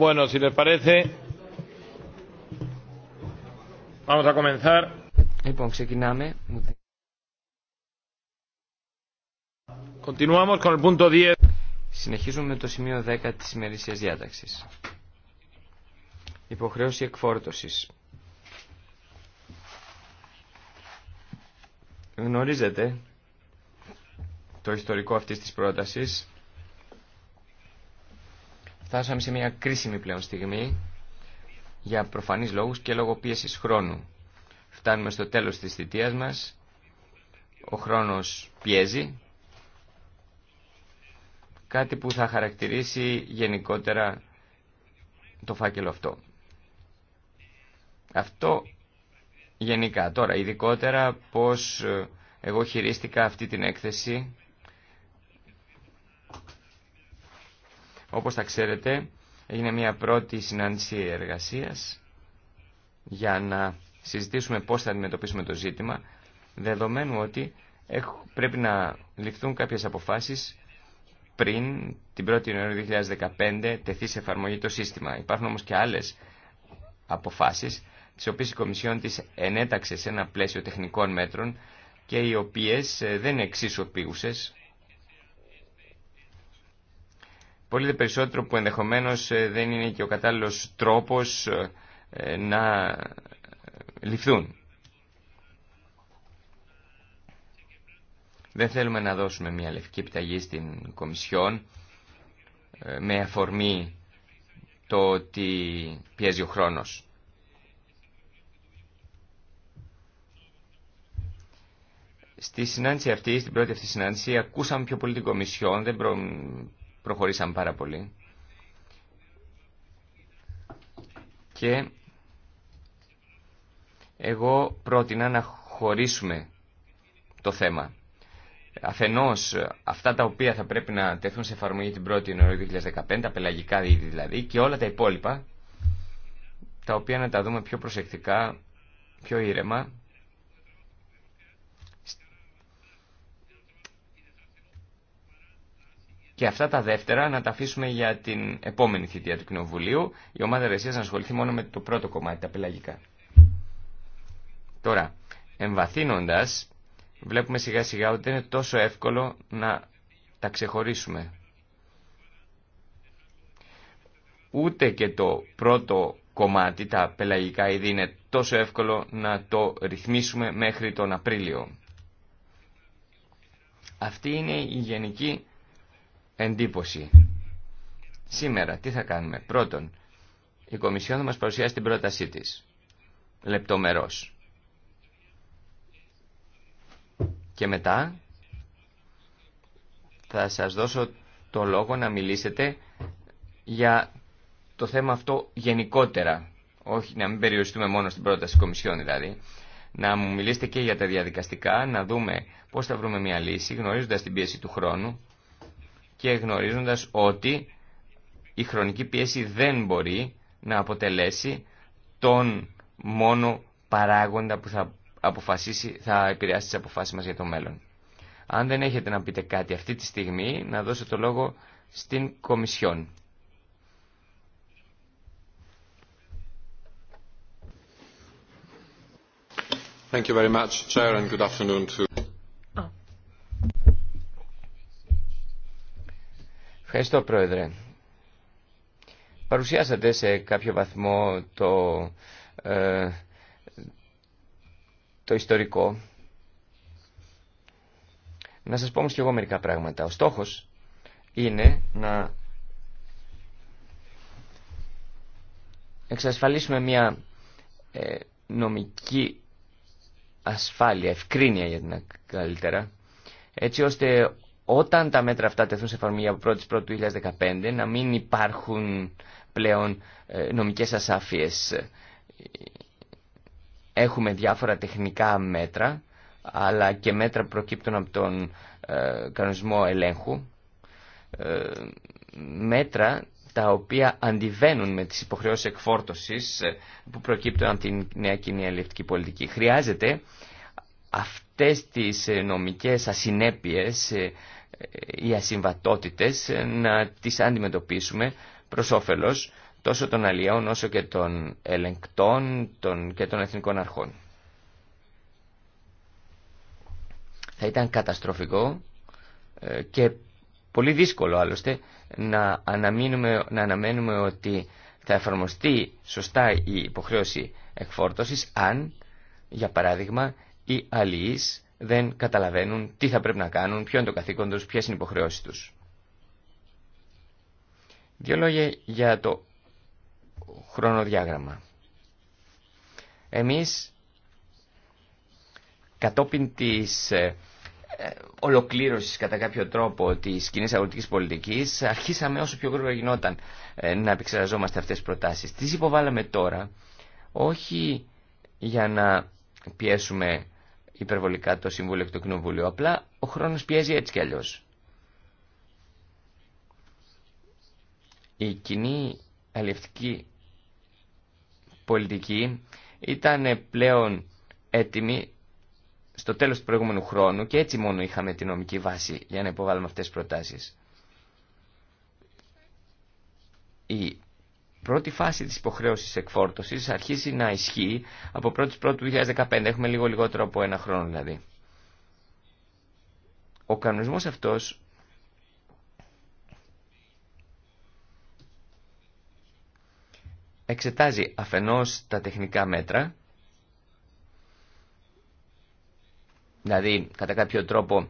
Bueno, si les parece, vamos a comenzar. Λοιπόν, Continuamos con el punto 10. Συνεχίζουμε με το σημείο 10 της ημερήσιας διάταξης. Υποχρέωση εκφόρτωσης. Γνωρίζετε το ιστορικό αυτής της πρότασης Φτάσαμε σε μια κρίσιμη πλέον στιγμή για προφανείς λόγους και λόγω πίεσης χρόνου. Φτάνουμε στο τέλος της θητείας μας, ο χρόνος πιέζει, κάτι που θα χαρακτηρίσει γενικότερα το φάκελο αυτό. Αυτό γενικά. Τώρα, ειδικότερα πώς ε, εγώ χειρίστηκα αυτή την έκθεση Όπως θα ξέρετε, έγινε μια πρώτη συνάντηση εργασίας για να συζητήσουμε πώς θα αντιμετωπίσουμε το ζήτημα, δεδομένου ότι πρέπει να ληφθούν κάποιες αποφάσεις πριν την 1η Ιανουαρίου 2015 τεθεί σε εφαρμογή το σύστημα. Υπάρχουν όμως και άλλες αποφάσεις, τις οποίες η Κομισιόν της ενέταξε σε ένα πλαίσιο τεχνικών μέτρων και οι οποίες ε, δεν είναι εξίσου πολύ περισσότερο που ενδεχομένως ε, δεν είναι και ο κατάλληλος τρόπος ε, ε, να ληφθούν. Δεν θέλουμε να δώσουμε μια λευκή επιταγή στην Κομισιόν με αφορμή το ότι πιέζει ο χρόνος. Στη συνάντηση αυτή, στην πρώτη αυτή συνάντηση, ακούσαμε πιο πολύ την Κομισιόν, δεν προχωρήσαμε πάρα πολύ. Και εγώ πρότεινα να χωρίσουμε το θέμα. Αφενός αυτά τα οποία θα πρέπει να τεθούν σε εφαρμογή την 1η Ιανουαρίου 2015, πελαγικά ήδη δηλαδή, και όλα τα υπόλοιπα, τα οποία να τα δούμε πιο προσεκτικά, πιο ήρεμα και αυτά τα δεύτερα να τα αφήσουμε για την επόμενη θητεία του Κοινοβουλίου. Η ομάδα εργασία να ασχοληθεί μόνο με το πρώτο κομμάτι, τα πελαγικά. Τώρα, εμβαθύνοντα, βλέπουμε σιγά σιγά ότι δεν είναι τόσο εύκολο να τα ξεχωρίσουμε. Ούτε και το πρώτο κομμάτι, τα πελαγικά ήδη είναι τόσο εύκολο να το ρυθμίσουμε μέχρι τον Απρίλιο. Αυτή είναι η γενική εντύπωση. Σήμερα τι θα κάνουμε. Πρώτον, η Κομισιόν θα μας παρουσιάσει την πρότασή της. Λεπτομερώς. Και μετά θα σας δώσω το λόγο να μιλήσετε για το θέμα αυτό γενικότερα. Όχι να μην περιοριστούμε μόνο στην πρόταση Κομισιόν δηλαδή. Να μου μιλήσετε και για τα διαδικαστικά, να δούμε πώς θα βρούμε μια λύση γνωρίζοντας την πίεση του χρόνου και γνωρίζοντας ότι η χρονική πίεση δεν μπορεί να αποτελέσει τον μόνο παράγοντα που θα, αποφασίσει, θα επηρεάσει τις αποφάσεις μας για το μέλλον. Αν δεν έχετε να πείτε κάτι αυτή τη στιγμή, να δώσω το λόγο στην Κομισιόν. Thank you very much, Chair, and good afternoon to... Ευχαριστώ, Πρόεδρε. Παρουσιάσατε σε κάποιο βαθμό το, ε, το ιστορικό. Να σας πω όμως και εγώ μερικά πράγματα. Ο στόχος είναι να εξασφαλίσουμε μια ε, νομική ασφάλεια, ευκρίνεια για την καλύτερα, έτσι ώστε όταν τα μέτρα αυτά τεθούν σε εφαρμογή από 1η του 2015 να μην υπάρχουν πλέον ε, νομικές ασάφειες. Έχουμε διάφορα τεχνικά μέτρα αλλά και μέτρα προκύπτουν από τον ε, κανονισμό ελέγχου ε, μέτρα τα οποία αντιβαίνουν με τις υποχρεώσεις εκφόρτωσης που προκύπτουν από την νέα κοινή αλληλευτική πολιτική. Χρειάζεται αυτές τις νομικές ασυνέπειες οι ασυμβατότητες ε, να τις αντιμετωπίσουμε προς όφελος τόσο των αλλιών όσο και των ελεγκτών των, και των εθνικών αρχών. Θα ήταν καταστροφικό ε, και πολύ δύσκολο άλλωστε να, να αναμένουμε ότι θα εφαρμοστεί σωστά η υποχρέωση εκφόρτωσης αν, για παράδειγμα, οι αλληλείς δεν καταλαβαίνουν τι θα πρέπει να κάνουν, ποιο είναι το καθήκον τους, ποιες είναι οι υποχρεώσεις τους. Δύο λόγια για το χρονοδιάγραμμα. Εμείς κατόπιν της ε, ολοκλήρωσης κατά κάποιο τρόπο της κοινή αγροτικής πολιτικής αρχίσαμε όσο πιο γρήγορα γινόταν ε, να επεξεργαζόμαστε αυτές τις προτάσεις. Τις υποβάλαμε τώρα όχι για να πιέσουμε υπερβολικά το Συμβούλιο και το Κοινοβούλιο. Απλά ο χρόνο πιέζει έτσι κι αλλιώ. Η κοινή αλληλευτική πολιτική ήταν πλέον έτοιμη στο τέλος του προηγούμενου χρόνου και έτσι μόνο είχαμε τη νομική βάση για να υποβάλουμε αυτές τις προτάσεις πρώτη φάση της υποχρέωσης εκφόρτωσης αρχίζει να ισχύει από 1η 2015. Έχουμε λίγο λιγότερο από ένα χρόνο δηλαδή. Ο κανονισμός αυτός εξετάζει αφενός τα τεχνικά μέτρα, δηλαδή κατά κάποιο τρόπο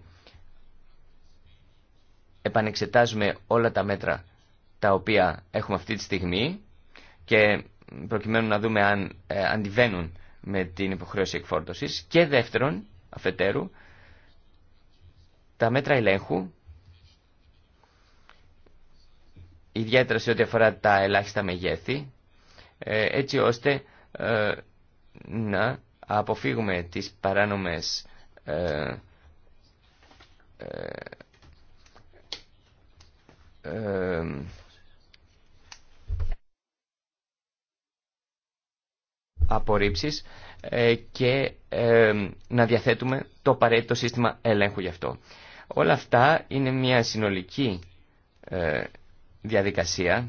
επανεξετάζουμε όλα τα μέτρα τα οποία έχουμε αυτή τη στιγμή και προκειμένου να δούμε αν ε, αντιβαίνουν με την υποχρέωση εκφόρτωσης και δεύτερον, αφετέρου, τα μέτρα ελέγχου, ιδιαίτερα σε ό,τι αφορά τα ελάχιστα μεγέθη, ε, έτσι ώστε ε, να αποφύγουμε τις παράνομες απορρίψεις ε, και ε, να διαθέτουμε το απαραίτητο σύστημα ελέγχου γι' αυτό. Όλα αυτά είναι μια συνολική ε, διαδικασία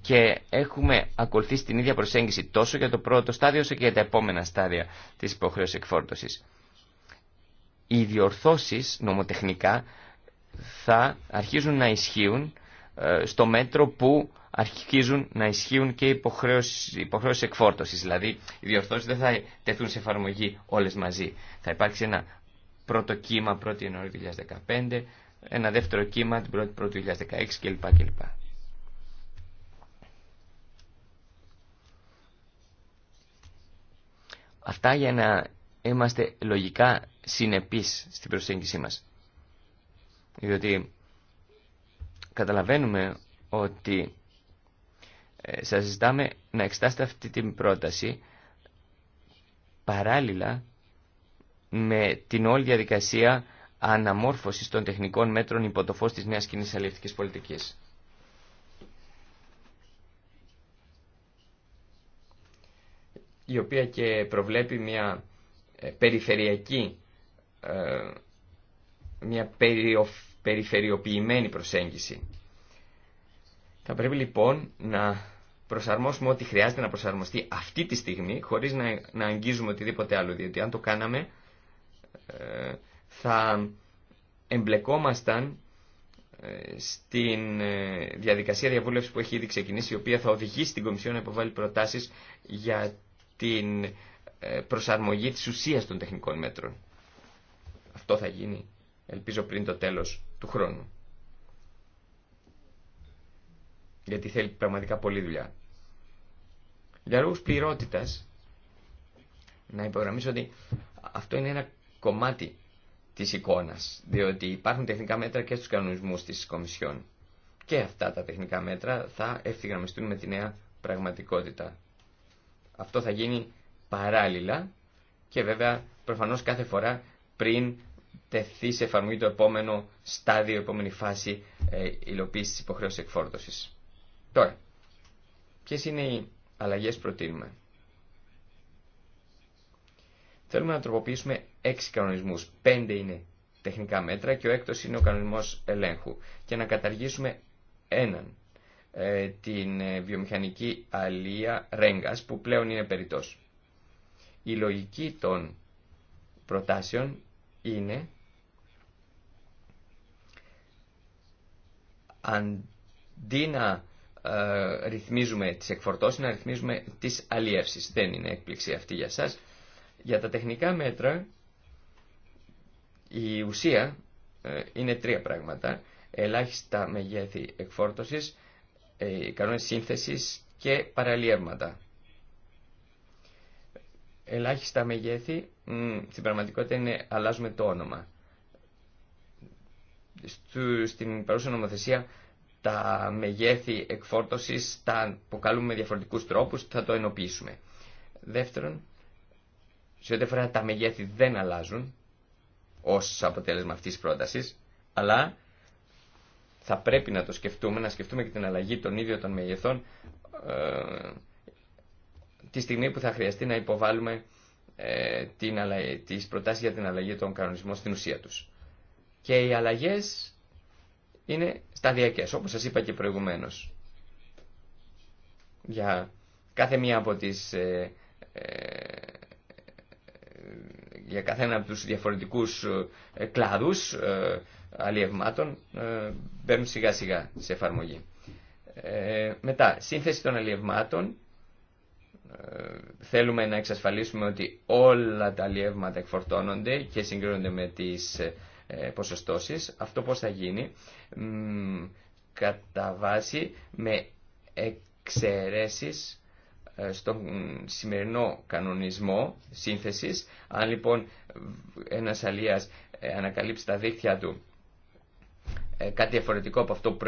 και έχουμε ακολουθήσει την ίδια προσέγγιση τόσο για το πρώτο στάδιο όσο και για τα επόμενα στάδια της υποχρέωσης εκφόρτωσης. Οι διορθώσεις νομοτεχνικά θα αρχίζουν να ισχύουν ε, στο μέτρο που αρχίζουν να ισχύουν και υποχρέωσεις, υποχρέωσεις εκφόρτωσης. Δηλαδή, οι διορθώσεις δεν θα τεθούν σε εφαρμογή όλες μαζί. Θα υπάρξει ένα πρώτο κύμα 1η Ιανουαρίου 2015, ένα δεύτερο κύμα την 1η 2016 κλπ. κλπ. Αυτά για να είμαστε λογικά συνεπείς στην προσέγγιση μας. Διότι καταλαβαίνουμε ότι ε, σας ζητάμε να εξετάσετε αυτή την πρόταση παράλληλα με την όλη διαδικασία αναμόρφωσης των τεχνικών μέτρων υπό το φως της νέας κοινής αλληλευτικής πολιτικής. η οποία και προβλέπει μια ε, περιφερειακή, ε, μια περιφερειοποιημένη προσέγγιση. Θα πρέπει λοιπόν να προσαρμόσουμε ό,τι χρειάζεται να προσαρμοστεί αυτή τη στιγμή, χωρίς να, να αγγίζουμε οτιδήποτε άλλο, διότι αν το κάναμε ε, θα εμπλεκόμασταν ε, στην ε, διαδικασία διαβούλευση που έχει ήδη ξεκινήσει, η οποία θα οδηγήσει την Κομισιόν να υποβάλει προτάσεις για την προσαρμογή της ουσίας των τεχνικών μέτρων. Αυτό θα γίνει, ελπίζω, πριν το τέλος του χρόνου. Γιατί θέλει πραγματικά πολλή δουλειά. Για λόγους πληρότητας, να υπογραμμίσω ότι αυτό είναι ένα κομμάτι της εικόνας, διότι υπάρχουν τεχνικά μέτρα και στους κανονισμούς της Κομισιόν. Και αυτά τα τεχνικά μέτρα θα ευθυγραμμιστούν με τη νέα πραγματικότητα. Αυτό θα γίνει παράλληλα και βέβαια προφανώς κάθε φορά πριν τεθεί σε εφαρμογή το επόμενο στάδιο, η επόμενη φάση ε, υλοποίηση τη υποχρέωση εκφόρτωση. Τώρα, ποιε είναι οι αλλαγέ που προτείνουμε. Θέλουμε να τροποποιήσουμε έξι κανονισμού. Πέντε είναι τεχνικά μέτρα και ο έκτος είναι ο κανονισμό ελέγχου. Και να καταργήσουμε έναν, ε, την ε, βιομηχανική αλία Ρέγκας, που πλέον είναι περιττός. Η λογική των προτάσεων είναι αντί να ε, ρυθμίζουμε τις εκφορτώσεις, να ρυθμίζουμε τις αλλιεύσεις. Δεν είναι έκπληξη αυτή για σας. Για τα τεχνικά μέτρα, η ουσία ε, είναι τρία πράγματα. Ελάχιστα μεγέθη εκφόρτωσης, ε, κανόνες σύνθεσης και παραλίευματα ελάχιστα μεγέθη, στην πραγματικότητα είναι αλλάζουμε το όνομα. Στην παρούσα νομοθεσία τα μεγέθη εκφόρτωσης τα αποκαλούμε με διαφορετικούς τρόπους, θα το ενοποιήσουμε. Δεύτερον, σε ό,τι τα μεγέθη δεν αλλάζουν ως αποτέλεσμα αυτής της πρότασης, αλλά θα πρέπει να το σκεφτούμε, να σκεφτούμε και την αλλαγή των ίδιων των μεγεθών ε, τη στιγμή που θα χρειαστεί να υποβάλουμε ε, την τις προτάσεις για την αλλαγή των κανονισμών στην ουσία τους. Και οι αλλαγές είναι σταδιακές, όπως σας είπα και προηγουμένως. Για κάθε μία από τις... Ε, ε για ένα από τους διαφορετικούς ε, κλάδους ε, αλλιευμάτων μπαίνουν σιγά σιγά σε εφαρμογή. μετά, σύνθεση των αλλιευμάτων ε, θέλουμε να εξασφαλίσουμε ότι όλα τα αλλιεύματα εκφορτώνονται και συγκρίνονται με τις ε, ποσοστώσεις. Αυτό πώς θα γίνει, κατά βάση με εξαιρέσεις ε, στον σημερινό κανονισμό σύνθεσης. Αν λοιπόν ένας αλίας ανακαλύψει τα δίκτυα του ε, κάτι διαφορετικό από αυτό που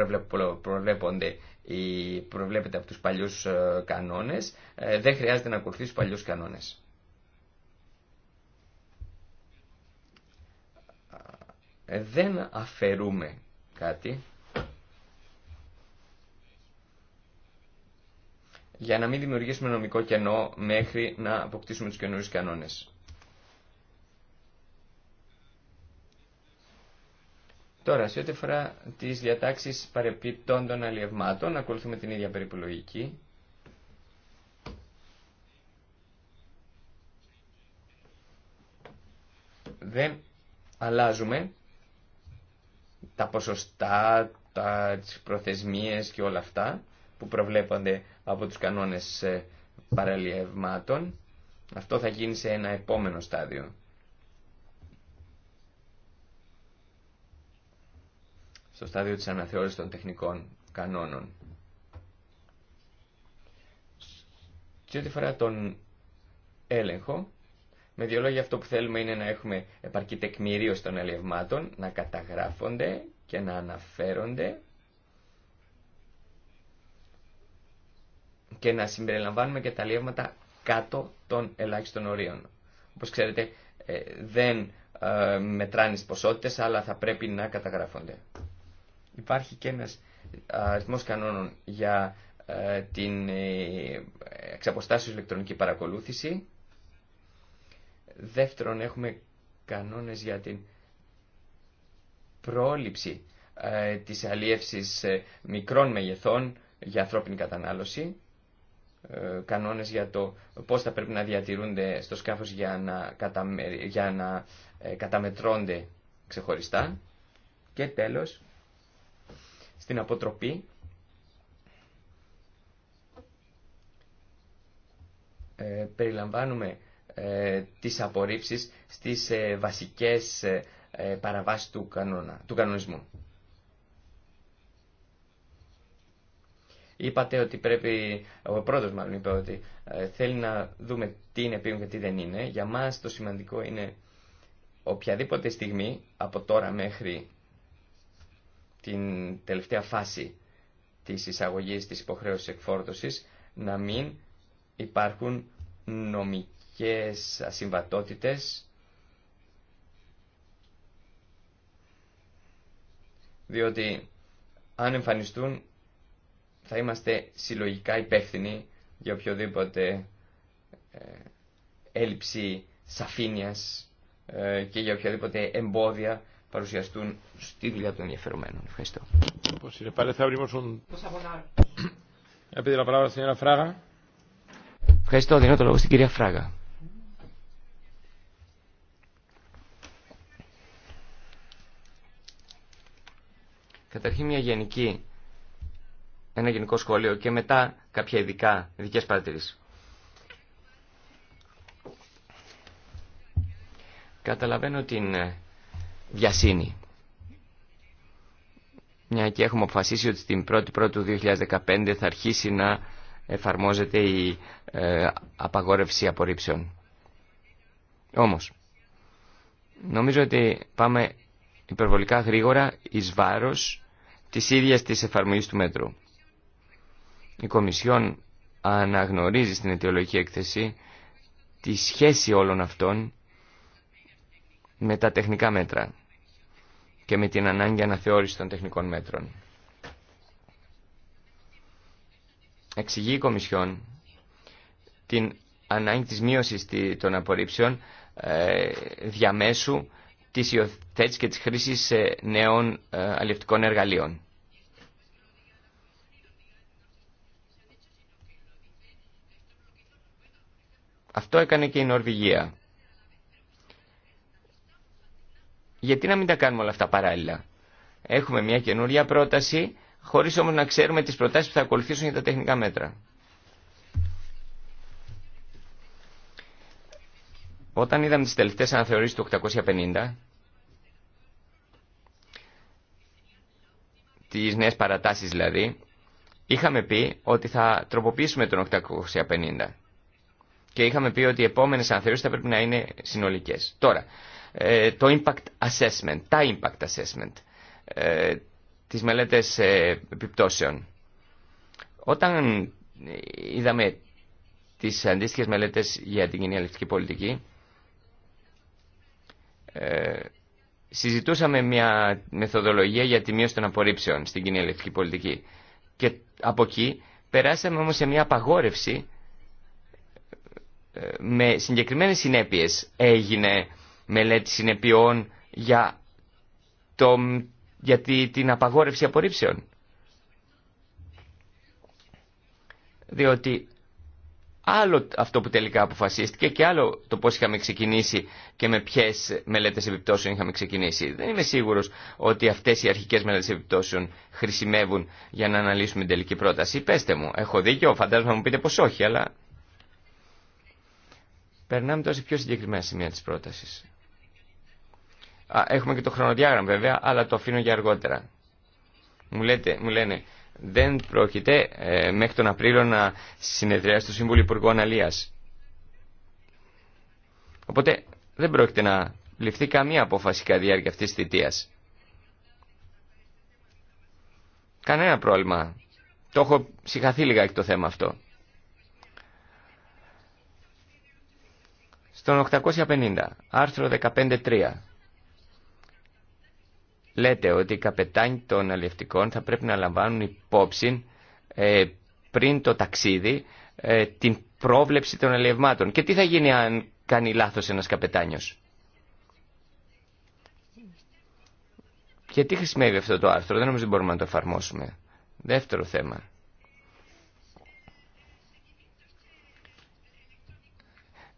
προβλέπονται ή προβλέπεται από τους παλιούς ε, κανόνες, ε, δεν χρειάζεται να ακολουθεί τους παλιούς κανόνες. Δεν αφαιρούμε κάτι για να μην δημιουργήσουμε νομικό κενό μέχρι να αποκτήσουμε τους καινούριου κανόνες. Τώρα, σε ό,τι αφορά τι διατάξει παρεπιπτών των αλλιευμάτων, ακολουθούμε την ίδια περιπολογική, Δεν αλλάζουμε τα ποσοστά, τα, τις προθεσμίες και όλα αυτά που προβλέπονται από τους κανόνες ε, παραλιευμάτων. Αυτό θα γίνει σε ένα επόμενο στάδιο. στο στάδιο της αναθεώρησης των τεχνικών κανόνων. Τι ό,τι φορά τον έλεγχο, με δύο λόγια αυτό που θέλουμε είναι να έχουμε επαρκή τεκμηρίωση των ελευμάτων, να καταγράφονται και να αναφέρονται και να συμπεριλαμβάνουμε και τα λεύματα κάτω των ελάχιστων ορίων. Όπως ξέρετε ε, δεν ε, μετράνε τις ποσότητες αλλά θα πρέπει να καταγράφονται. Υπάρχει και ένας ε, αριθμός κανόνων για ε, την ε, εξαποστάσεως ηλεκτρονική παρακολούθηση. Δεύτερον, έχουμε κανόνες για την πρόληψη της αλίευσης μικρών μεγεθών για ανθρώπινη κατανάλωση κανόνες για το πώς θα πρέπει να διατηρούνται στο σκάφος για να, καταμε... για να καταμετρώνται ξεχωριστά. Και τέλος, στην αποτροπή. Ε, περιλαμβάνουμε ε, τις απορρίψεις στις ε, βασικές ε, ε, παραβάσεις του, κανόνα, του κανονισμού. Είπατε ότι πρέπει, ο πρόεδρος μάλλον είπε ότι θέλει να δούμε τι είναι ποιον και τι δεν είναι. Για μας το σημαντικό είναι οποιαδήποτε στιγμή από τώρα μέχρι την τελευταία φάση της εισαγωγής της υποχρέωσης εκφόρτωσης να μην υπάρχουν νομικές ασυμβατότητες διότι αν εμφανιστούν θα είμαστε συλλογικά υπεύθυνοι για οποιοδήποτε ε, έλλειψη σαφήνειας ε, και για οποιαδήποτε εμπόδια παρουσιαστούν στη δουλειά των ενδιαφερομένων. Ευχαριστώ. Ευχαριστώ. Δίνω το λόγο στην κυρία Φράγα. Καταρχήν μια γενική, ένα γενικό σχόλιο και μετά κάποια ειδικά, ειδικές παρατηρήσεις. Καταλαβαίνω την ε, βιασύνη. Μια και έχουμε αποφασίσει ότι την 1η του 2015 θα αρχίσει να εφαρμόζεται η ε, απαγόρευση απορρίψεων. Όμως, νομίζω ότι πάμε υπερβολικά γρήγορα εις βάρος της ίδιας της εφαρμογής του μέτρου. Η Κομισιόν αναγνωρίζει στην αιτιολογική έκθεση τη σχέση όλων αυτών με τα τεχνικά μέτρα και με την ανάγκη αναθεώρηση των τεχνικών μέτρων. Εξηγεί η Κομισιόν την ανάγκη της μείωσης των απορρίψεων ε, διαμέσου της υιοθέτησης και της χρήσης ε, νέων ε, αλληλευτικών εργαλείων. Αυτό έκανε και η Νορβηγία. γιατί να μην τα κάνουμε όλα αυτά παράλληλα. Έχουμε μια καινούρια πρόταση, χωρίς όμως να ξέρουμε τις προτάσεις που θα ακολουθήσουν για τα τεχνικά μέτρα. Όταν είδαμε τις τελευταίες αναθεωρήσεις του 850, τις νέες παρατάσεις δηλαδή, είχαμε πει ότι θα τροποποιήσουμε τον 850. Και είχαμε πει ότι οι επόμενες αναθεωρήσεις θα πρέπει να είναι συνολικές. Τώρα, ε, το impact assessment, τα impact assessment, ε, τις μελέτες ε, επιπτώσεων. Όταν είδαμε τις αντίστοιχες μελέτες για την κοινή αλληλευτική πολιτική, συζητούσαμε μια μεθοδολογία για τη μείωση των απορρίψεων στην κοινή αλληλευτική πολιτική. Και από εκεί περάσαμε όμως σε μια απαγόρευση με συγκεκριμένες συνέπειες έγινε μελέτη συνεπειών για, το, για την απαγόρευση απορρίψεων. Διότι άλλο αυτό που τελικά αποφασίστηκε και άλλο το πώς είχαμε ξεκινήσει και με ποιες μελέτες επιπτώσεων είχαμε ξεκινήσει. Δεν είμαι σίγουρος ότι αυτές οι αρχικές μελέτες επιπτώσεων χρησιμεύουν για να αναλύσουμε την τελική πρόταση. Πέστε μου, έχω δίκιο, φαντάζομαι να μου πείτε πως όχι, αλλά... Περνάμε τώρα σε πιο συγκεκριμένα σημεία της πρότασης. Έχουμε και το χρονοδιάγραμμα βέβαια, αλλά το αφήνω για αργότερα. Μου, λέτε, μου λένε, δεν πρόκειται ε, μέχρι τον Απρίλιο να συνεδριάσει το Σύμβουλο Υπουργών Αλίας. Οπότε δεν πρόκειται να ληφθεί καμία απόφαση κατά διάρκεια αυτής της θητείας. Κανένα πρόβλημα. Το έχω συγχαθεί λιγάκι το θέμα αυτό. Στον 850, άρθρο 15.3 λέτε ότι οι καπετάνοι των αλλιευτικών θα πρέπει να λαμβάνουν υπόψη ε, πριν το ταξίδι ε, την πρόβλεψη των αλλιευμάτων. Και τι θα γίνει αν κάνει λάθος ένας καπετάνιος. Και τι χρησιμεύει αυτό το άρθρο, δεν νομίζω ότι μπορούμε να το εφαρμόσουμε. Δεύτερο θέμα.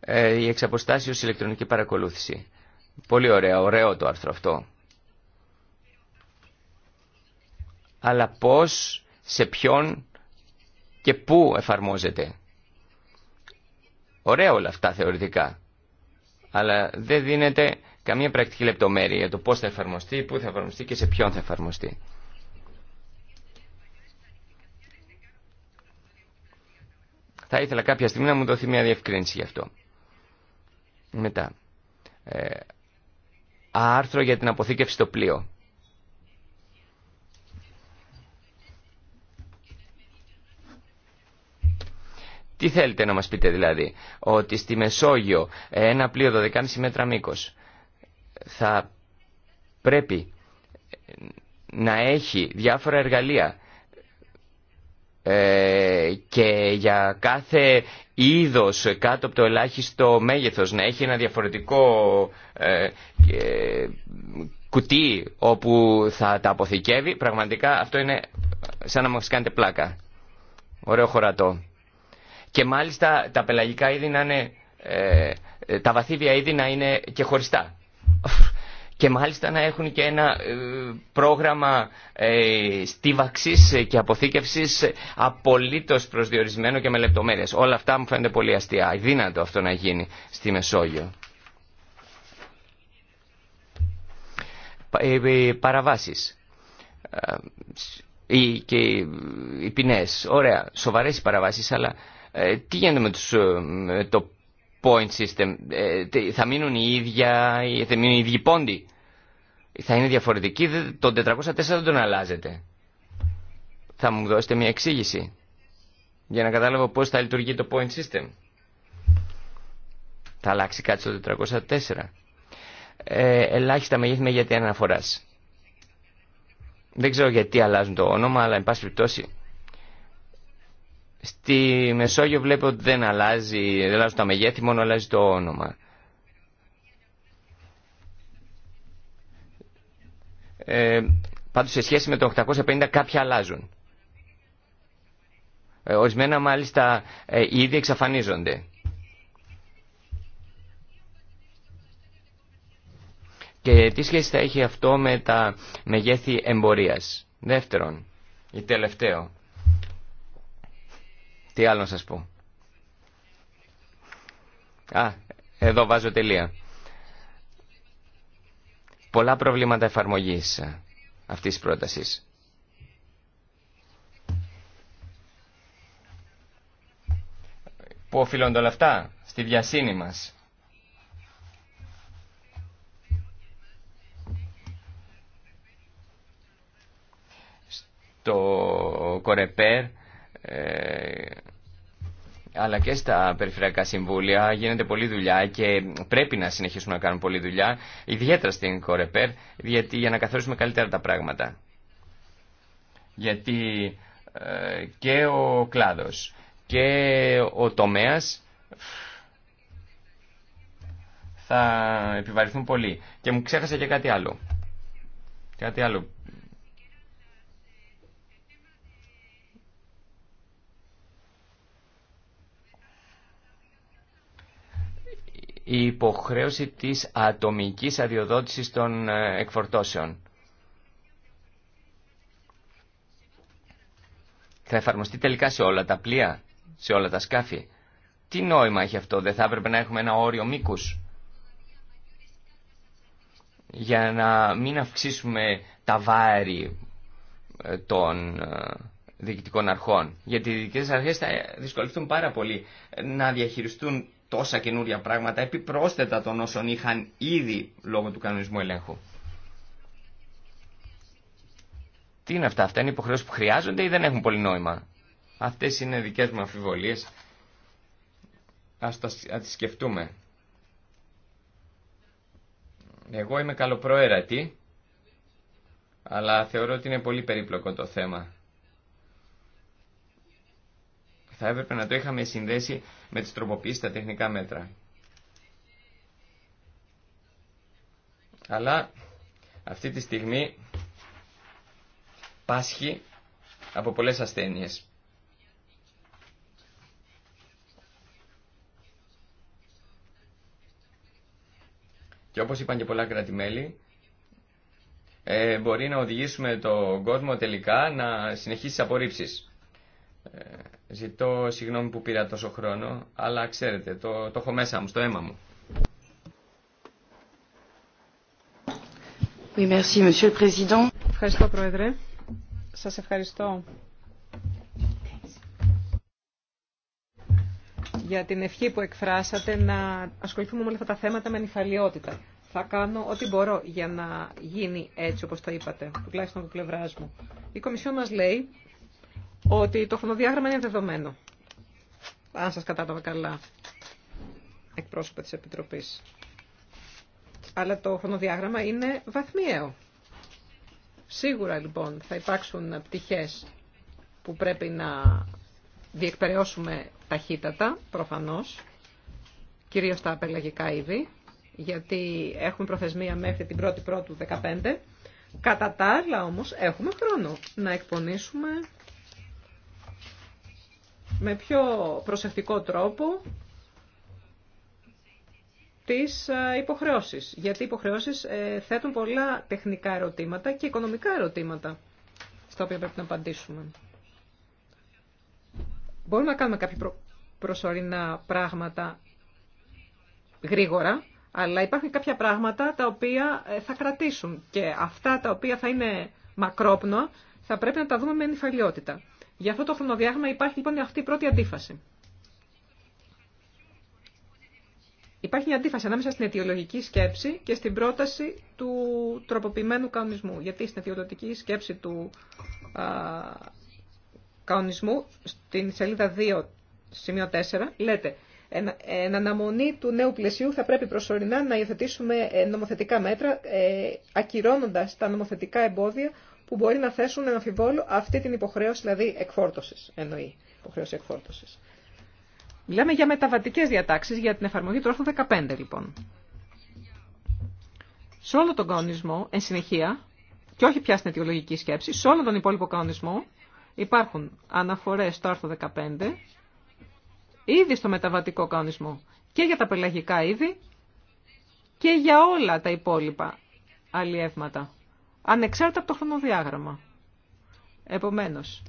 Ε, η εξαποστάσεως ηλεκτρονική παρακολούθηση. Πολύ ωραία, ωραίο το άρθρο αυτό. αλλά πώς, σε ποιον και πού εφαρμόζεται. Ωραία όλα αυτά θεωρητικά, αλλά δεν δίνεται καμία πρακτική λεπτομέρεια για το πώς θα εφαρμοστεί, πού θα εφαρμοστεί και σε ποιον θα εφαρμοστεί. Θα ήθελα κάποια στιγμή να μου δοθεί μια διευκρίνηση γι' αυτό. Μετά. Ε, άρθρο για την αποθήκευση στο πλοίο. Τι θέλετε να μας πείτε δηλαδή, ότι στη Μεσόγειο ένα πλοίο 12,5 μέτρα μήκος θα πρέπει να έχει διάφορα εργαλεία ε, και για κάθε είδος κάτω από το ελάχιστο μέγεθος να έχει ένα διαφορετικό ε, ε, κουτί όπου θα τα αποθηκεύει, πραγματικά αυτό είναι σαν να μας κάνετε πλάκα. Ωραίο χωρατό. Και μάλιστα τα πελαγικά είδη να είναι, ε, ε, τα βαθύβια είδη να είναι και χωριστά. Και μάλιστα να έχουν και ένα ε, πρόγραμμα ε, και αποθήκευσης απολύτως προσδιορισμένο και με λεπτομέρειες. Όλα αυτά μου φαίνονται πολύ αστεία. Δύνατο αυτό να γίνει στη Μεσόγειο. παραβάσεις και οι ποινές. Ωραία, σοβαρές οι παραβάσεις, αλλά ε, τι γίνεται με, τους, ε, το point system, ε, θα μείνουν οι ίδια, θα μείνουν οι ίδιοι πόντοι. Θα είναι διαφορετικοί Το 404 δεν τον αλλάζετε. Θα μου δώσετε μια εξήγηση για να κατάλαβω πώς θα λειτουργεί το point system. Θα αλλάξει κάτι στο 404. Ε, ελάχιστα μεγέθη μεγέθη αναφοράς. Δεν ξέρω γιατί αλλάζουν το όνομα, αλλά εν πάση περιπτώσει Στη Μεσόγειο βλέπω ότι δεν αλλάζει, δεν αλλάζουν τα μεγέθη, μόνο αλλάζει το όνομα. Ε, πάντως σε σχέση με το 850 κάποια αλλάζουν. Ε, ορισμένα μάλιστα ε, ήδη εξαφανίζονται. Και τι σχέση θα έχει αυτό με τα μεγέθη εμπορίας. Δεύτερον, ή τελευταίο, τι άλλο να σας πω. Α, εδώ βάζω τελεία. Πολλά προβλήματα εφαρμογής αυτής της πρότασης. Πού οφείλονται όλα αυτά, στη διασύνη μας. Στο Κορεπέρ ε, αλλά και στα περιφερειακά συμβούλια γίνεται πολλή δουλειά και πρέπει να συνεχίσουμε να κάνουμε πολλή δουλειά, ιδιαίτερα στην Κορεπέρ, γιατί, για να καθορίσουμε καλύτερα τα πράγματα. Γιατί ε, και ο κλάδος και ο τομέας θα επιβαρυθούν πολύ. Και μου ξέχασα και κάτι άλλο. Κάτι άλλο η υποχρέωση της ατομικής αδειοδότησης των ε, εκφορτώσεων. Θα εφαρμοστεί τελικά σε όλα τα πλοία, σε όλα τα σκάφη. Τι νόημα έχει αυτό, δεν θα έπρεπε να έχουμε ένα όριο μήκους για να μην αυξήσουμε τα βάρη ε, των ε, διοικητικών αρχών. Γιατί οι διοικητικές αρχές θα δυσκολευτούν πάρα πολύ να διαχειριστούν τόσα καινούρια πράγματα επιπρόσθετα των όσων είχαν ήδη λόγω του κανονισμού ελέγχου. Τι είναι αυτά, αυτά είναι υποχρεώσεις που χρειάζονται ή δεν έχουν πολύ νόημα. Αυτές είναι δικές μου αμφιβολίες. Ας, τα, σκεφτούμε. Εγώ είμαι καλοπροαίρετη, αλλά θεωρώ ότι είναι πολύ περίπλοκο το θέμα θα έπρεπε να το είχαμε συνδέσει με τις τροποποιήσεις στα τεχνικά μέτρα. Αλλά αυτή τη στιγμή πάσχει από πολλές ασθένειες. Και όπως είπαν και πολλα κρατημέλη ε, μπορεί να οδηγήσουμε τον κόσμο τελικά να συνεχίσει τις απορρίψεις. Ε, Ζητώ συγγνώμη που πήρα τόσο χρόνο, αλλά ξέρετε, το, το έχω μέσα μου, στο αίμα μου. Ευχαριστώ, Πρόεδρε. Σας ευχαριστώ για την ευχή που εκφράσατε να ασχοληθούμε με όλα αυτά τα θέματα με νυφαλιότητα. Θα κάνω ό,τι μπορώ για να γίνει έτσι όπως το είπατε, τουλάχιστον από πλευρά μου. Η Κομισιόν μας λέει ότι το χρονοδιάγραμμα είναι δεδομένο. Αν σας κατάλαβα καλά, εκπρόσωπα της Επιτροπής. Αλλά το χρονοδιάγραμμα είναι βαθμιαίο. Σίγουρα λοιπόν θα υπάρξουν πτυχές που πρέπει να διεκπαιρεώσουμε ταχύτατα, προφανώς, κυρίως τα απελαγικά είδη, γιατί έχουμε προθεσμία μέχρι την 1η Πρώτου 15. Κατά τα άλλα όμως έχουμε χρόνο να εκπονήσουμε με πιο προσεκτικό τρόπο τις ε, υποχρεώσεις. Γιατί οι υποχρεώσεις ε, θέτουν πολλά τεχνικά ερωτήματα και οικονομικά ερωτήματα στα οποία πρέπει να απαντήσουμε. Μπορούμε να κάνουμε κάποια προσωρινά πράγματα γρήγορα, αλλά υπάρχουν κάποια πράγματα τα οποία ε, θα κρατήσουν και αυτά τα οποία θα είναι μακρόπνο θα πρέπει να τα δούμε με νυφαλιότητα. Για αυτό το χρονοδιάγραμμα υπάρχει λοιπόν αυτή η πρώτη αντίφαση. Υπάρχει μια αντίφαση ανάμεσα στην αιτιολογική σκέψη και στην πρόταση του τροποποιημένου κανονισμού. Γιατί στην αιτιολογική σκέψη του α, κανονισμού, στην σελίδα 2, σημείο 4, λέτε «Εν, εν αναμονη του νέου πλαισίου θα πρέπει προσωρινά να υιοθετήσουμε ε, νομοθετικά μέτρα, ε, ακυρώνοντας τα νομοθετικά εμπόδια που μπορεί να θέσουν ένα αμφιβόλο αυτή την υποχρέωση, δηλαδή εκφόρτωση εννοεί, υποχρέωση εκφόρτωσης. Μιλάμε για μεταβατικές διατάξεις για την εφαρμογή του άρθρου 15, λοιπόν. Σε όλο τον κανονισμό, εν συνεχεία, και όχι πια στην αιτιολογική σκέψη, σε όλο τον υπόλοιπο κανονισμό υπάρχουν αναφορές στο άρθρο 15, ήδη στο μεταβατικό κανονισμό, και για τα πελαγικά είδη και για όλα τα υπόλοιπα αλλιεύματα ανεξάρτητα από το χρονοδιάγραμμα. Επομένως,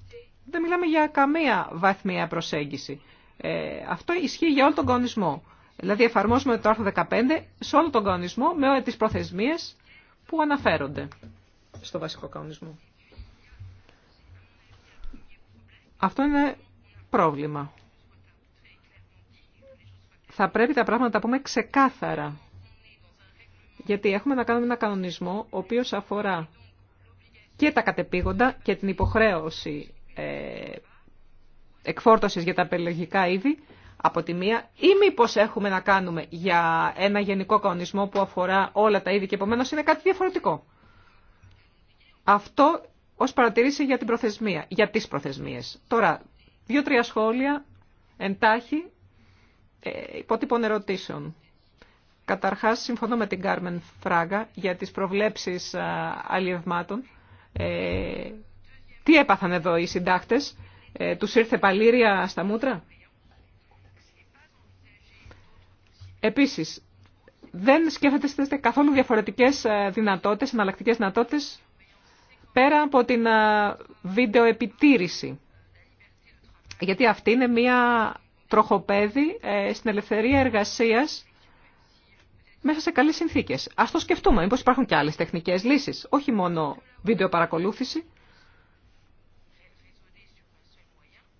δεν μιλάμε για καμία βαθμία προσέγγιση. Ε, αυτό ισχύει για όλο τον κανονισμό. Δηλαδή εφαρμόζουμε το άρθρο 15 σε όλο τον κανονισμό με τις προθεσμίες που αναφέρονται στο βασικό κανονισμό. Αυτό είναι πρόβλημα. Θα πρέπει τα πράγματα να τα πούμε ξεκάθαρα γιατί έχουμε να κάνουμε ένα κανονισμό ο οποίος αφορά και τα κατεπήγοντα και την υποχρέωση ε, εκφόρτωσης για τα περιλογικά είδη από τη μία ή μήπω έχουμε να κάνουμε για ένα γενικό κανονισμό που αφορά όλα τα είδη και επομένως είναι κάτι διαφορετικό. Αυτό ως παρατηρήσει για την προθεσμία, για τις προθεσμίες. Τώρα, δύο-τρία σχόλια εντάχει ε, υποτύπων ερωτήσεων. Καταρχάς, συμφωνώ με την Κάρμεν Φράγκα για τις προβλέψεις ε, αλλιευμάτων. Ε, τι έπαθαν εδώ οι συντάκτες, ε, τους ήρθε παλήρια στα μούτρα. Επίσης, δεν σκέφτεστε καθόλου διαφορετικές ε, δυνατότητες, εναλλακτικέ δυνατότητες, πέρα από την βίντεο επιτήρηση. Γιατί αυτή είναι μία τροχοπέδη στην ελευθερία εργασίας μέσα σε καλές συνθήκες. Ας το σκεφτούμε, μήπως υπάρχουν και άλλες τεχνικές λύσεις, όχι μόνο βίντεο παρακολούθηση.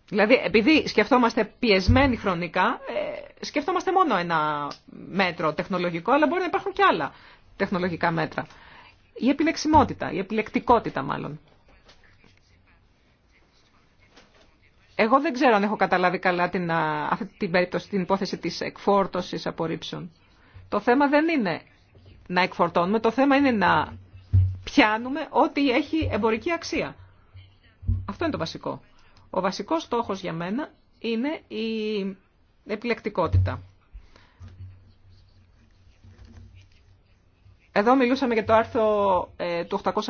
Δηλαδή, επειδή σκεφτόμαστε πιεσμένοι χρονικά, ε, σκεφτόμαστε μόνο ένα μέτρο τεχνολογικό, αλλά μπορεί να υπάρχουν και άλλα τεχνολογικά μέτρα. Η επιλεξιμότητα, η επιλεκτικότητα μάλλον. Εγώ δεν ξέρω αν έχω καταλάβει καλά την, την υπόθεση της εκφόρτωσης απορρίψεων. Το θέμα δεν είναι να εκφορτώνουμε, το θέμα είναι να πιάνουμε ό,τι έχει εμπορική αξία. Αυτό είναι το βασικό. Ο βασικός στόχος για μένα είναι η επιλεκτικότητα. Εδώ μιλούσαμε για το άρθρο ε, του 850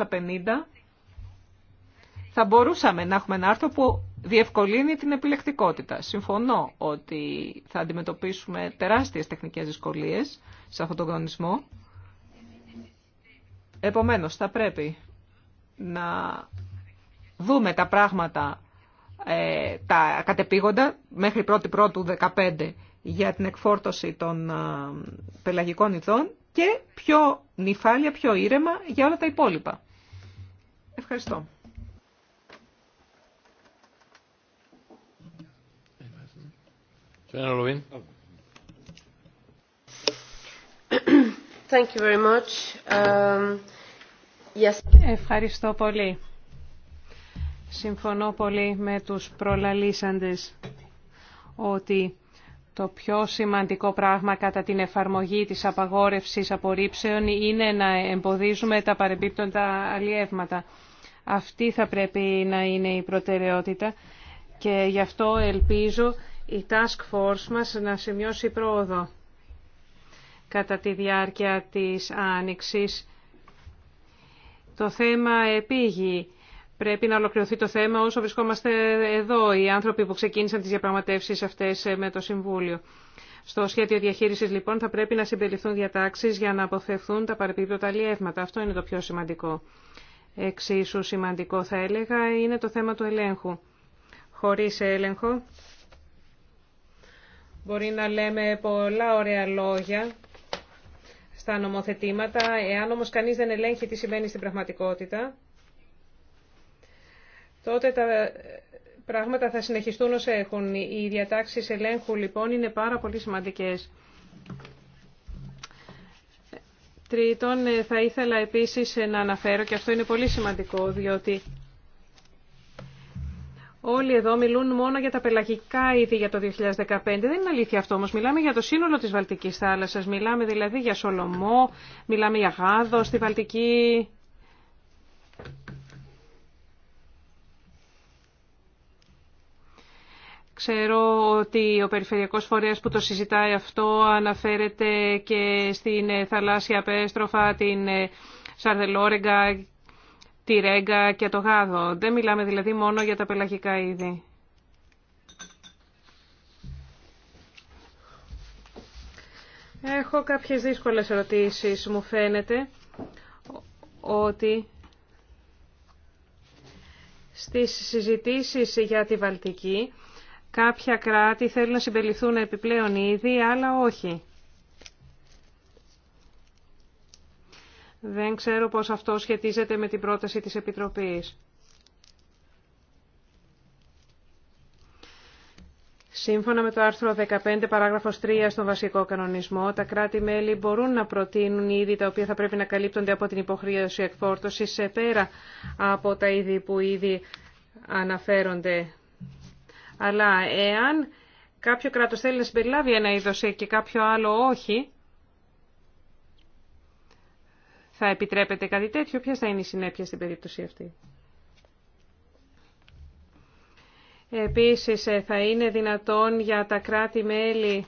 θα μπορούσαμε να έχουμε ένα άρθρο που διευκολύνει την επιλεκτικότητα. Συμφωνώ ότι θα αντιμετωπίσουμε τεράστιες τεχνικές δυσκολίες σε αυτόν τον κανονισμό. Επομένως, θα πρέπει να δούμε τα πράγματα, ε, τα κατεπήγοντα, πρώτη Πρώτου 2015 για την εκφόρτωση των ε, πελαγικών ειδών και πιο νυφάλια, πιο ήρεμα για όλα τα υπόλοιπα. Ευχαριστώ. Um, Ευχαριστώ πολύ. Συμφωνώ πολύ με τους προλαλήσαντες ότι το πιο σημαντικό πράγμα κατά την εφαρμογή της απαγόρευσης απορρίψεων είναι να εμποδίζουμε τα παρεμπίπτοντα αλλιεύματα. Αυτή θα πρέπει να είναι η προτεραιότητα και γι' αυτό ελπίζω η Task Force μας να σημειώσει πρόοδο κατά τη διάρκεια της άνοιξης. Το θέμα επίγει. Πρέπει να ολοκληρωθεί το θέμα όσο βρισκόμαστε εδώ, οι άνθρωποι που ξεκίνησαν τις διαπραγματεύσεις αυτές με το Συμβούλιο. Στο σχέδιο διαχείρισης λοιπόν θα πρέπει να συμπεριληφθούν διατάξεις για να αποφευθούν τα παρεπίπτωτα λιεύματα. Αυτό είναι το πιο σημαντικό. Εξίσου σημαντικό θα έλεγα είναι το θέμα του ελέγχου. Χωρίς έλεγχο Μπορεί να λέμε πολλά ωραία λόγια στα νομοθετήματα, εάν όμως κανείς δεν ελέγχει τι συμβαίνει στην πραγματικότητα, τότε τα πράγματα θα συνεχιστούν ως έχουν. Οι διατάξεις ελέγχου λοιπόν είναι πάρα πολύ σημαντικές. Τρίτον, ε, θα ήθελα επίσης να αναφέρω, και αυτό είναι πολύ σημαντικό, διότι Όλοι εδώ μιλούν μόνο για τα πελαγικά είδη για το 2015. Δεν είναι αλήθεια αυτό όμως. Μιλάμε για το σύνολο της Βαλτικής θάλασσας. Μιλάμε δηλαδή για Σολομό, μιλάμε για Γάδο στη Βαλτική. Ξέρω ότι ο Περιφερειακός Φορέας που το συζητάει αυτό αναφέρεται και στην ε, θαλάσσια απέστροφα, την ε, Σαρδελόρεγκα τη ρέγγα και το γάδο. Δεν μιλάμε δηλαδή μόνο για τα πελαγικά είδη. Έχω κάποιες δύσκολες ερωτήσεις. Μου φαίνεται ότι στις συζητήσεις για τη Βαλτική κάποια κράτη θέλουν να συμπεριληφθούν επιπλέον είδη, άλλα όχι. Δεν ξέρω πώς αυτό σχετίζεται με την πρόταση της Επιτροπής. Σύμφωνα με το άρθρο 15 παράγραφος 3 στον βασικό κανονισμό, τα κράτη-μέλη μπορούν να προτείνουν είδη τα οποία θα πρέπει να καλύπτονται από την υποχρέωση εκφόρτωσης σε πέρα από τα είδη που ήδη αναφέρονται. Αλλά εάν κάποιο κράτος θέλει να συμπεριλάβει ένα είδος και κάποιο άλλο όχι, θα επιτρέπετε κάτι τέτοιο, ποιες θα είναι οι συνέπειες στην περίπτωση αυτή. Επίσης, ε, θα είναι δυνατόν για τα κράτη-μέλη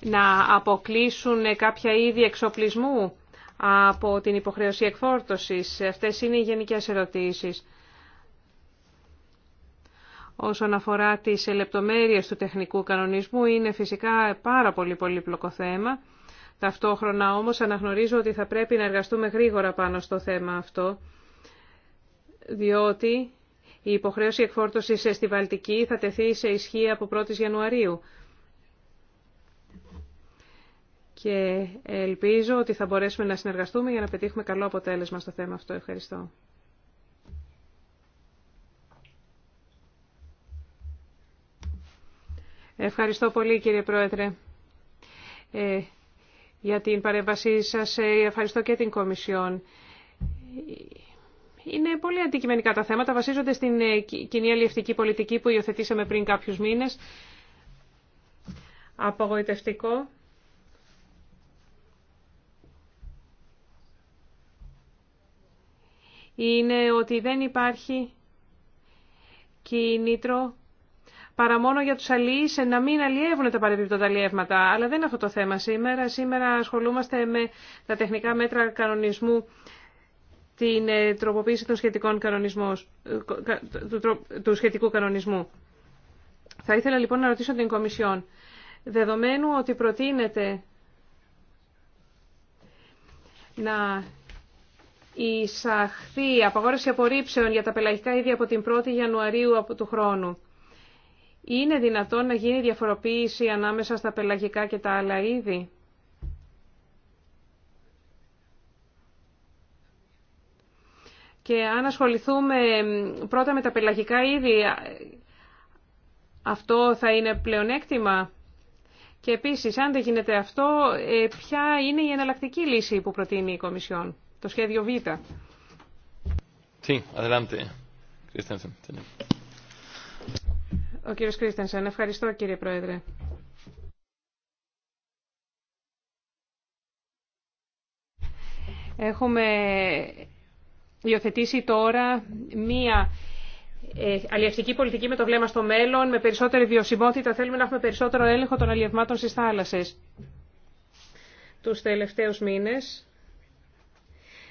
να αποκλείσουν κάποια είδη εξοπλισμού από την υποχρεωσία εκφόρτωσης. Αυτές είναι οι γενικές ερωτήσεις όσον αφορά τις λεπτομέρειες του τεχνικού κανονισμού είναι φυσικά πάρα πολύ πολύπλοκο θέμα. Ταυτόχρονα όμως αναγνωρίζω ότι θα πρέπει να εργαστούμε γρήγορα πάνω στο θέμα αυτό, διότι η υποχρέωση εκφόρτωσης στη Βαλτική θα τεθεί σε ισχύ από 1η Ιανουαρίου. Και ελπίζω ότι θα μπορέσουμε να συνεργαστούμε για να πετύχουμε καλό αποτέλεσμα στο θέμα αυτό. Ευχαριστώ. Ευχαριστώ πολύ κύριε Πρόεδρε ε, για την παρέμβασή σας. Ε, ευχαριστώ και την Κομισιόν. Είναι πολύ αντικειμενικά τα θέματα. Βασίζονται στην ε, κοινή αλλιευτική πολιτική που υιοθετήσαμε πριν κάποιους μήνες. Απογοητευτικό. Είναι ότι δεν υπάρχει κίνητρο παρά μόνο για τους αλληλείς ε, να μην αλλιεύουν τα παρεμπιπτόντα αλλιεύματα. Αλλά δεν είναι αυτό το θέμα σήμερα. Σήμερα ασχολούμαστε με τα τεχνικά μέτρα κανονισμού την ε, τροποποίηση των σχετικών ε, του σχετικού κανονισμού. Θα ήθελα λοιπόν να ρωτήσω την Κομισιόν. Δεδομένου ότι προτείνεται να εισαχθεί απαγόρευση απορρίψεων για τα πελαγικά είδη από την 1η Ιανουαρίου του χρόνου. Είναι δυνατόν να γίνει διαφοροποίηση ανάμεσα στα πελαγικά και τα άλλα είδη. Και αν ασχοληθούμε πρώτα με τα πελαγικά είδη, αυτό θα είναι πλεονέκτημα. Και επίσης, αν δεν γίνεται αυτό, ε, ποια είναι η εναλλακτική λύση που προτείνει η Κομισιόν, το σχέδιο Β. Ο κύριος Κρίστενσεν, ευχαριστώ κύριε Πρόεδρε. Έχουμε υιοθετήσει τώρα μία ε, αλλιευτική πολιτική με το βλέμμα στο μέλλον, με περισσότερη βιωσιμότητα. Θέλουμε να έχουμε περισσότερο έλεγχο των αλλιευμάτων στις θάλασσες. Τους τελευταίους μήνες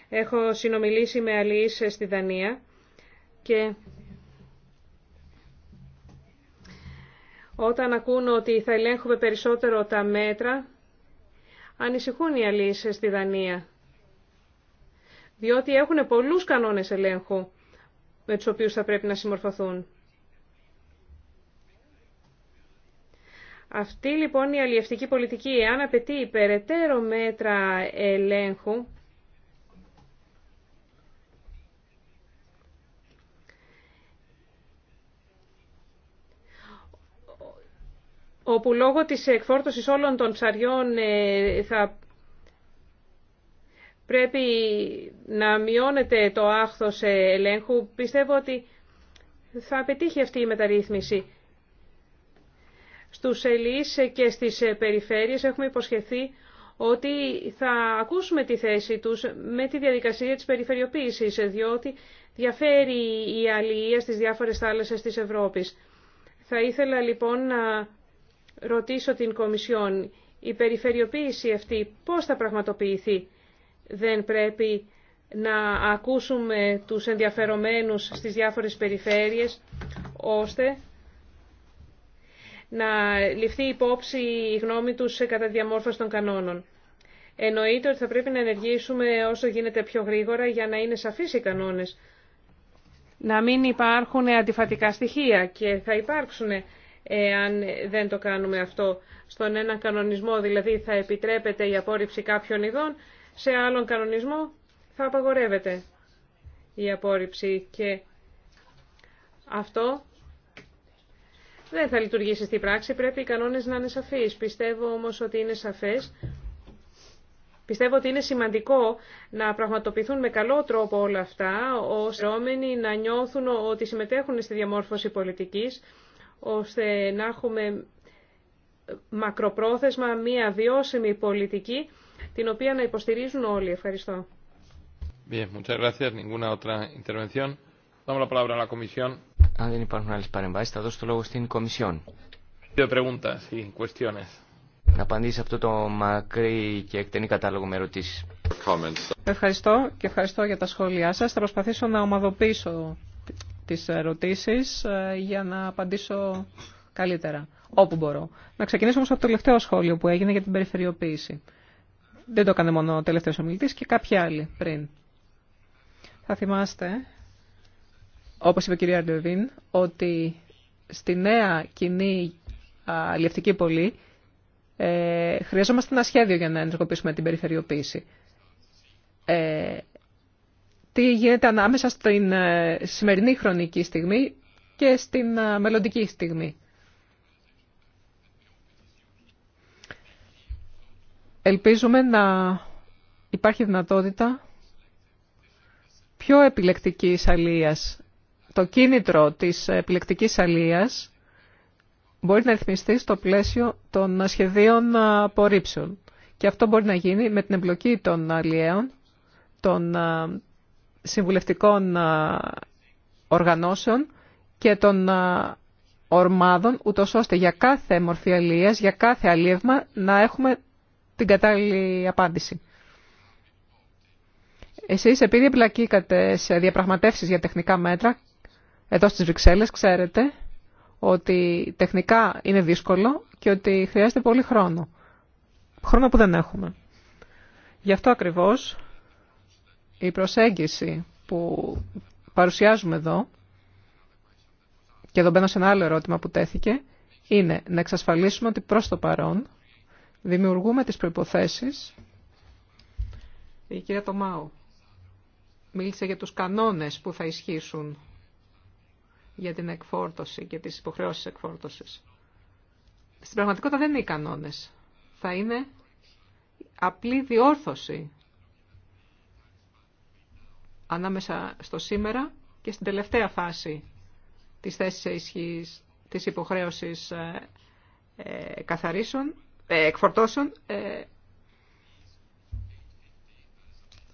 έχω συνομιλήσει με αλλιείς στη Δανία και Όταν ακούν ότι θα ελέγχουμε περισσότερο τα μέτρα, ανησυχούν οι αλήσει στη Δανία. Διότι έχουν πολλούς κανόνες ελέγχου με τους οποίους θα πρέπει να συμμορφωθούν. Αυτή λοιπόν η αλλιευτική πολιτική, εάν απαιτεί περαιτέρω μέτρα ελέγχου, όπου λόγω της εκφόρτωσης όλων των ψαριών ε, θα πρέπει να μειώνεται το άχθος ε, ελέγχου, πιστεύω ότι θα πετύχει αυτή η μεταρρύθμιση. Στους ελείς και στις ε, περιφέρειες έχουμε υποσχεθεί ότι θα ακούσουμε τη θέση τους με τη διαδικασία της περιφερειοποίησης, διότι διαφέρει η αλληλεία στις διάφορες θάλασσες της Ευρώπης. Θα ήθελα λοιπόν να ρωτήσω την Κομισιόν, η περιφερειοποίηση αυτή πώς θα πραγματοποιηθεί. Δεν πρέπει να ακούσουμε τους ενδιαφερομένους στις διάφορες περιφέρειες, ώστε να ληφθεί υπόψη η γνώμη τους κατά διαμόρφωση των κανόνων. Εννοείται ότι θα πρέπει να ενεργήσουμε όσο γίνεται πιο γρήγορα για να είναι σαφείς οι κανόνες. Να μην υπάρχουν αντιφατικά στοιχεία και θα υπάρξουν εάν δεν το κάνουμε αυτό. Στον ένα κανονισμό δηλαδή θα επιτρέπεται η απόρριψη κάποιων ειδών, σε άλλον κανονισμό θα απαγορεύεται η απόρριψη και αυτό δεν θα λειτουργήσει στη πράξη. Πρέπει οι κανόνες να είναι σαφείς. Πιστεύω όμως ότι είναι σαφές. Πιστεύω ότι είναι σημαντικό να πραγματοποιηθούν με καλό τρόπο όλα αυτά, ώστε να νιώθουν ότι συμμετέχουν στη διαμόρφωση πολιτικής ώστε να έχουμε μακροπρόθεσμα μία βιώσιμη πολιτική, την οποία να υποστηρίζουν όλοι. Ευχαριστώ. Bien, muchas gracias. Ninguna otra intervención. Damos la palabra a la Comisión. Αν δεν υπάρχουν άλλες παρεμβάσεις, θα δώσω το λόγο στην Κομισιόν. Δύο preguntas y cuestiones. Να απαντήσει αυτό το μακρύ και εκτενή κατάλογο με ερωτήσεις. Ευχαριστώ και ευχαριστώ για τα σχόλιά σας. Θα προσπαθήσω να ομαδοποιήσω τις ερωτήσεις ε, για να απαντήσω καλύτερα, όπου μπορώ. Να ξεκινήσω όμως από το τελευταίο σχόλιο που έγινε για την περιφερειοποίηση. Δεν το έκανε μόνο ο τελευταίος ομιλητής και κάποιοι άλλοι πριν. Θα θυμάστε, όπως είπε η κυρία Αρντεβίν, ότι στη νέα κοινή αλληλευτική πολύ ε, χρειαζόμαστε ένα σχέδιο για να ενεργοποιήσουμε την περιφερειοποίηση. Ε, τι γίνεται ανάμεσα στην ε, σημερινή χρονική στιγμή και στην ε, μελλοντική στιγμή. Ελπίζουμε να υπάρχει δυνατότητα πιο επιλεκτικής αλίας. Το κίνητρο της επιλεκτικής αλίας μπορεί να ρυθμιστεί στο πλαίσιο των σχεδίων ε, απορρίψεων. Και αυτό μπορεί να γίνει με την εμπλοκή των αλλιέων, των συμβουλευτικών οργανώσεων και των ορμάδων, ούτως ώστε για κάθε μορφή αλίας, για κάθε αλίευμα να έχουμε την κατάλληλη απάντηση. Εσείς επειδή εμπλακήκατε σε διαπραγματεύσεις για τεχνικά μέτρα, εδώ στις Βρυξέλλες ξέρετε ότι τεχνικά είναι δύσκολο και ότι χρειάζεται πολύ χρόνο. Χρόνο που δεν έχουμε. Γι' αυτό ακριβώς η προσέγγιση που παρουσιάζουμε εδώ, και εδώ μπαίνω σε ένα άλλο ερώτημα που τέθηκε, είναι να εξασφαλίσουμε ότι προς το παρόν δημιουργούμε τις προϋποθέσεις. Η κυρία Τομάου μίλησε για τους κανόνες που θα ισχύσουν για την εκφόρτωση και τις υποχρεώσεις εκφόρτωσης. Στην πραγματικότητα δεν είναι οι κανόνες. Θα είναι απλή διόρθωση ανάμεσα στο σήμερα και στην τελευταία φάση της θέσης ισχύς της υποχρέωσης ε, ε καθαρίσεων, ε, εκφορτώσεων, ε,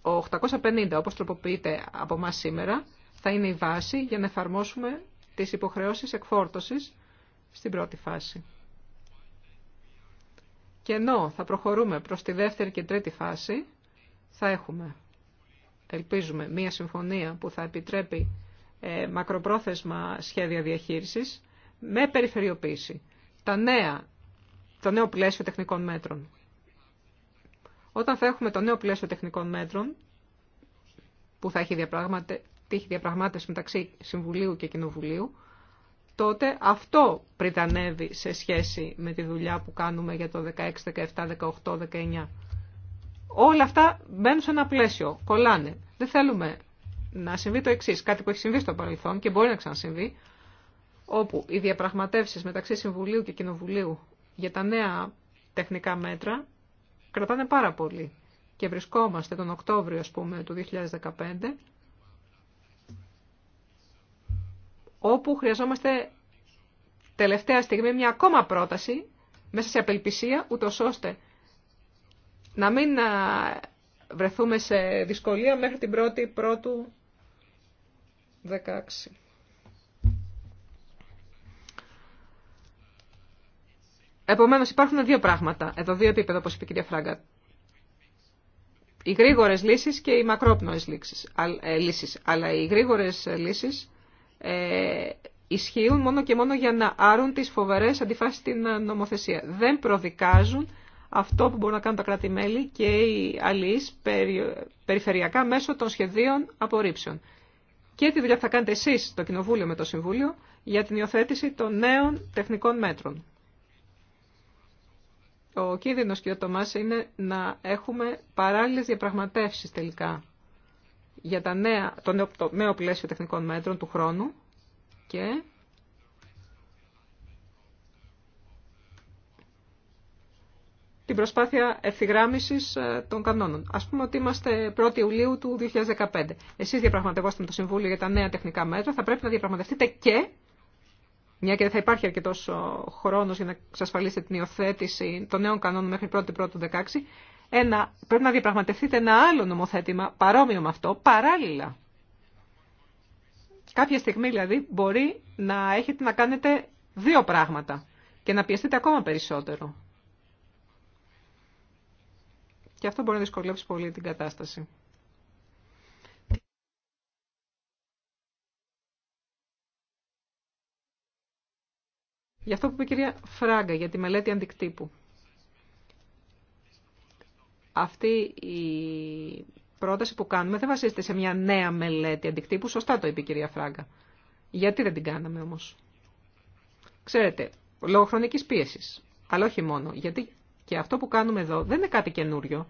ο 850, όπως τροποποιείται από μας σήμερα, θα είναι η βάση για να εφαρμόσουμε τις υποχρεώσεις εκφόρτωσης στην πρώτη φάση. Και ενώ θα προχωρούμε προς τη δεύτερη και τρίτη φάση, θα έχουμε ελπίζουμε, μία συμφωνία που θα επιτρέπει ε, μακροπρόθεσμα σχέδια διαχείρισης με περιφερειοποίηση. Τα νέα, το νέο πλαίσιο τεχνικών μέτρων. Όταν θα έχουμε το νέο πλαίσιο τεχνικών μέτρων, που θα έχει διαπραγματε... διαπραγμάτευση μεταξύ Συμβουλίου και Κοινοβουλίου, τότε αυτό πριτανεύει σε σχέση με τη δουλειά που κάνουμε για το 16, 17, 18, 19. Όλα αυτά μπαίνουν σε ένα πλαίσιο, κολλάνε. Δεν θέλουμε να συμβεί το εξή, κάτι που έχει συμβεί στο παρελθόν και μπορεί να ξανασυμβεί, όπου οι διαπραγματεύσεις μεταξύ Συμβουλίου και Κοινοβουλίου για τα νέα τεχνικά μέτρα κρατάνε πάρα πολύ. Και βρισκόμαστε τον Οκτώβριο, ας πούμε, του 2015, όπου χρειαζόμαστε τελευταία στιγμή μια ακόμα πρόταση μέσα σε απελπισία, ούτω ώστε να μην βρεθούμε σε δυσκολία μέχρι την πρώτη κυρία δυο επιπεδα όπω ειπε η κυρια φραγκα Οι γρήγορε λύσει και οι μακρόπνοε ε, λύσει. Αλλά οι γρήγορε λύσει ε, ισχύουν μόνο και μόνο για να άρουν τις φοβερέ αντιφάσει στην ε, νομοθεσία. Δεν προδικάζουν αυτό που μπορούν να κάνουν τα κράτη-μέλη και οι αλληλείς περιφερειακά μέσω των σχεδίων απορρίψεων. Και τη δουλειά θα κάνετε εσείς το Κοινοβούλιο με το Συμβούλιο για την υιοθέτηση των νέων τεχνικών μέτρων. Ο κίνδυνος, ο Τομάς, είναι να έχουμε παράλληλες διαπραγματεύσεις τελικά για τα νέα, το νέο πλαίσιο τεχνικών μέτρων του χρόνου και την προσπάθεια ευθυγράμμιση ε, των κανόνων. Α πούμε ότι είμαστε 1η Ιουλίου του 2015. Εσεί διαπραγματευόστε με το Συμβούλιο για τα νέα τεχνικά μέτρα. Θα πρέπει να διαπραγματευτείτε και, μια και δεν θα υπάρχει αρκετό χρόνο για να εξασφαλίσετε την υιοθέτηση των νέων κανόνων μέχρι 1η του 2016, πρέπει να διαπραγματευτείτε ένα άλλο νομοθέτημα παρόμοιο με αυτό, παράλληλα. Κάποια στιγμή δηλαδή μπορεί να έχετε να κάνετε δύο πράγματα και να πιεστείτε ακόμα περισσότερο. Και αυτό μπορεί να δυσκολεύσει πολύ την κατάσταση. Γι' αυτό που είπε η κυρία Φράγκα για τη μελέτη αντικτύπου. Αυτή η πρόταση που κάνουμε δεν βασίζεται σε μια νέα μελέτη αντικτύπου. Σωστά το είπε η κυρία Φράγκα. Γιατί δεν την κάναμε όμως. Ξέρετε, λόγω χρονικής πίεσης. Αλλά όχι μόνο. Γιατί και αυτό που κάνουμε εδώ δεν είναι κάτι καινούριο.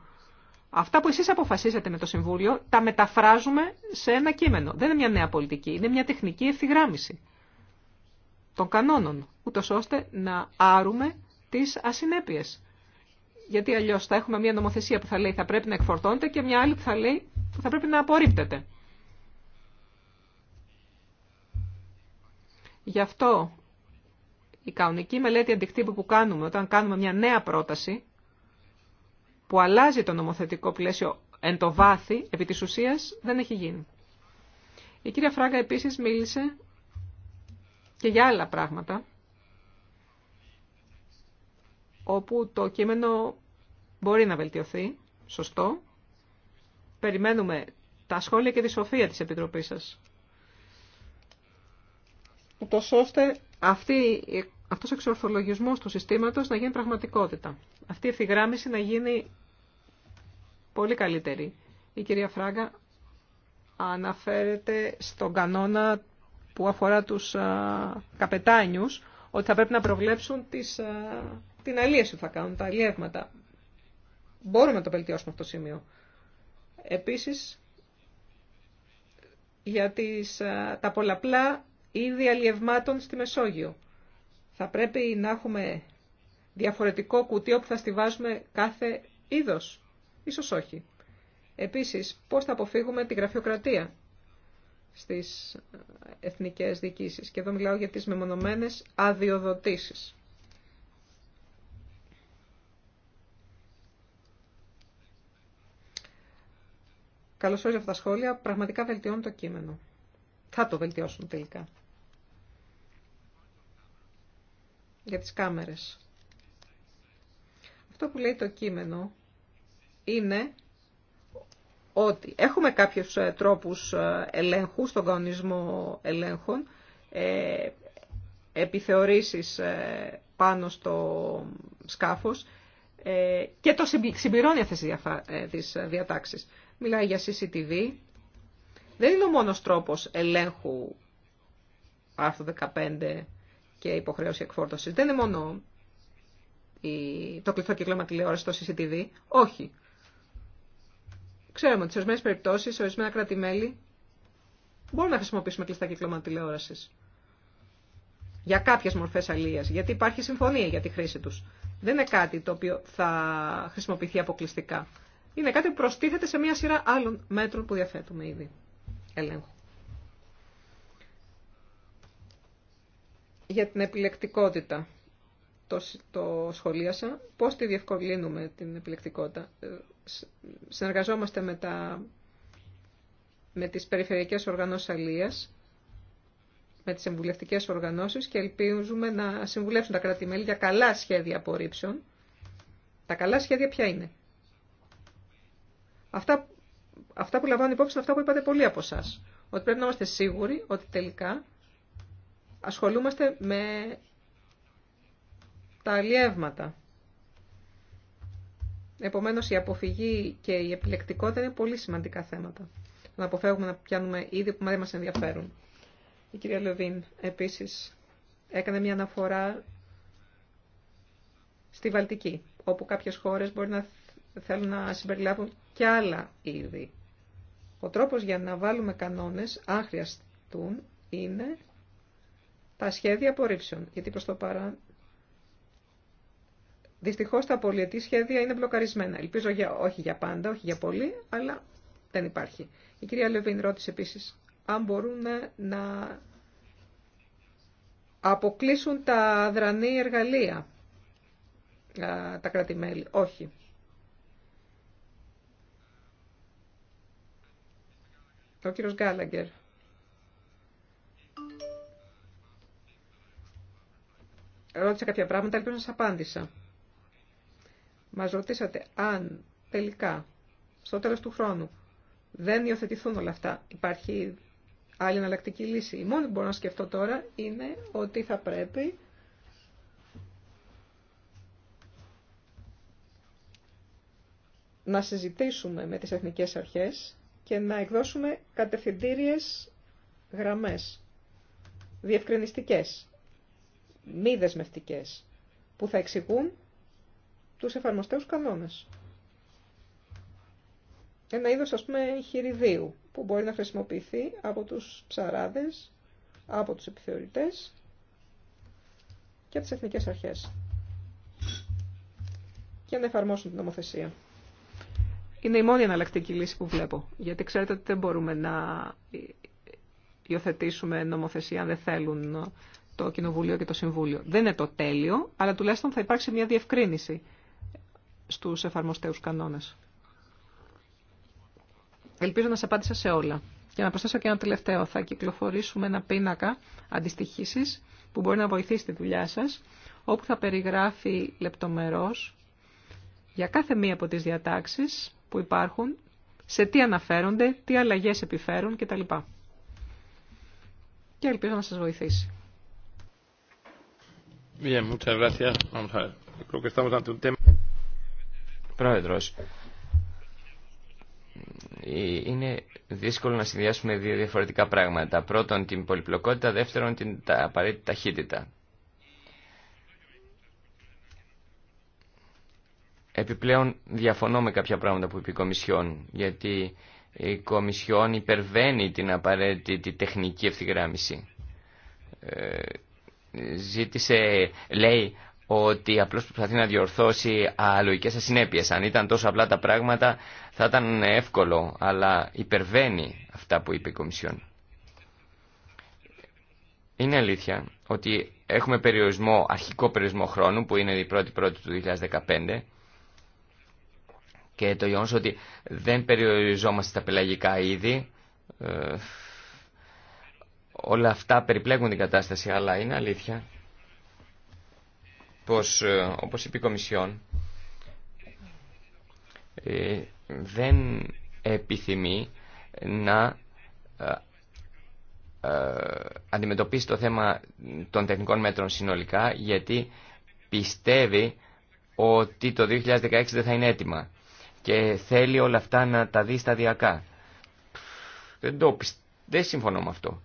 Αυτά που εσείς αποφασίσατε με το Συμβούλιο τα μεταφράζουμε σε ένα κείμενο. Δεν είναι μια νέα πολιτική, είναι μια τεχνική ευθυγράμμιση των κανόνων, ούτω ώστε να άρουμε τις ασυνέπειες. Γιατί αλλιώς θα έχουμε μια νομοθεσία που θα λέει θα πρέπει να εκφορτώνεται και μια άλλη που θα λέει θα πρέπει να απορρίπτεται. Γι' αυτό η κανονική μελέτη αντικτύπου που κάνουμε όταν κάνουμε μια νέα πρόταση που αλλάζει το νομοθετικό πλαίσιο εν το βάθη, επί της ουσίας, δεν έχει γίνει. Η κυρία Φράγκα επίσης μίλησε και για άλλα πράγματα, όπου το κείμενο μπορεί να βελτιωθεί, σωστό. Περιμένουμε τα σχόλια και τη σοφία της Επιτροπής σας. Ούτως ώστε αυτή η αυτό ο εξορθολογισμό του συστήματος να γίνει πραγματικότητα. Αυτή η ευθυγράμμιση να γίνει πολύ καλύτερη. Η κυρία Φράγκα αναφέρεται στον κανόνα που αφορά τους καπετάνιου καπετάνιους, ότι θα πρέπει να προβλέψουν τις, την αλίευση που θα κάνουν, τα αλίευματα. Μπορούμε να το βελτιώσουμε αυτό το σημείο. Επίσης, για τις, τα πολλαπλά είδη αλιευμάτων στη Μεσόγειο θα πρέπει να έχουμε διαφορετικό κουτί όπου θα στηβάζουμε κάθε είδος. Ίσως όχι. Επίσης, πώς θα αποφύγουμε τη γραφειοκρατία στις εθνικές διοικήσεις. Και εδώ μιλάω για τις μεμονωμένες αδειοδοτήσεις. Καλώς όλοι αυτά τα σχόλια. Πραγματικά βελτιώνουν το κείμενο. Θα το βελτιώσουν τελικά. για τις κάμερες. Αυτό που λέει το κείμενο είναι ότι έχουμε κάποιους ε, τρόπους ε, ελέγχου στον κανονισμό ελέγχων, ε, επιθεωρήσεις πάνω στο σκάφος και το συμπληρώνει αυτές τις διατάξεις. Μιλάει για CCTV. Δεν είναι ο μόνος τρόπος ελέγχου άρθρο 15 και υποχρέωση εκφόρτωσης. Δεν είναι μόνο το κλειστό κυκλώμα τηλεόραση στο CCTV. Όχι. Ξέρουμε ότι σε ορισμένε περιπτώσει, σε ορισμένα κράτη-μέλη, μπορούμε να χρησιμοποιήσουμε κλειστά κυκλώμα τηλεόραση. Για κάποιε μορφέ αλληλεία. Γιατί υπάρχει συμφωνία για τη χρήση του. Δεν είναι κάτι το οποίο θα χρησιμοποιηθεί αποκλειστικά. Είναι κάτι που προστίθεται σε μια σειρά άλλων μέτρων που διαθέτουμε ήδη. Ελέγχου. για την επιλεκτικότητα. Το, το σχολίασα. Πώς τη διευκολύνουμε την επιλεκτικότητα. Ε, συνεργαζόμαστε με, τα, με τις περιφερειακές οργανώσεις με τις εμβουλευτικές οργανώσεις και ελπίζουμε να συμβουλεύσουν τα κράτη-μέλη για καλά σχέδια απορρίψεων. Τα καλά σχέδια ποια είναι. Αυτά, αυτά που λαμβάνουν υπόψη είναι αυτά που είπατε πολλοί από εσά. Ότι πρέπει να είμαστε σίγουροι ότι τελικά ασχολούμαστε με τα αλλιεύματα. Επομένως η αποφυγή και η επιλεκτικότητα είναι πολύ σημαντικά θέματα. Να αποφεύγουμε να πιάνουμε είδη που δεν μας ενδιαφέρουν. Η κυρία Λεβίν επίσης έκανε μια αναφορά στη Βαλτική, όπου κάποιες χώρες μπορεί να θέλουν να συμπεριλάβουν και άλλα είδη. Ο τρόπος για να βάλουμε κανόνες άχρηστούν είναι τα σχέδια απορρίψεων. Γιατί προς το παρόν Δυστυχώ τα πολιετή σχέδια είναι μπλοκαρισμένα. Ελπίζω για, όχι για πάντα, όχι για πολύ, αλλά δεν υπάρχει. Η κυρία Λεβίν ρώτησε επίση αν μπορούν να αποκλείσουν τα δρανή εργαλεία τα κράτη-μέλη. Όχι. Το κύριος Γκάλαγκερ ρώτησα κάποια πράγματα, ελπίζω να σας απάντησα. Μας ρωτήσατε αν τελικά, στο τέλος του χρόνου, δεν υιοθετηθούν όλα αυτά. Υπάρχει άλλη εναλλακτική λύση. Η μόνη που μπορώ να σκεφτώ τώρα είναι ότι θα πρέπει να συζητήσουμε με τις εθνικές αρχές και να εκδώσουμε κατευθυντήριες γραμμές, διευκρινιστικές μη δεσμευτικές, που θα εξηγούν τους εφαρμοστέους κανόνες. Ένα είδος, ας πούμε, χειριδίου, που μπορεί να χρησιμοποιηθεί από τους ψαράδες, από τους επιθεωρητές και από τις εθνικές αρχές και να εφαρμόσουν την νομοθεσία. Είναι η μόνη εναλλακτική λύση που βλέπω, γιατί ξέρετε ότι δεν μπορούμε να υιοθετήσουμε νομοθεσία αν δεν θέλουν το Κοινοβούλιο και το Συμβούλιο. Δεν είναι το τέλειο, αλλά τουλάχιστον θα υπάρξει μια διευκρίνηση στους εφαρμοστέους κανόνες. Ελπίζω να σε απάντησα σε όλα. Και να προσθέσω και ένα τελευταίο. Θα κυκλοφορήσουμε ένα πίνακα αντιστοιχήσεις που μπορεί να βοηθήσει τη δουλειά σας, όπου θα περιγράφει λεπτομερώς για κάθε μία από τις διατάξεις που υπάρχουν, σε τι αναφέρονται, τι αλλαγές επιφέρουν κτλ. Και ελπίζω να σας βοηθήσει. Πρόεδρος, είναι δύσκολο να συνδυάσουμε δύο διαφορετικά πράγματα. Πρώτον, την πολυπλοκότητα. Δεύτερον, την απαραίτητη ταχύτητα. Επιπλέον, διαφωνώ με κάποια πράγματα που είπε η Κομισιόν, γιατί η Κομισιόν υπερβαίνει την απαραίτητη τεχνική ευθυγράμμιση ε, ζήτησε, λέει ότι απλώς προσπαθεί να διορθώσει αλογικές ασυνέπειες. Αν ήταν τόσο απλά τα πράγματα θα ήταν εύκολο, αλλά υπερβαίνει αυτά που είπε η Κομισιόν. Είναι αλήθεια ότι έχουμε περιορισμό, αρχικό περιορισμό χρόνου που είναι η 1 πρώτη του 2015 και το γεγονό ότι δεν περιοριζόμαστε τα πελαγικά είδη ε, όλα αυτά περιπλέγουν την κατάσταση, αλλά είναι αλήθεια πως, ε, όπως είπε η Κομισιόν, ε, δεν επιθυμεί να ε, αντιμετωπίσει το θέμα των τεχνικών μέτρων συνολικά, γιατί πιστεύει ότι το 2016 δεν θα είναι έτοιμα και θέλει όλα αυτά να τα δει σταδιακά. Δεν το Δεν συμφωνώ με αυτό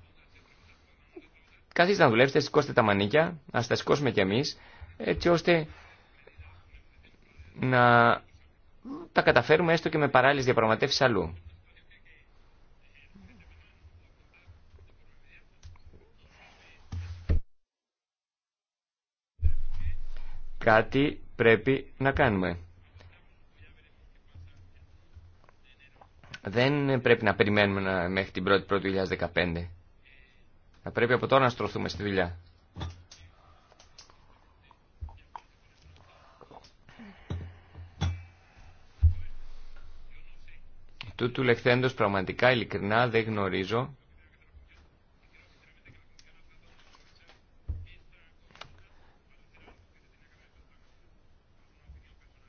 καθίστε να δουλέψετε, σηκώστε τα μανίκια, να τα σηκώσουμε κι εμείς, έτσι ώστε να τα καταφέρουμε έστω και με παράλληλε διαπραγματεύσει αλλού. Κάτι πρέπει να κάνουμε. Δεν πρέπει να περιμένουμε μέχρι την 1η 2015. Θα πρέπει από τώρα να στρωθούμε στη δουλειά. Τούτου λεχθέντος πραγματικά ειλικρινά δεν γνωρίζω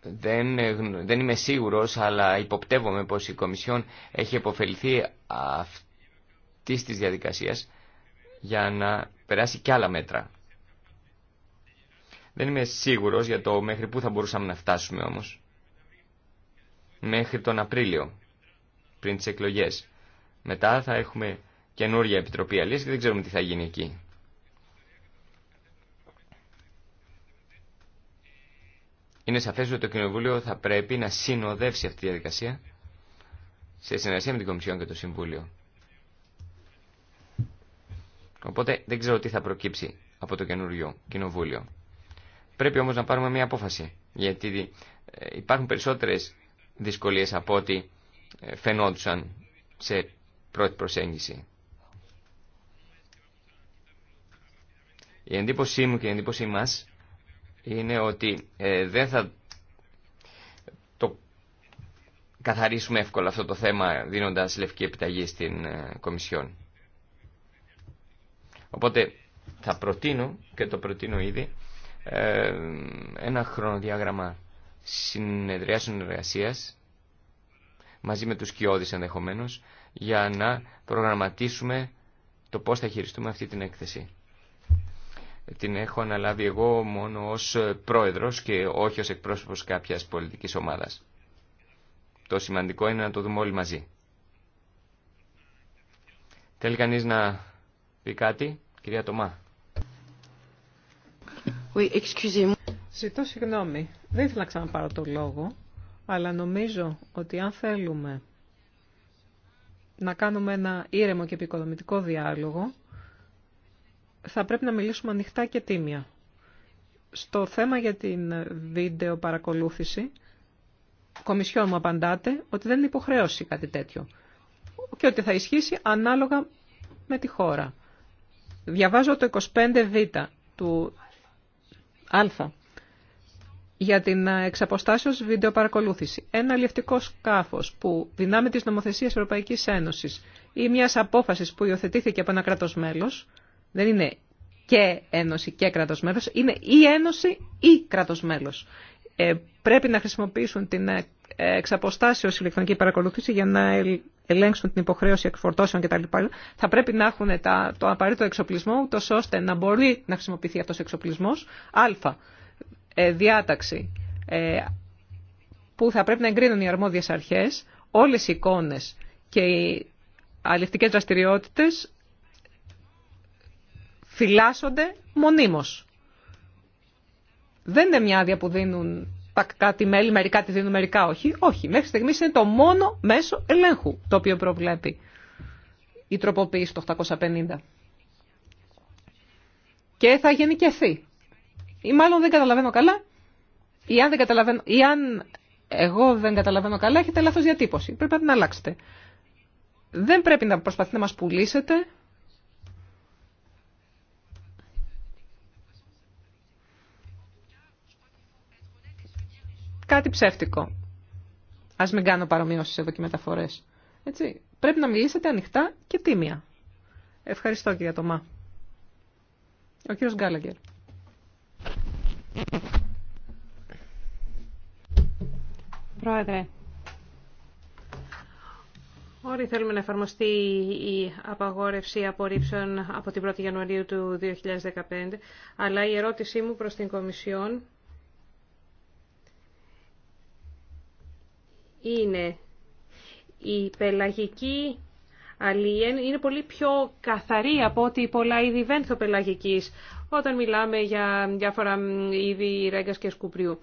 δεν, ε, δεν είμαι σίγουρος, αλλά υποπτεύομαι πως η Κομισιόν έχει επωφεληθεί αυτής της διαδικασίας για να περάσει και άλλα μέτρα. Δεν είμαι σίγουρος για το μέχρι πού θα μπορούσαμε να φτάσουμε όμως. Μέχρι τον Απρίλιο, πριν τις εκλογές. Μετά θα έχουμε καινούργια επιτροπή αλήθεια και δεν ξέρουμε τι θα γίνει εκεί. Είναι σαφές ότι το Κοινοβούλιο θα πρέπει να συνοδεύσει αυτή τη διαδικασία σε συνεργασία με την Κομισιόν και το Συμβούλιο. Οπότε δεν ξέρω τι θα προκύψει από το καινούριο κοινοβούλιο. Πρέπει όμως να πάρουμε μια απόφαση, γιατί ε, υπάρχουν περισσότερες δυσκολίες από ό,τι ε, φαινόντουσαν σε πρώτη προσέγγιση. Η εντύπωσή μου και η εντύπωσή μας είναι ότι ε, δεν θα το καθαρίσουμε εύκολα αυτό το θέμα δίνοντας λευκή επιταγή στην Κομισιόν. Οπότε θα προτείνω και το προτείνω ήδη ε, ένα χρονοδιάγραμμα συνεδριά συνεργασία μαζί με τους κοιόδης ενδεχομένω για να προγραμματίσουμε το πώς θα χειριστούμε αυτή την έκθεση. Την έχω αναλάβει εγώ μόνο ως πρόεδρος και όχι ως εκπρόσωπος κάποιας πολιτικής ομάδας. Το σημαντικό είναι να το δούμε όλοι μαζί. Θέλει κανείς να πει κάτι. Κυρία Τομά. Oui, Ζητώ συγγνώμη. Δεν ήθελα να ξαναπάρω το λόγο, αλλά νομίζω ότι αν θέλουμε να κάνουμε ένα ήρεμο και επικοδομητικό διάλογο, θα πρέπει να μιλήσουμε ανοιχτά και τίμια. Στο θέμα για την βίντεο παρακολούθηση, κομισιόν μου απαντάτε ότι δεν είναι υποχρέωση κάτι τέτοιο και ότι θα ισχύσει ανάλογα με τη χώρα. Διαβάζω το 25β του α για την ε, εξαποστάσεως βιντεοπαρακολούθηση. Ένα λευτικό σκάφο που δυνάμει τη νομοθεσίας Ευρωπαϊκής Ένωσης ή μια απόφαση που υιοθετήθηκε από ένα κράτο μέλος, δεν είναι και ένωση και κράτος μέλος, είναι ή ένωση ή κράτος μέλος. Ε, πρέπει να χρησιμοποιήσουν την ε, εξ αποστάσεως ηλεκτρονική παρακολούθηση για να ελέγξουν την υποχρέωση εκφορτώσεων κτλ. Θα πρέπει να έχουν τα, το απαραίτητο εξοπλισμό, ούτως ώστε να μπορεί να χρησιμοποιηθεί αυτός ο εξοπλισμός. Α. Ε, διάταξη ε, που θα πρέπει να εγκρίνουν οι αρμόδιες αρχές, όλες οι εικόνες και οι αληφτικές δραστηριότητε φυλάσσονται μονίμως. Δεν είναι μια άδεια που δίνουν τα κάτι μελη μερικά τη δίνουν, μερικά όχι. Όχι, μέχρι στιγμή είναι το μόνο μέσο ελέγχου το οποίο προβλέπει η τροποποίηση του 850. Και θα γενικευθεί. Ή μάλλον δεν καταλαβαίνω καλά, ή αν, δεν καταλαβαίνω, ή αν εγώ δεν καταλαβαίνω καλά, έχετε λάθος διατύπωση. Πρέπει να την αλλάξετε. Δεν πρέπει να προσπαθείτε να μας πουλήσετε κάτι ψεύτικο. Ας μην κάνω παρομοίωσεις εδώ και μεταφορές. Έτσι. Πρέπει να μιλήσετε ανοιχτά και τίμια. Ευχαριστώ κύριε Τωμά. Ο κύριος Γκάλαγκερ. Πρόεδρε, όλοι θέλουμε να εφαρμοστεί η απαγόρευση απορρίψεων από την 1η Ιανουαρίου του 2015, αλλά η ερώτησή μου προς την Κομισιόν είναι η πελαγική αλίεν είναι πολύ πιο καθαρή από ότι πολλά είδη πελαγικής, όταν μιλάμε για διάφορα είδη ρέγκας και σκουπριού.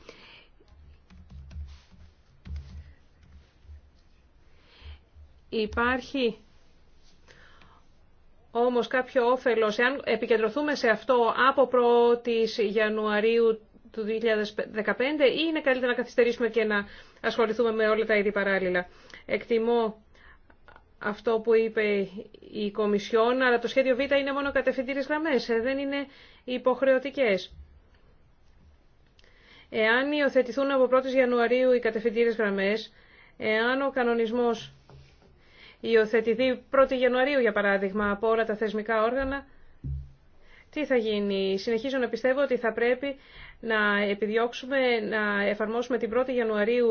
Υπάρχει όμως κάποιο όφελος, εάν επικεντρωθούμε σε αυτό από 1η Ιανουαρίου του 2015 ή είναι καλύτερα να καθυστερήσουμε και να ασχοληθούμε με όλα τα είδη παράλληλα. Εκτιμώ αυτό που είπε η Κομισιόν, αλλά το σχέδιο Β είναι μόνο κατευθυντήρες γραμμές, ε, δεν είναι υποχρεωτικές. Εάν υιοθετηθούν από 1η Ιανουαρίου οι κατευθυντήρες γραμμές, εάν ο κανονισμός υιοθετηθεί 1η Ιανουαρίου, για παράδειγμα, από όλα τα θεσμικά όργανα, τι θα γίνει. Συνεχίζω να πιστεύω ότι θα πρέπει να επιδιώξουμε να εφαρμόσουμε την 1η Ιανουαρίου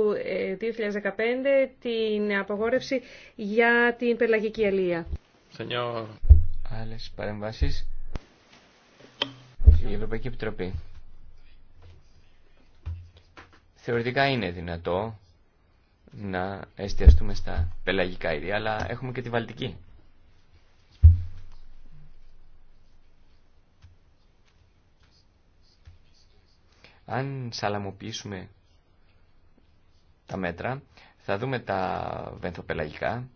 2015 ε, την απογόρευση για την πελαγική αλία. Άλλες παρεμβάσεις. Η Ευρωπαϊκή Επιτροπή. Θεωρητικά είναι δυνατό να εστιαστούμε στα πελαγικά είδη, αλλά έχουμε και τη βαλτική. Αν σαλαμοποιήσουμε τα μέτρα, θα δούμε τα βενθοπελαγικά,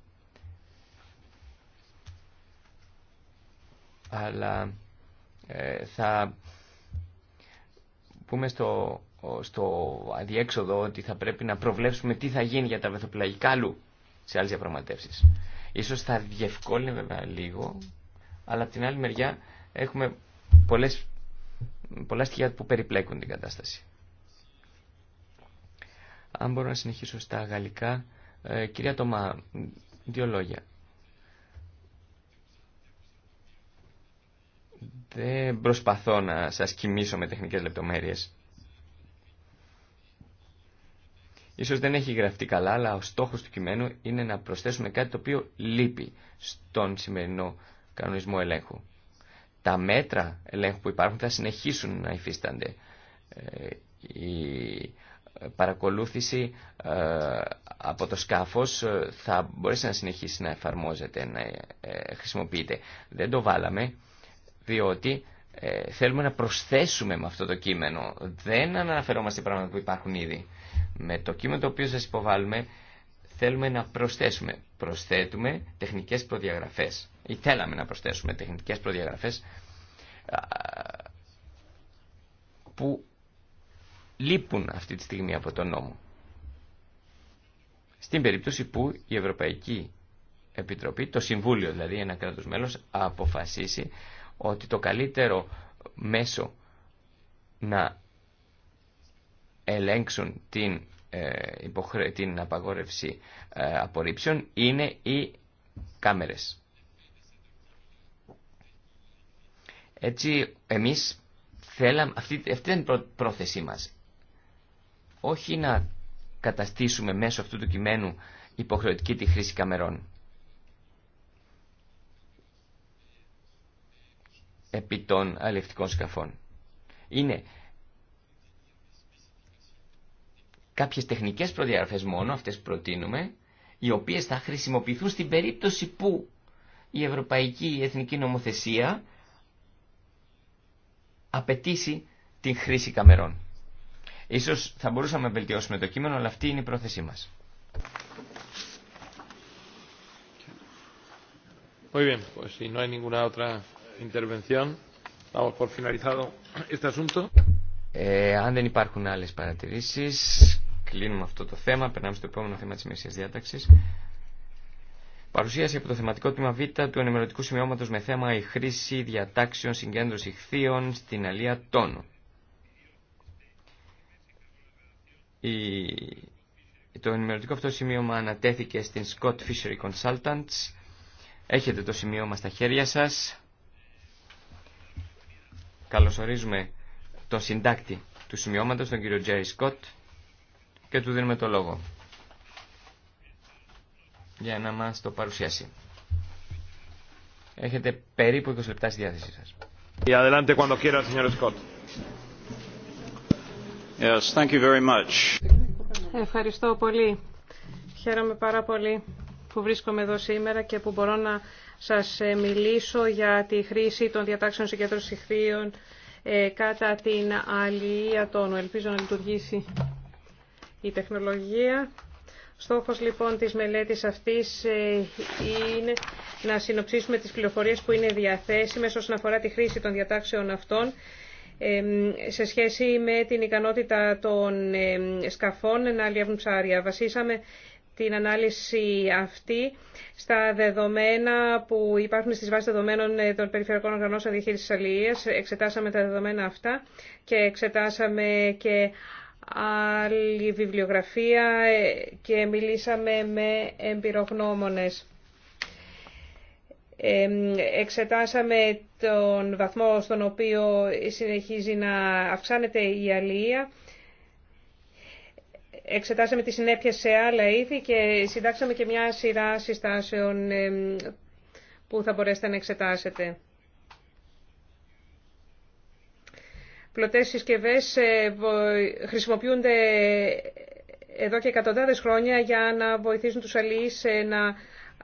αλλά ε, θα πούμε στο, στο αδιέξοδο ότι θα πρέπει να προβλέψουμε τι θα γίνει για τα βενθοπελαγικά αλλού σε άλλες διαπραγματεύσεις. Ίσως θα διευκόλυνε λίγο, αλλά από την άλλη μεριά έχουμε πολλές πολλά στοιχεία που περιπλέκουν την κατάσταση. Αν μπορώ να συνεχίσω στα γαλλικά, ε, κυρία Τωμά, δύο λόγια. Δεν προσπαθώ να σας κοιμήσω με τεχνικές λεπτομέρειες. Ίσως δεν έχει γραφτεί καλά, αλλά ο στόχος του κειμένου είναι να προσθέσουμε κάτι το οποίο λείπει στον σημερινό κανονισμό ελέγχου τα μέτρα ελέγχου που υπάρχουν θα συνεχίσουν να υφίστανται. Ε, η παρακολούθηση ε, από το σκάφος ε, θα μπορέσει να συνεχίσει να εφαρμόζεται, να χρησιμοποιείται. Δεν το βάλαμε, διότι θέλουμε να προσθέσουμε με αυτό το κείμενο. Δεν αναφερόμαστε πράγματα που υπάρχουν ήδη. Με το κείμενο το οποίο σας υποβάλλουμε θέλουμε να προσθέσουμε. Προσθέτουμε τεχνικές προδιαγραφές ή θέλαμε να προσθέσουμε τεχνικές προδιαγραφές που λείπουν αυτή τη στιγμή από τον νόμο. Στην περίπτωση που η Ευρωπαϊκή Επιτροπή, το Συμβούλιο δηλαδή ένα κράτος μέλος, αποφασίσει ότι το καλύτερο μέσο να ελέγξουν την, ε, την απαγόρευση ε, απορρίψεων είναι οι κάμερες. Έτσι εμείς θέλαμε, αυτή, αυτή ήταν η πρόθεσή μας. Όχι να καταστήσουμε μέσω αυτού του κειμένου υποχρεωτική τη χρήση καμερών. Επί των αλληλευτικών σκαφών. Είναι κάποιες τεχνικές προδιαγραφές μόνο, αυτές που προτείνουμε, οι οποίες θα χρησιμοποιηθούν στην περίπτωση που η ευρωπαϊκή εθνική νομοθεσία απαιτήσει την χρήση καμερών. Ίσως θα μπορούσαμε να βελτιώσουμε το κείμενο, αλλά αυτή είναι η πρόθεσή μας. αν δεν υπάρχουν άλλες παρατηρήσεις, κλείνουμε αυτό το θέμα, περνάμε στο επόμενο θέμα της μεσίας διάταξης. Παρουσίαση από το θεματικό τμήμα Β του ενημερωτικού σημειώματο με θέμα η χρήση διατάξεων συγκέντρωση χθείων στην αλία τόνου. Το ενημερωτικό αυτό σημείωμα ανατέθηκε στην Scott Fishery Consultants. Έχετε το σημείωμα στα χέρια σας. Καλωσορίζουμε τον συντάκτη του σημειώματος, τον κύριο Jerry Scott και του δίνουμε το λόγο για να μας το παρουσιάσει. Έχετε περίπου 20 λεπτά στη διάθεσή σας. Ευχαριστώ πολύ. Χαίρομαι πάρα πολύ που βρίσκομαι εδώ σήμερα και που μπορώ να σας ε, μιλήσω για τη χρήση των διατάξεων συγκέντρωσης χρήων ε, κατά την αλληλεία τόνου. Ελπίζω να λειτουργήσει η τεχνολογία. Στόχος λοιπόν της μελέτης αυτής ε, είναι να συνοψίσουμε τις πληροφορίες που είναι διαθέσιμες όσον αφορά τη χρήση των διατάξεων αυτών ε, σε σχέση με την ικανότητα των ε, σκαφών να αλλιεύουν ψάρια. Βασίσαμε την ανάλυση αυτή στα δεδομένα που υπάρχουν στις βάσεις δεδομένων των Περιφερειακών Οργανώσεων Διαχείρισης Αλληλείας. Εξετάσαμε τα δεδομένα αυτά και εξετάσαμε και άλλη βιβλιογραφία ε, και μιλήσαμε με εμπειρογνώμονες. Ε, εξετάσαμε τον βαθμό στον οποίο συνεχίζει να αυξάνεται η αλληλεία. Εξετάσαμε τις συνέπειες σε άλλα είδη και συντάξαμε και μια σειρά συστάσεων ε, που θα μπορέσετε να εξετάσετε. Πλωτές συσκευές ε, χρησιμοποιούνται εδώ και εκατοντάδες χρόνια για να βοηθήσουν τους αλληλείς ε, να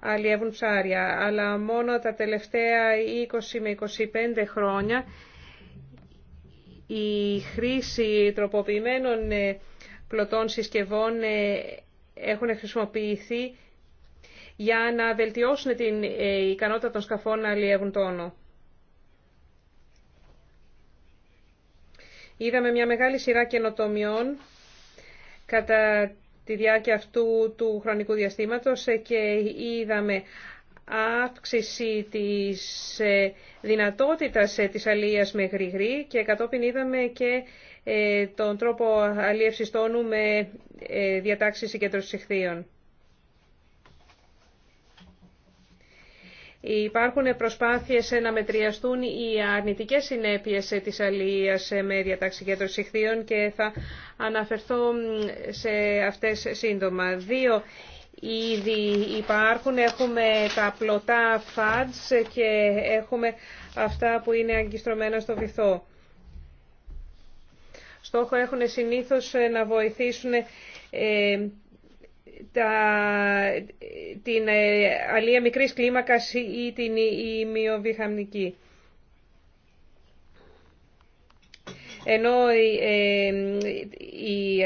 αλλιεύουν ψάρια. Αλλά μόνο τα τελευταία 20 με 25 χρόνια η χρήση τροποποιημένων ε, πλωτών συσκευών έχουν χρησιμοποιηθεί για να βελτιώσουν την ικανότητα των σκαφών να αλλιεύουν τόνο. Είδαμε μια μεγάλη σειρά καινοτομιών κατά τη διάρκεια αυτού του χρονικού διαστήματος και είδαμε αύξηση της ε, δυνατότητας ε, της αλίας με γρηγρή και κατόπιν είδαμε και ε, τον τρόπο αλίευσης τόνου με διατάξεις συγκέντρωσης ηχθείων. Υπάρχουν προσπάθειες να μετριαστούν οι αρνητικές συνέπειες της αλληλέία με διατάξη για των και θα αναφερθώ σε αυτές σύντομα. Δύο ήδη υπάρχουν. Έχουμε τα πλωτά φαντς και έχουμε αυτά που είναι αγκιστρωμένα στο βυθό. Στόχο έχουν συνήθως να βοηθήσουν ε, τα, την ε, αλία μικρής κλίμακας ή την ημιοβιχαμνική. Ενώ ε, ε, οι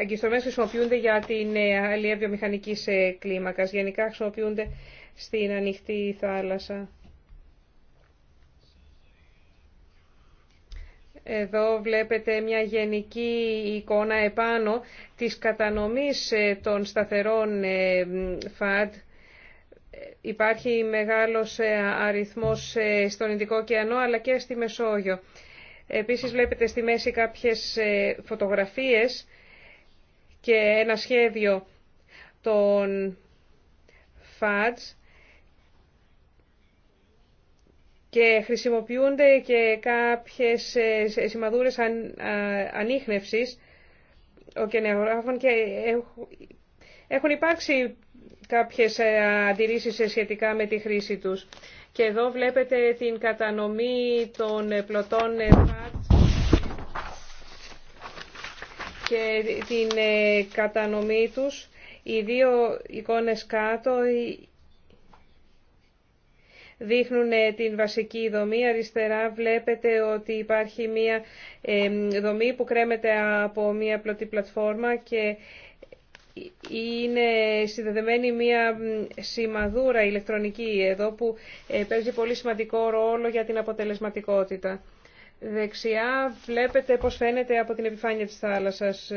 αγκιστρωμένες χρησιμοποιούνται για την αλία βιομηχανικής κλίμακας. Γενικά χρησιμοποιούνται στην ανοιχτή θάλασσα. Εδώ βλέπετε μια γενική εικόνα επάνω της κατανομής ε, των σταθερών ε, ΦΑΤ. Υπάρχει μεγάλος ε, αριθμός στον Ινδικό ωκεανό αλλά και στη Μεσόγειο. Επίσης βλέπετε στη μέση κάποιες φωτογραφίες και ένα σχέδιο των ΦΑΤΣ και χρησιμοποιούνται και κάποιες ε, σημαδούρες ανείχνευσης ωκεανογράφων και έχουν υπάρξει κάποιες ε, αντιρρήσεις ε, σχετικά με τη χρήση τους. Και εδώ βλέπετε την κατανομή των πλωτών και την κατανομή τους. Οι δύο εικόνες κάτω δείχνουν ε, την βασική δομή. Αριστερά βλέπετε ότι υπάρχει μία ε, δομή που κρέμεται από μία πλωτή πλατφόρμα και είναι συνδεδεμένη μία σημαδούρα ηλεκτρονική εδώ που ε, παίζει πολύ σημαντικό ρόλο για την αποτελεσματικότητα. Δεξιά βλέπετε πώς φαίνεται από την επιφάνεια της θάλασσας.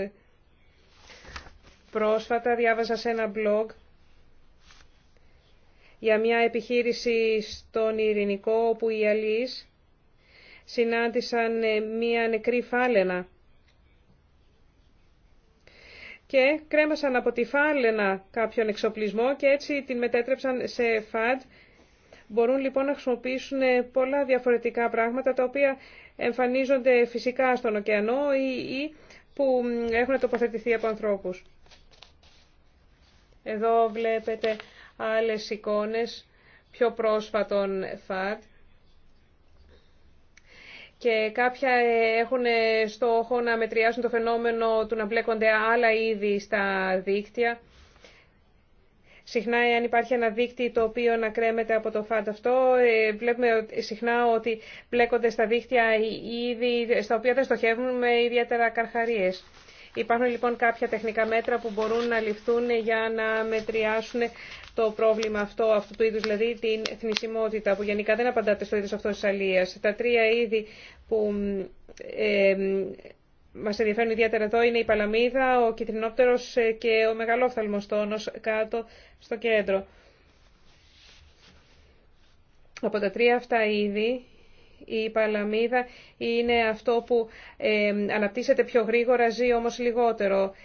Πρόσφατα διάβαζα σε ένα blog για μια επιχείρηση στον Ειρηνικό όπου οι Αλείς συνάντησαν ε, μια νεκρή φάλαινα και κρέμασαν από τη φάλαινα κάποιον εξοπλισμό και έτσι την μετέτρεψαν σε φαντ. Μπορούν λοιπόν να χρησιμοποιήσουν ε, πολλά διαφορετικά πράγματα τα οποία εμφανίζονται φυσικά στον ωκεανό ή που έχουν τοποθετηθεί από ανθρώπους. Εδώ βλέπετε άλλες εικόνες πιο πρόσφατων ΦΑΤ και κάποια έχουν στόχο να μετριάσουν το φαινόμενο του να μπλέκονται άλλα είδη στα δίκτυα. Συχνά, αν υπάρχει ένα δίκτυο το οποίο να κρέμεται από το φαντ αυτό, ε, βλέπουμε συχνά ότι μπλέκονται στα δίκτυα είδη στα οποία δεν στοχεύουμε ιδιαίτερα καρχαρίες. Υπάρχουν λοιπόν κάποια τεχνικά μέτρα που μπορούν να ληφθούν για να μετριάσουν το πρόβλημα αυτό, αυτού του είδου, δηλαδή την θνησιμότητα, που γενικά δεν απαντάται στο είδο αυτό τη αλεία. Τα τρία είδη που ε, μας ενδιαφέρουν ιδιαίτερα εδώ είναι η παλαμίδα, ο κυθρινόπτερο και ο μεγαλόφθαλμος τόνος κάτω στο κέντρο. Από τα τρία αυτά είδη η παλαμίδα είναι αυτό που αναπτύσσεται πιο γρήγορα, ζει όμως λιγότερο.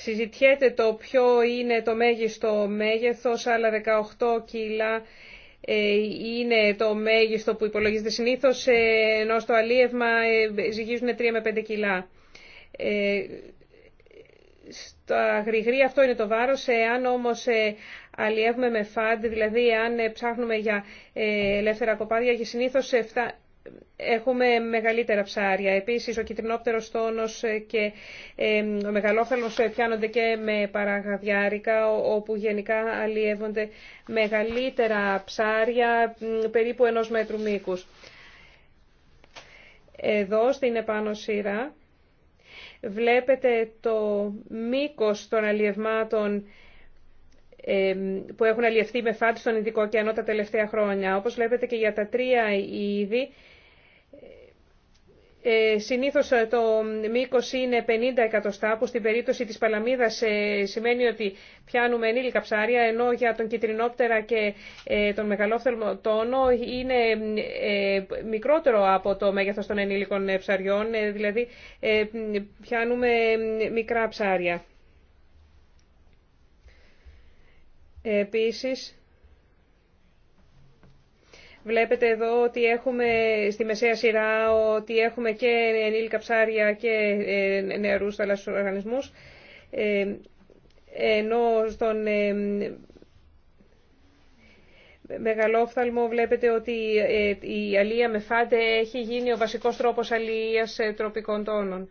Συζητιέται το ποιο είναι το μέγιστο μέγεθος, αλλά 18 κιλά ε, είναι το μέγιστο που υπολογίζεται συνήθως, ενώ στο αλίευμα ε, ζυγίζουν 3 με 5 κιλά. Ε, στα γρηγρή αυτό είναι το βάρος, εάν όμως αλλιεύουμε με φαντ, δηλαδή αν ε, ψάχνουμε για ε, ελεύθερα κοπάδια και συνήθως ε, έχουμε μεγαλύτερα ψάρια. Επίσης ο κυτρινόπτερος τόνος και ο μεγαλόφθαλμος πιάνονται και με παραγαδιάρικα όπου γενικά αλλιεύονται μεγαλύτερα ψάρια περίπου ενός μέτρου μήκους. Εδώ στην επάνω σειρά βλέπετε το μήκος των αλλιευμάτων που έχουν αλλιευθεί με φάτ στον Ειδικό Ωκεανό τα τελευταία χρόνια. Όπως βλέπετε και για τα τρία είδη, ε, συνήθως το μήκος είναι 50 εκατοστά, που στην περίπτωση της παλαμίδας ε, σημαίνει ότι πιάνουμε ενήλικα ψάρια, ενώ για τον κυτρινόπτερα και ε, τον μεγαλόφθερμο τόνο είναι μικρότερο από το μέγεθος των ενήλικων ψαριών, δηλαδή πιάνουμε μικρά ψάρια. Επίσης, βλέπετε εδώ ότι έχουμε στη μεσαία σειρά ότι έχουμε και ενήλικα ψάρια και ε, νεαρούς θαλασσούς οργανισμούς, ε, ενώ στον ε, μεγαλόφθαλμο βλέπετε ότι η αλία με φάντε έχει γίνει ο βασικός τρόπος αλίας τροπικών τόνων.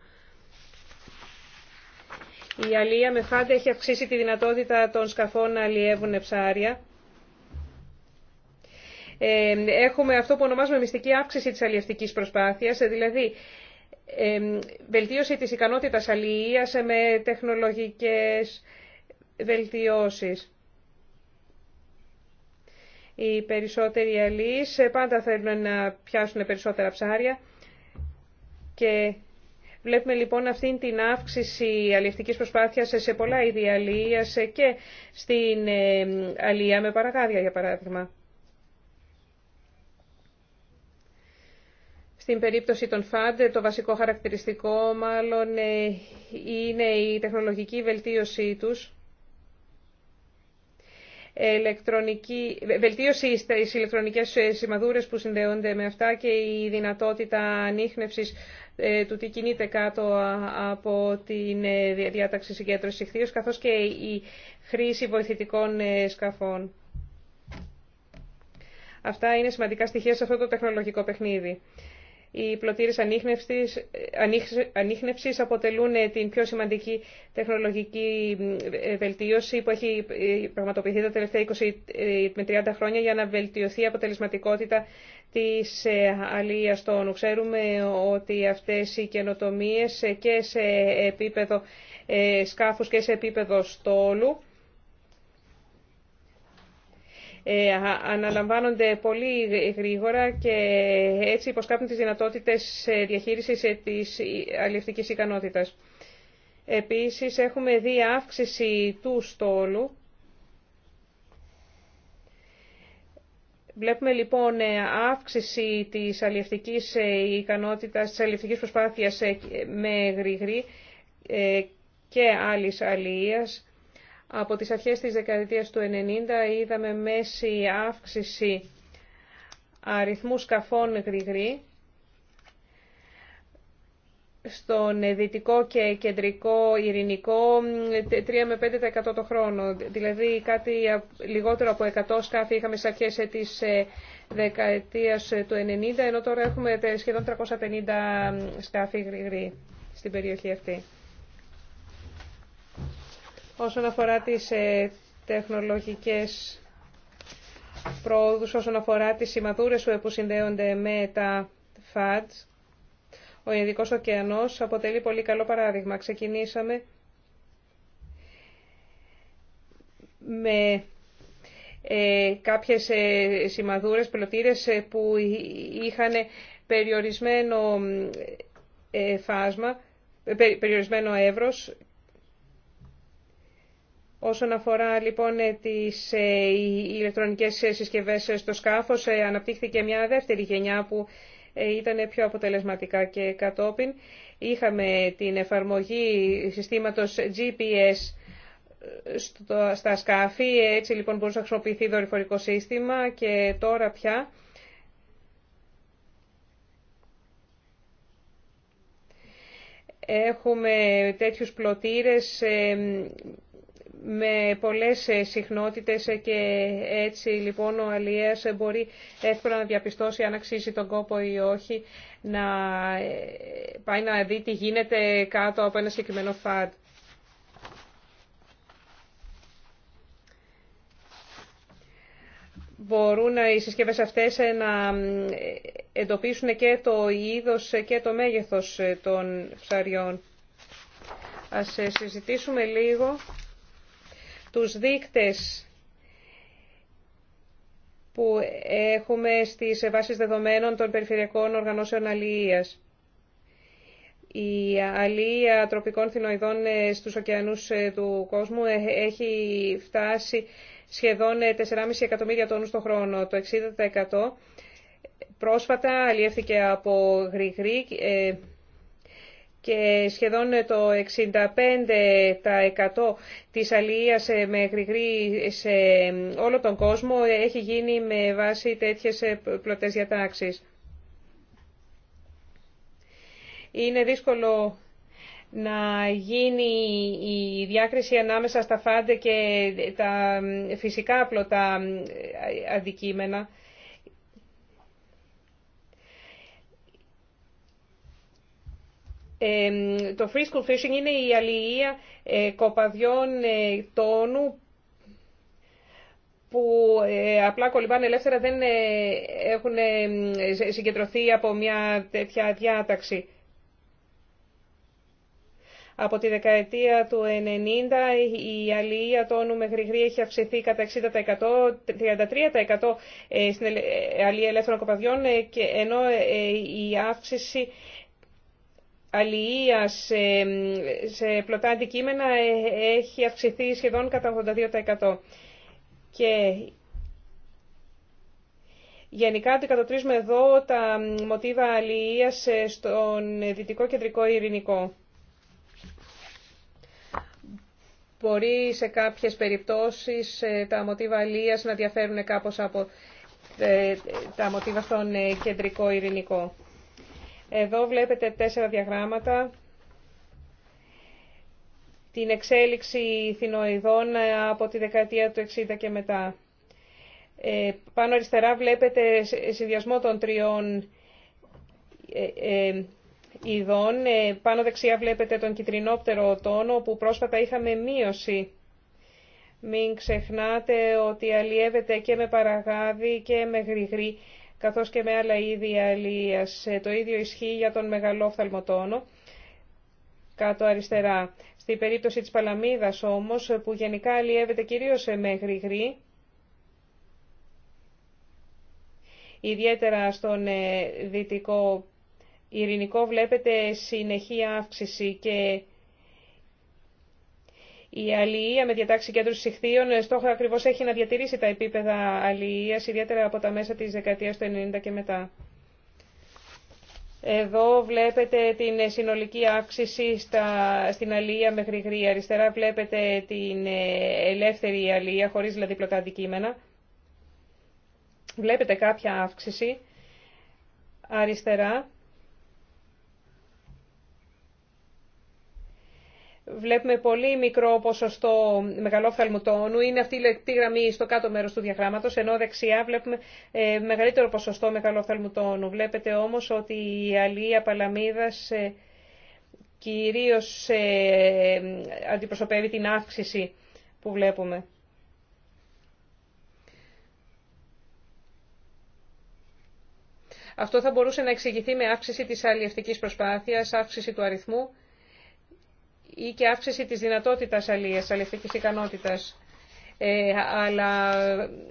Η αλία με φάντα έχει αυξήσει τη δυνατότητα των σκαφών να αλλιεύουν ψάρια. Ε, έχουμε αυτό που ονομάζουμε μυστική αύξηση της αλιευτικής προσπάθειας, ε, δηλαδή ε, βελτίωση της ικανότητας αλίας με τεχνολογικές βελτιώσεις. Οι περισσότεροι αλληλείς πάντα θέλουν να πιάσουν περισσότερα ψάρια και Βλέπουμε λοιπόν αυτή την αύξηση αλληλευτικής προσπάθειας σε πολλά είδη αλληλείας και στην ε, αλληλεία με παραγάδια για παράδειγμα. Στην περίπτωση των FAD, το βασικό χαρακτηριστικό μάλλον ε, είναι η τεχνολογική βελτίωσή τους ηλεκτρονική, βελτίωση στις ηλεκτρονικές σημαδούρες που συνδέονται με αυτά και η δυνατότητα ανείχνευσης ε, του τι κινείται κάτω από την ε, διάταξη συγκέντρωσης ηχθείως, καθώς και η χρήση βοηθητικών ε, σκαφών. Αυτά είναι σημαντικά στοιχεία σε αυτό το τεχνολογικό παιχνίδι. Οι πλωτήρες ανείχνευσης αποτελούν ε, την πιο σημαντική τεχνολογική ε, βελτίωση που έχει ε, πραγματοποιηθεί τα τελευταία 20 με 30 χρόνια για να βελτιωθεί η αποτελεσματικότητα της αλίας τόνου. Ξέρουμε ότι αυτές οι καινοτομίες και σε επίπεδο σκάφους και σε επίπεδο στόλου ε, αναλαμβάνονται πολύ γρήγορα και έτσι υποσκάπτουν τις δυνατότητες ε, διαχείρισης ε, της αλληλευτικής ικανότητας. Επίσης, έχουμε δει αύξηση του στόλου. Βλέπουμε λοιπόν αύξηση της αλληλευτικής ικανότητας, της αλληλευτικής προσπάθειας με γρήγορη και άλλης αλληλείας από τις αρχές της δεκαετίας του 90 είδαμε μέση αύξηση αριθμού σκαφών γρηγρή στον δυτικό και κεντρικό ειρηνικό 3 με 5% το χρόνο. Δηλαδή κάτι λιγότερο από 100 σκάφη είχαμε στις αρχές της ε, δεκαετίας του 90, ενώ τώρα έχουμε σχεδόν 350 σκάφη γρηγρή στην περιοχή αυτή όσον αφορά τις ε, τεχνολογικές πρόοδους, όσον αφορά τις σημαδούρες που συνδέονται με τα FADS, ο Ινδικός Ωκεανός αποτελεί πολύ καλό παράδειγμα. Ξεκινήσαμε με ε, κάποιες ε, σημαδούρες, πλωτήρες ε, που είχαν περιορισμένο ε, φάσμα, περιορισμένο εύρος Όσον αφορά λοιπόν ε, τις ε, ηλεκτρονικές ε, συσκευές στο σκάφος, αναπτύχθηκε μια δεύτερη γενιά που ήταν πιο αποτελεσματικά και κατόπιν. Είχαμε την εφαρμογή συστήματος GPS στα σκάφη, έτσι λοιπόν μπορούσε να χρησιμοποιηθεί δορυφορικό σύστημα και τώρα πια έχουμε τέτοιους πλωτήρες με πολλές ε, συχνότητες ε, και έτσι λοιπόν ο Αλίας μπορεί εύκολα να διαπιστώσει αν αξίζει τον κόπο ή όχι να ε, πάει να δει τι γίνεται κάτω από ένα συγκεκριμένο φαντ. Μπορούν οι συσκευές αυτές να εντοπίσουν και το είδος και το μέγεθος των ψαριών. Ας συζητήσουμε λίγο τους δείκτες που έχουμε στις βάσεις δεδομένων των περιφερειακών οργανώσεων αλληλείας. Η αλληλεία τροπικών θηνοειδών ε, στους ωκεανούς ε, του κόσμου ε, έχει φτάσει σχεδόν 4,5 εκατομμύρια τόνους το χρόνο. Το 60% πρόσφατα αλλιεύθηκε από γρηγρή και σχεδόν το 65% της αλληλείας με γρηγρή σε όλο τον κόσμο έχει γίνει με βάση τέτοιες πλωτές διατάξεις. Είναι δύσκολο να γίνει η διάκριση ανάμεσα στα φάντε και τα φυσικά απλωτά αντικείμενα. το free school fishing είναι η αλληλεία ε, κοπαδιών ε, τόνου που ε, απλά κολυμπάνε ελεύθερα, δεν έχουν συγκεντρωθεί από μια τέτοια διάταξη. Από τη δεκαετία του 90 η αλληλεία τόνου με γρηγρή έχει αυξηθεί κατά 60%, 33% στην αλληλεία ελεύθερων κοπαδιών, ενώ η αύξηση αλληλεία σε, σε πλωτά αντικείμενα ε, έχει αυξηθεί σχεδόν κατά 82%. Και γενικά αντικατοπτρίζουμε εδώ τα μοτίβα αλληλείας ε, στον δυτικό κεντρικό ειρηνικό. Μπορεί σε κάποιες περιπτώσεις ε, τα μοτίβα αλληλείας να διαφέρουν κάπως από τα μοτίβα στον κεντρικό ειρηνικό. Εδώ βλέπετε τέσσερα διαγράμματα. Την εξέλιξη θηνοειδών από τη δεκαετία του 60 και μετά. Ε, πάνω αριστερά βλέπετε συνδυασμό των τριών ε, ε, ειδών. Πάνω δεξιά βλέπετε τον κυτρινόπτερο τόνο που πρόσφατα είχαμε μείωση. Μην ξεχνάτε ότι αλλιεύεται και με παραγάδι και με γρηγρή καθώς και με άλλα είδη αλίας. Ε, το ίδιο ισχύει για τον μεγαλόφθαλμο τόνο, κάτω αριστερά. Στη περίπτωση της παλαμίδας όμως, που γενικά αλλιεύεται κυρίως με γρηγρή, ιδιαίτερα στον ε, δυτικό ειρηνικό βλέπετε συνεχή αύξηση και η αλληλεία με διατάξει κέντρου συχθείων ε, στόχο ακριβώς έχει να διατηρήσει τα επίπεδα αλληλεία ιδιαίτερα από τα μέσα της δεκαετία του 90 και μετά. Εδώ βλέπετε την ε, συνολική αύξηση στα, στην αλληλεία μέχρι γρηγρή. Αριστερά βλέπετε την ε, ελεύθερη αλληλεία χωρίς δηλαδή πλοκά αντικείμενα. Βλέπετε κάποια αύξηση. Αριστερά βλέπουμε πολύ μικρό ποσοστό μεγαλόφθαλμου τόνου. Είναι αυτή η λεπτή γραμμή στο κάτω μέρος του διαγράμματος, ενώ δεξιά βλέπουμε ε, μεγαλύτερο ποσοστό μεγαλόφθαλμου τόνου. Βλέπετε όμως ότι η αλία παλαμίδας ε, κυρίως ε, αντιπροσωπεύει την αύξηση που βλέπουμε. Αυτό θα μπορούσε να εξηγηθεί με αύξηση της αλλιευτικής προσπάθειας, αύξηση του αριθμού ή και αύξηση της δυνατότητας αλίας, αλευτικής ικανότητας. Ε, αλλά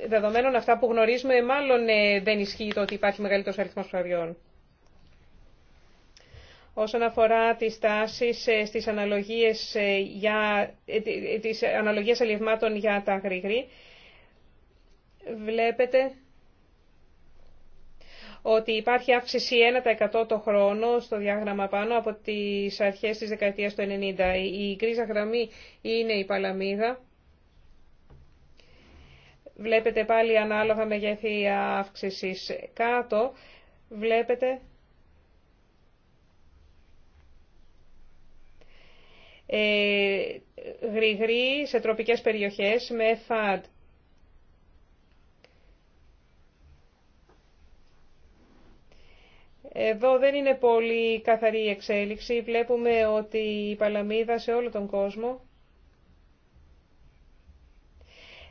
δεδομένων αυτά που γνωρίζουμε, μάλλον ε, δεν ισχύει το ότι υπάρχει μεγαλύτερο αριθμό ψαριών. Όσον αφορά τις τάσει ε, στις αναλογίες, ε, για, ε, ε, τις αναλογίες αλλιευμάτων για τα γρήγρη, βλέπετε ότι υπάρχει αύξηση 1% το χρόνο στο διάγραμμα πάνω από τις αρχές της δεκαετίας του 90. Η γκρίζα γραμμή είναι η παλαμίδα. Βλέπετε πάλι ανάλογα μεγέθη αύξησης κάτω. Βλέπετε ε, σε τροπικές περιοχές με FAD. Εδώ δεν είναι πολύ καθαρή η εξέλιξη. Βλέπουμε ότι η παλαμίδα σε όλο τον κόσμο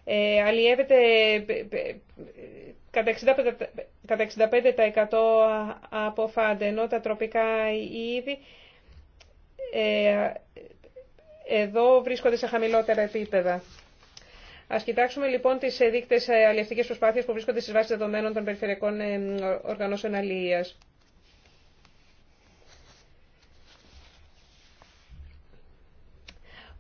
ε, αλλιεύεται κατά 65% από φάντε, ενώ τα τροπικά είδη ε, εδώ βρίσκονται σε χαμηλότερα επίπεδα. Α κοιτάξουμε λοιπόν τις δείκτες ε, αλλιευτικές προσπάθειε που βρίσκονται στις βάσεις δεδομένων των περιφερειακών ε, οργανώσεων αλληλείας.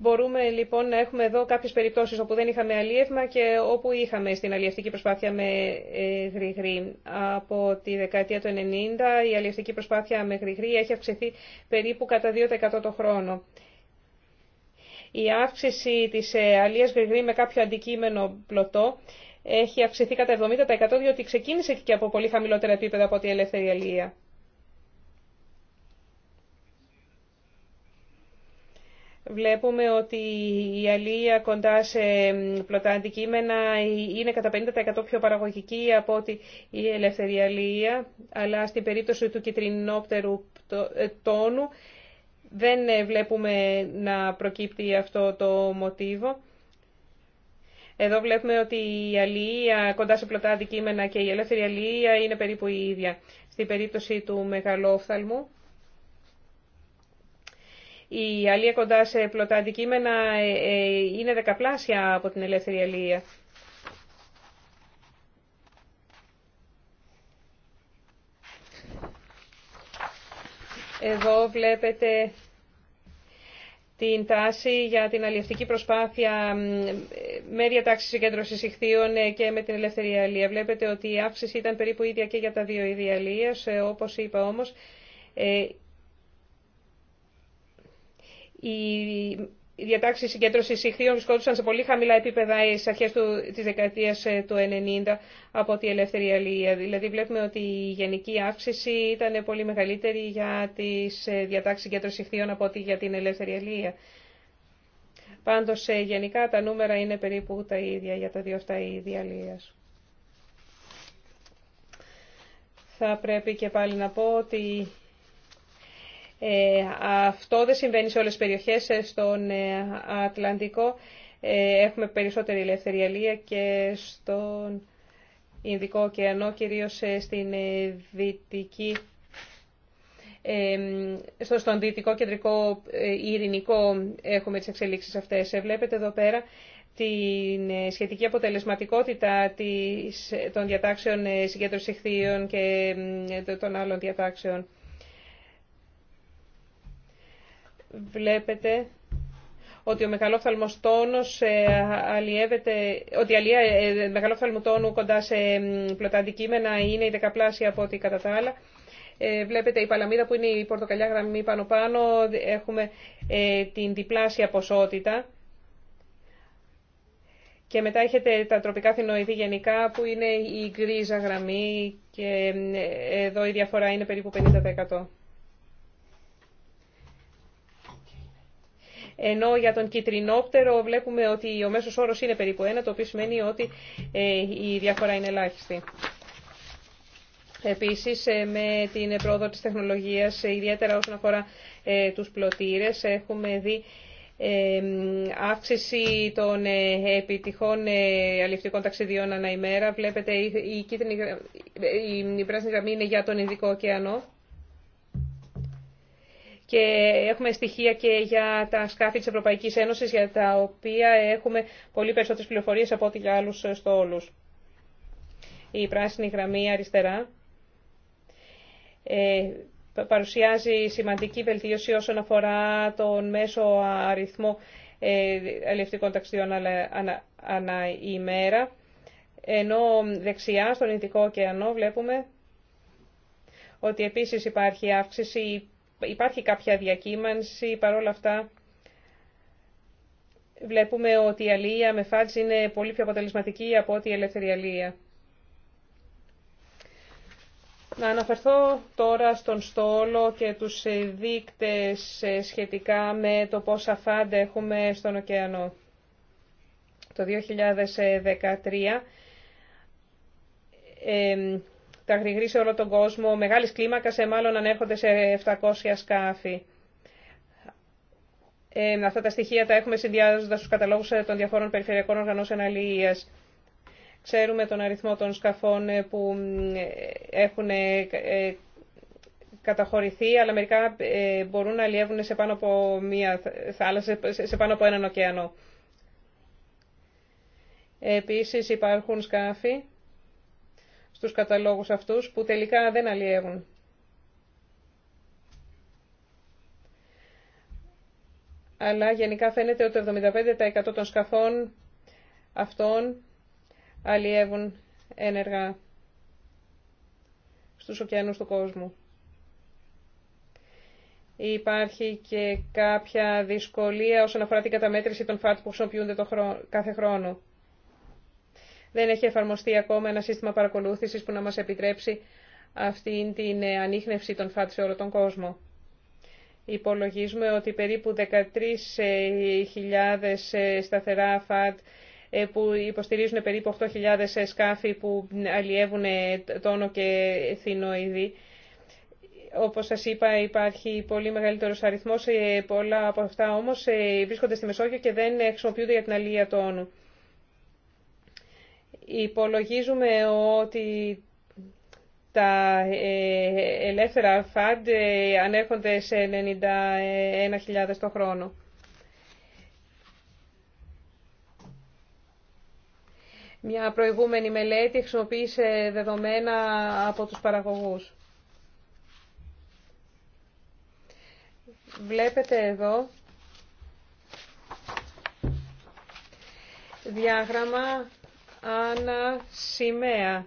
Μπορούμε λοιπόν να έχουμε εδώ κάποιε περιπτώσεις όπου δεν είχαμε αλίευμα και όπου είχαμε στην αλλιευτική προσπάθεια με ε, γρηγρή. Από τη δεκαετία του 90 η αλλιευτική προσπάθεια με γρηγρή έχει αυξηθεί περίπου κατά 2% το χρόνο. Η αύξηση της ε, αλίας γρηγρή με κάποιο αντικείμενο πλωτό έχει αυξηθεί κατά 70% διότι ξεκίνησε και από πολύ χαμηλότερα επίπεδα από τη ελεύθερη αλλιεία. Βλέπουμε ότι η αλία κοντά σε πλωτά αντικείμενα είναι κατά 50% πιο παραγωγική από ότι η ελεύθερη αλία, αλλά στην περίπτωση του κυτρινόπτερου ε, τόνου δεν ε, βλέπουμε να προκύπτει αυτό το μοτίβο. Εδώ βλέπουμε ότι η αλληλεία κοντά σε πλωτά αντικείμενα και η ελεύθερη αλληλεία είναι περίπου η ίδια. Στην περίπτωση του μεγαλόφθαλμου η αλία κοντά σε πλωτά αντικείμενα ε, ε, είναι δεκαπλάσια από την ελεύθερη αλία. Εδώ βλέπετε την τάση για την αλλιευτική προσπάθεια με διατάξει συγκέντρωση ηχθείων ε, και με την ελεύθερη αλία. Βλέπετε ότι η αύξηση ήταν περίπου ίδια και για τα δύο είδη αλίας, όπως είπα όμως οι διατάξει συγκέντρωση ηχθείων βρισκόντουσαν σε πολύ χαμηλά επίπεδα στις αρχές τη της ε, του 90 από τη ελεύθερη αλληλεία. Δηλαδή βλέπουμε ότι η γενική αύξηση ήταν πολύ μεγαλύτερη για τις ε, διατάξει συγκέντρωσης ηχθείων από ότι για την ελεύθερη αλληλεία. Πάντως ε, γενικά τα νούμερα είναι περίπου τα ίδια για τα δύο αυτά είδη αλληλεία. Θα πρέπει και πάλι να πω ότι ε, αυτό δεν συμβαίνει σε όλες τις περιοχές. Ε, στον ε, Ατλαντικό έχουμε περισσότερη ελεύθερη και στον Ινδικό ωκεανό, κυρίως στην δυτική στο, στον δυτικό κεντρικό ειρηνικό έχουμε τις εξελίξεις αυτές. Βλέπετε εδώ πέρα την σχετική αποτελεσματικότητα των διατάξεων συγκέντρωσης ηχθείων και των άλλων διατάξεων. βλέπετε ότι ο μεγαλόφθαλμος τόνος ε, αλλιεύεται, ότι η αλλία ε, μεγαλόφθαλμου τόνου κοντά σε πλωτά αντικείμενα είναι η δεκαπλάσια από ό,τι κατά τα άλλα. Ε, βλέπετε η παλαμίδα που είναι η πορτοκαλιά γραμμή πάνω-πάνω, έχουμε την διπλάσια ποσότητα. Και μετά έχετε τα τροπικά θηνοειδή γενικά που είναι η γκρίζα γραμμή και εδώ η διαφορά είναι περίπου 50%. ενώ για τον Κιτρινόπτερο βλέπουμε ότι ο μέσος όρος είναι περίπου ένα, το οποίο σημαίνει ότι ε, η διαφορά είναι ελάχιστη. Επίσης, ε, με την πρόοδο της τεχνολογίας, ε, ιδιαίτερα όσον αφορά τους πλωτήρες, έχουμε δει αύξηση των επιτυχών αληφτικών ταξιδιών ανά ημέρα. Βλέπετε, η, κίτρινη, η πράσινη γραμμή είναι για τον Ινδικό ωκεανό και έχουμε στοιχεία και για τα σκάφη της Ευρωπαϊκής Ένωσης για τα οποία έχουμε πολύ περισσότερες πληροφορίες από ό,τι για άλλους στόλους. Η πράσινη γραμμή αριστερά ε, παρουσιάζει σημαντική βελτίωση όσον αφορά τον μέσο αριθμό ε, αλληλευτικών ταξιδιών ανά ημέρα. Ενώ δεξιά στον Ινδικό ωκεανό βλέπουμε ότι επίσης υπάρχει αύξηση υπάρχει κάποια διακύμανση, παρόλα αυτά βλέπουμε ότι η αλληλεία με φάτζ είναι πολύ πιο αποτελεσματική από ό,τι η ελεύθερη αλληλεία. Να αναφερθώ τώρα στον στόλο και τους δείκτες σχετικά με το πόσα φάντα έχουμε στον ωκεανό. Το 2013 τα γρηγρεί σε όλο τον κόσμο, μεγάλης κλίμακας, ε, μάλλον ανέρχονται σε 700 σκάφη. Ε, αυτά τα στοιχεία τα έχουμε συνδυάζοντας στους καταλόγους ε, των διαφόρων περιφερειακών οργανώσεων αλληλείας. Ξέρουμε τον αριθμό των σκαφών ε, που έχουν καταχωρηθεί, αλλά μερικά μπορούν να αλλιεύουν σε πάνω από μία θάλασσα, σε πάνω από έναν ωκεανό. Επίσης υπάρχουν σκάφη στους καταλόγους αυτούς που τελικά δεν αλλιεύουν. Αλλά γενικά φαίνεται ότι το 75% των σκαφών αυτών αλλιεύουν ένεργα στους ωκεανούς του κόσμου. Υπάρχει και κάποια δυσκολία όσον αφορά την καταμέτρηση των φάτ που χρησιμοποιούνται το κάθε χρόνο δεν έχει εφαρμοστεί ακόμα ένα σύστημα παρακολούθησης που να μας επιτρέψει αυτή την ε, ανείχνευση των ΦΑΤ σε όλο τον κόσμο. Υπολογίζουμε ότι περίπου 13.000 ε, σταθερά ΦΑΤ ε, που υποστηρίζουν περίπου 8.000 σκάφη που αλλιεύουν τόνο και θηνοειδή. Όπως σας είπα υπάρχει πολύ μεγαλύτερος αριθμός, πολλά από αυτά όμως βρίσκονται στη Μεσόγειο και δεν χρησιμοποιούνται για την αλληλεία τόνου. Υπολογίζουμε ότι τα ε, ελεύθερα φαντ ε, ανέρχονται σε 91.000 το χρόνο. Μια προηγούμενη μελέτη χρησιμοποίησε δεδομένα από τους παραγωγούς. Βλέπετε εδώ διάγραμμα ανά σημαία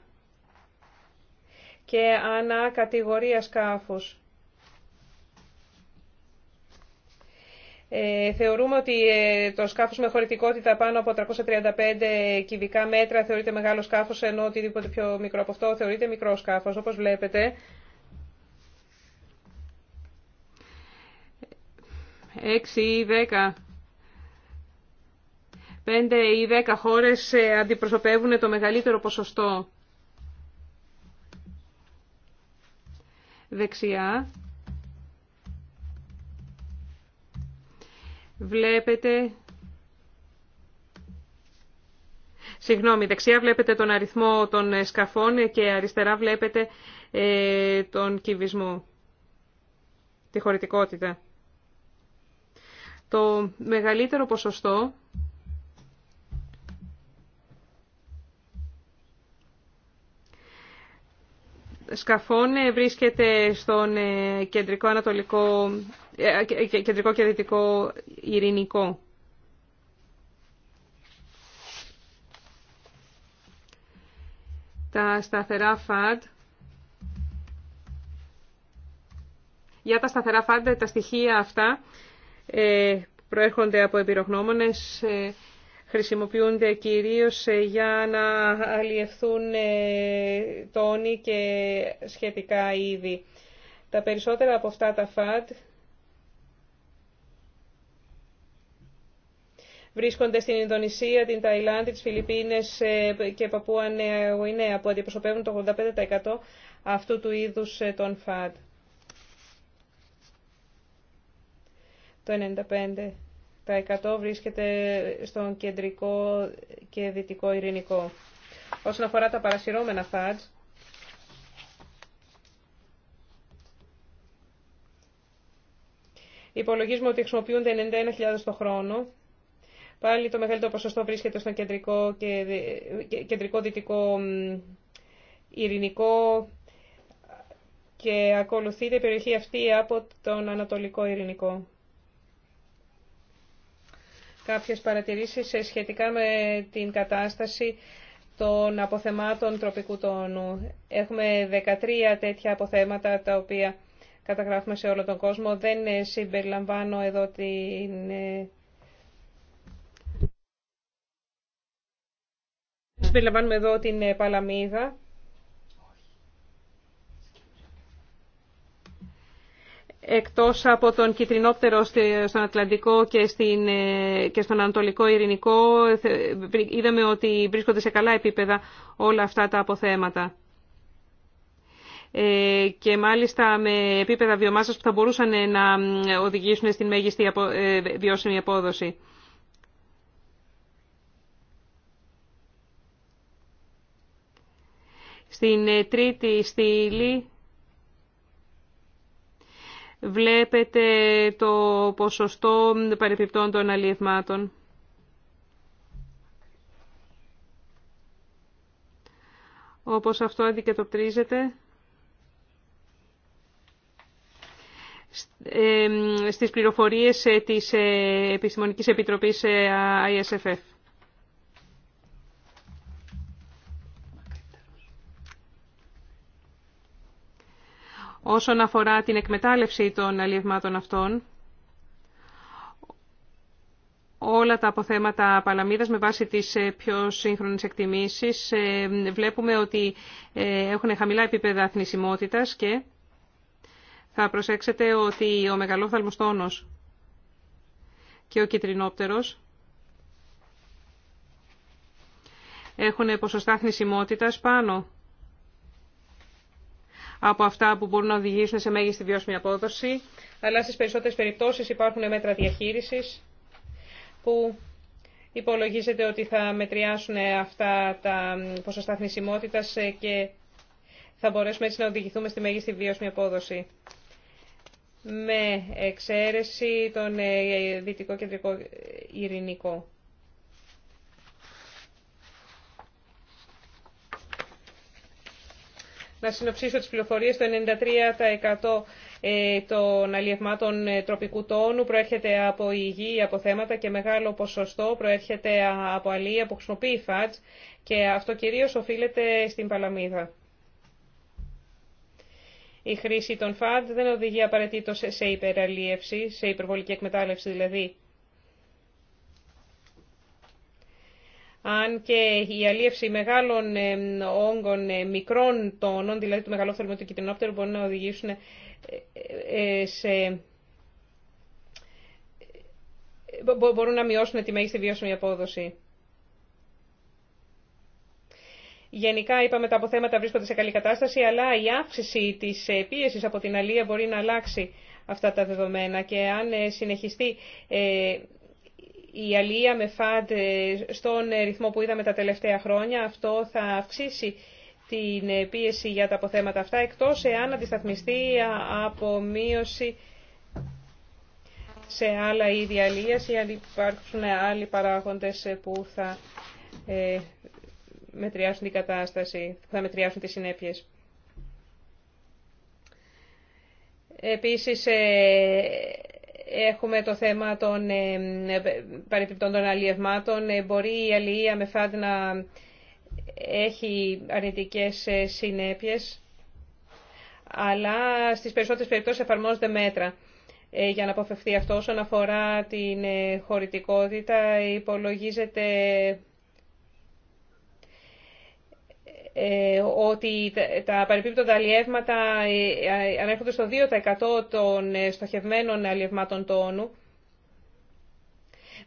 και ανά κατηγορία σκάφους. Ε, θεωρούμε ότι ε, το σκάφος με χωρητικότητα πάνω από 335 κυβικά μέτρα θεωρείται μεγάλο σκάφος, ενώ οτιδήποτε πιο μικρό από αυτό θεωρείται μικρό σκάφος, όπως βλέπετε. Έξι ή δέκα 5 ή 10 χώρες ε, αντιπροσωπεύουν το μεγαλύτερο ποσοστό. Δεξιά. Βλέπετε... Συγγνώμη, δεξιά βλέπετε τον αριθμό των ε, σκαφών και αριστερά βλέπετε ε, τον κυβισμό, τη χωρητικότητα. Το μεγαλύτερο ποσοστό σκαφών βρίσκεται στον ε, κεντρικό, ανατολικό, ε, κεντρικό και δυτικό ειρηνικό. Τα σταθερά FAD. Για τα σταθερά φάντα, τα στοιχεία αυτά ε, προέρχονται από επιρογνώμονες χρησιμοποιούνται κυρίως ε, για να αλλιευθούν ε, τόνοι και σχετικά είδη. Τα περισσότερα από αυτά τα φατ βρίσκονται στην Ινδονησία, την Ταϊλάνδη, τις Φιλιππίνες ε, και Παππούα Νέα Γουινέα που αντιπροσωπεύουν το 85% αυτού του είδους των φατ. Το 95% τα 100 βρίσκεται στον κεντρικό και δυτικό ειρηνικό. Όσον αφορά τα παρασυρώμενα φάτζ, υπολογίζουμε ότι χρησιμοποιούνται 91.000 το χρόνο. Πάλι το μεγαλύτερο ποσοστό βρίσκεται στον κεντρικό και κεντρικό δυτικό ειρηνικό και ακολουθείται η περιοχή αυτή από τον ανατολικό ειρηνικό κάποιες παρατηρήσεις σχετικά με την κατάσταση των αποθεμάτων τροπικού τόνου. Έχουμε 13 τέτοια αποθέματα τα οποία καταγράφουμε σε όλο τον κόσμο. Δεν ε, συμπεριλαμβάνω εδώ την... Ε, συμπεριλαμβάνουμε εδώ την ε, Παλαμίδα. εκτός από τον κυτρινόπτερο στον Ατλαντικό και, στην, ε, και στον Ανατολικό Ειρηνικό, είδαμε ότι βρίσκονται σε καλά επίπεδα όλα αυτά τα αποθέματα. Ε, και μάλιστα με επίπεδα βιομάσας που θα μπορούσαν ε, να οδηγήσουν στην μέγιστη βιώσιμη απόδοση. Στην τρίτη στήλη βλέπετε το ποσοστό παρεπιπτών των αλλιευμάτων. Όπως αυτό αντικατοπτρίζεται ε, στις πληροφορίες ε, της ε, Επιστημονικής Επιτροπής ISFF. όσον αφορά την εκμετάλλευση των αλλιευμάτων αυτών, όλα τα αποθέματα παλαμίδας με βάση τις ε, πιο σύγχρονες εκτιμήσεις ε, βλέπουμε ότι ε, έχουν χαμηλά επίπεδα θνησιμότητας και θα προσέξετε ότι ο μεγαλόφθαλμος τόνος και ο κιτρινόπτερος έχουν ποσοστά θνησιμότητας πάνω από αυτά που μπορούν να οδηγήσουν σε μέγιστη βιώσιμη απόδοση, αλλά στις περισσότερες περιπτώσεις υπάρχουν μέτρα διαχείρισης που υπολογίζεται ότι θα μετριάσουν αυτά τα ποσοστά θνησιμότητας και θα μπορέσουμε έτσι να οδηγηθούμε στη μέγιστη βιώσιμη απόδοση. Με εξαίρεση τον ε, ε, Δυτικό Κεντρικό Ειρηνικό. να συνοψίσω τις πληροφορίες. Το 93% ε, των αλλιευμάτων ε, τροπικού τόνου προέρχεται από υγιή αποθέματα και μεγάλο ποσοστό προέρχεται από αλλία που χρησιμοποιεί φάτς και αυτό κυρίως οφείλεται στην παλαμίδα. Η χρήση των ΦΑΤ δεν οδηγεί απαραίτητο σε υπεραλίευση, σε υπερβολική εκμετάλλευση δηλαδή αν και η αλίευση μεγάλων ε, όγκων ε, μικρών τόνων, δηλαδή του μεγαλόφθαλμου του κοιτρινόπτερου, μπορεί να οδηγήσουν ε, σε μπορούν να μειώσουν τη μέγιστη βιώσιμη απόδοση. Γενικά, είπαμε, τα αποθέματα βρίσκονται σε καλή κατάσταση, αλλά η αύξηση της πίεσης από την αλία μπορεί να αλλάξει αυτά τα δεδομένα και αν συνεχιστεί η αλία με φαντ ε, στον ε, ρυθμό που είδαμε τα τελευταία χρόνια, αυτό θα αυξήσει την ε, πίεση για τα αποθέματα αυτά, εκτός εάν αντισταθμιστεί από μείωση σε άλλα είδη αλίας ή αν υπάρχουν άλλοι παράγοντες που θα μετριάσουν την κατάσταση, που θα μετριάσουν τις συνέπειες. Επίσης, Έχουμε το θέμα των ε, παρεπιπτών των αλλιευμάτων. Ε, μπορεί η αλληλεία με φάτ να έχει αρνητικές ε, συνέπειες, αλλά στις περισσότερες περιπτώσεις εφαρμόζονται μέτρα για να αποφευθεί αυτό. Όσον αφορά την χωρητικότητα, υπολογίζεται Ε, ότι τα παρεπίπτοντα αλλιεύματα ε, ανέρχονται στο 2% των ε, στοχευμένων αλλιευμάτων τόνου.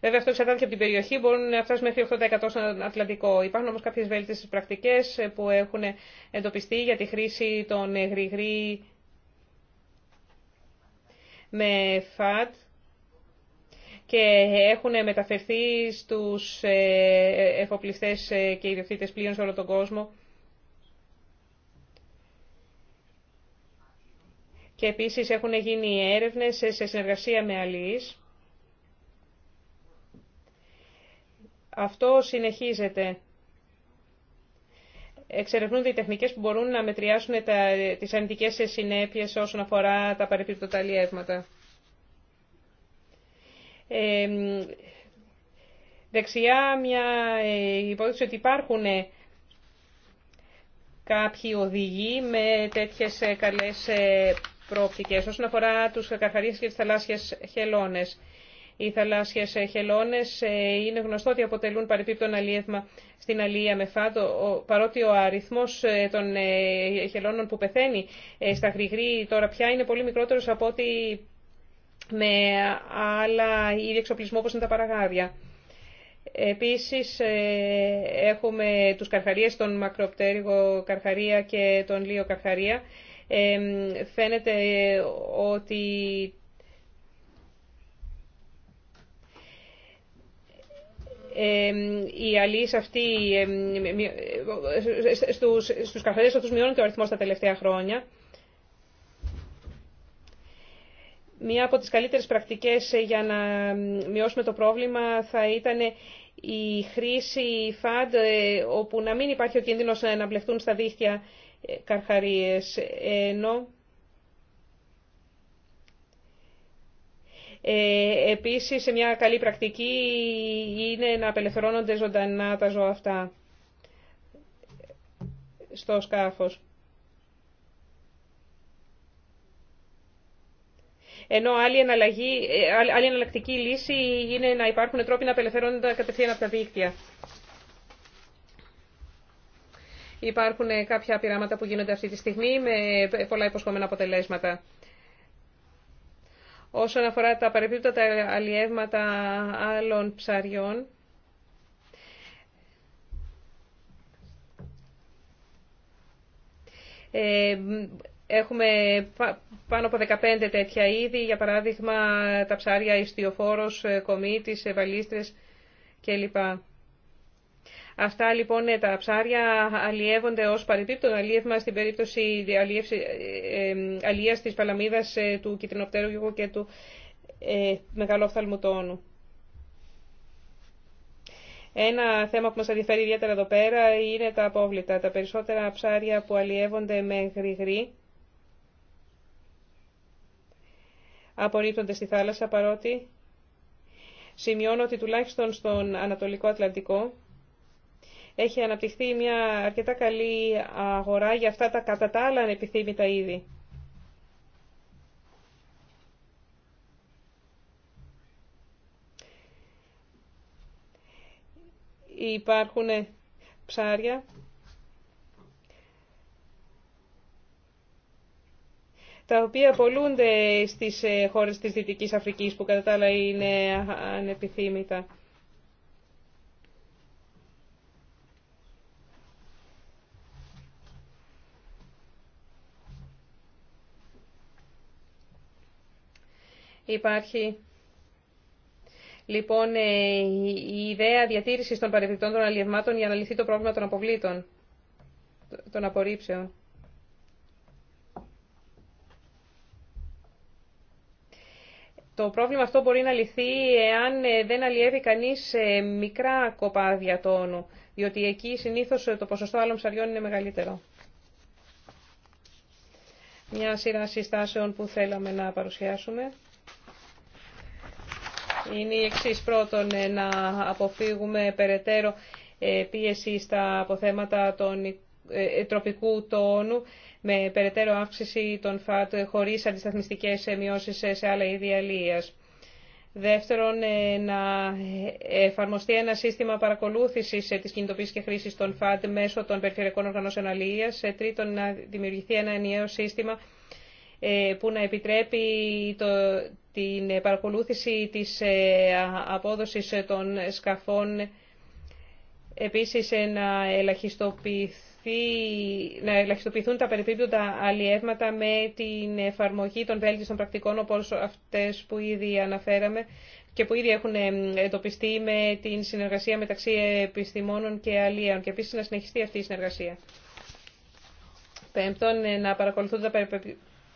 Βέβαια αυτό εξαρτάται και από την περιοχή, μπορούν να φτάσουν μέχρι 8% στον Ατλαντικό. Υπάρχουν όμως κάποιες βέλτιστες πρακτικές που έχουν εντοπιστεί για τη χρήση των γρηγρή με φατ και έχουν μεταφερθεί στους εφοπλιστές και ιδιοκτήτες πλοίων σε όλο τον κόσμο. και επίσης έχουν γίνει έρευνες σε συνεργασία με αλληλείς. Αυτό συνεχίζεται. Εξερευνούνται οι τεχνικές που μπορούν να μετριάσουν τα, τις αρνητικές συνέπειες όσον αφορά τα παρεπίπτωτα λιεύματα. δεξιά μια ε, υπόθεση ότι υπάρχουν ε, κάποιοι οδηγοί με τέτοιες ε, καλές Όσον αφορά τους καρχαρίε και τι θαλάσσιες χελώνες. Οι θαλάσσιες χελώνες ε, είναι γνωστό ότι αποτελούν παρεπίπτον αλίευμα στην αλία με φάτο, παρότι ο αριθμός ε, των ε, χελώνων που πεθαίνει στα γρηγρή τώρα πια είναι πολύ μικρότερος από ότι με άλλα είδη εξοπλισμού όπως είναι τα παραγάδια. Επίσης έχουμε τους καρχαρίες, τον μακροπτέρυγο καρχαρία και τον λίο καρχαρία φαίνεται ε, ότι η αλείς αυτή στους, στους καφέδες αυτούς μειώνεται ο αριθμός τα τελευταία χρόνια. Μία από τις καλύτερες πρακτικές για να μειώσουμε το πρόβλημα θα ήταν η χρήση FAD ε, όπου να μην υπάρχει ο κίνδυνος να μπλεχτούν στα δίχτυα καρχαρίες, ενώ ε, επίσης σε μια καλή πρακτική είναι να απελευθερώνονται ζωντανά τα ζώα αυτά στο σκάφος. Ενώ άλλη, εναλλαγή, ε, άλλη εναλλακτική λύση είναι να υπάρχουν τρόποι να απελευθερώνονται κατευθείαν από τα δίκτυα. Υπάρχουν ε, κάποια πειράματα που γίνονται αυτή τη στιγμή με ε, πολλά υποσχόμενα αποτελέσματα. Όσον αφορά τα παρεπίπτωτα αλλιεύματα άλλων ψαριών, ε, έχουμε πάνω από 15 τέτοια είδη, για παράδειγμα τα ψάρια ιστιοφόρος, κομίτης, βαλίστρες κλπ. Αυτά λοιπόν ε, τα ψάρια αλλιεύονται ως παρεπίπτον αλλιεύμα στην περίπτωση αλλιείας ε, ε, της παλαμίδας του κυτρινοπτέρου και του ε, μεγαλόφθαλμου τόνου. Ένα θέμα που μας ενδιαφέρει ιδιαίτερα εδώ πέρα είναι τα απόβλητα. Τα περισσότερα ψάρια που αλλιεύονται με γρηγρή απορρίπτονται στη θάλασσα παρότι σημειώνω ότι τουλάχιστον στον Ανατολικό Ατλαντικό έχει αναπτυχθεί μια αρκετά καλή αγορά για αυτά τα κατά τα άλλα ανεπιθύμητα είδη. Υπάρχουν ε, ψάρια τα οποία πολλούνται στις ε, χώρες της Δυτικής Αφρικής που κατά τα άλλα είναι ανεπιθύμητα. Υπάρχει λοιπόν ε, η ιδέα διατήρησης των παρεμπιπτών των αλλιευμάτων για να λυθεί το πρόβλημα των αποβλήτων, των απορρίψεων. Το πρόβλημα αυτό μπορεί να λυθεί εάν ε, δεν αλλιεύει κανείς ε, μικρά κοπάδια τόνου, διότι εκεί συνήθως το ποσοστό άλλων ψαριών είναι μεγαλύτερο. Μια σειρά συστάσεων που θέλαμε να παρουσιάσουμε είναι η εξή Πρώτον, ε, να αποφύγουμε περαιτέρω ε, πίεση στα αποθέματα των ε, τροπικού τόνου με περαιτέρω αύξηση των ΦΑΤ χωρίς αντισταθμιστικές μειώσεις σε άλλα είδη αλίας. Δεύτερον, να εφαρμοστεί ένα σύστημα παρακολούθησης της κινητοποίησης και χρήσης των ΦΑΤ μέσω των περιφερειακών οργανώσεων αλίας. Τρίτον, να δημιουργηθεί ένα ενιαίο σύστημα ε, που να επιτρέπει την παρακολούθηση της ε, απόδοσης των σκαφών επίσης ε, να να ελαχιστοποιηθούν τα περιπίπτωτα αλλιεύματα με την εφαρμογή των βέλτιστων πρακτικών όπως αυτές που ήδη αναφέραμε και που ήδη έχουν εντοπιστεί με την συνεργασία μεταξύ επιστημόνων και αλλιέων και επίσης να συνεχιστεί αυτή η συνεργασία. Πέμπτον, να παρακολουθούν τα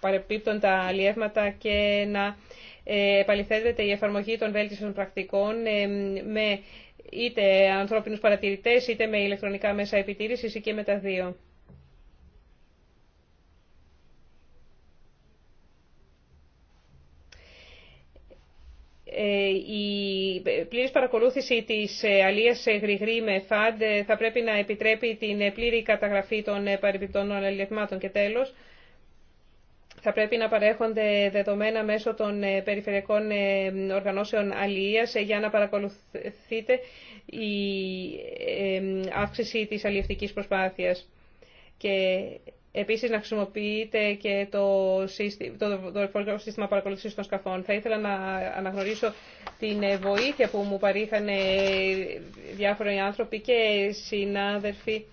παρεπίπτουν τα αλλιεύματα και να ε, επαληθεύεται η εφαρμογή των βέλτιστων πρακτικών ε, με είτε ανθρώπινους παρατηρητές είτε με ηλεκτρονικά μέσα επιτήρησης ή και με τα δύο. Ε, η πλήρης παρακολούθηση της αλίας γρηγρή με φαντ θα πρέπει να επιτρέπει την πλήρη καταγραφή των παρεμπιπτών αλληλευμάτων. Και τέλος, θα πρέπει να παρέχονται δεδομένα μέσω των ε, περιφερειακών ε, οργανώσεων αλληλείας ε, για να παρακολουθείτε η αύξηση της αλληλευτικής προσπάθειας. Και επίσης να χρησιμοποιείτε και το, σύστημα, το, σύστημα παρακολουθήσης των σκαφών. Θα ήθελα να αναγνωρίσω την βοήθεια που μου παρήχαν διάφοροι άνθρωποι και συνάδελφοι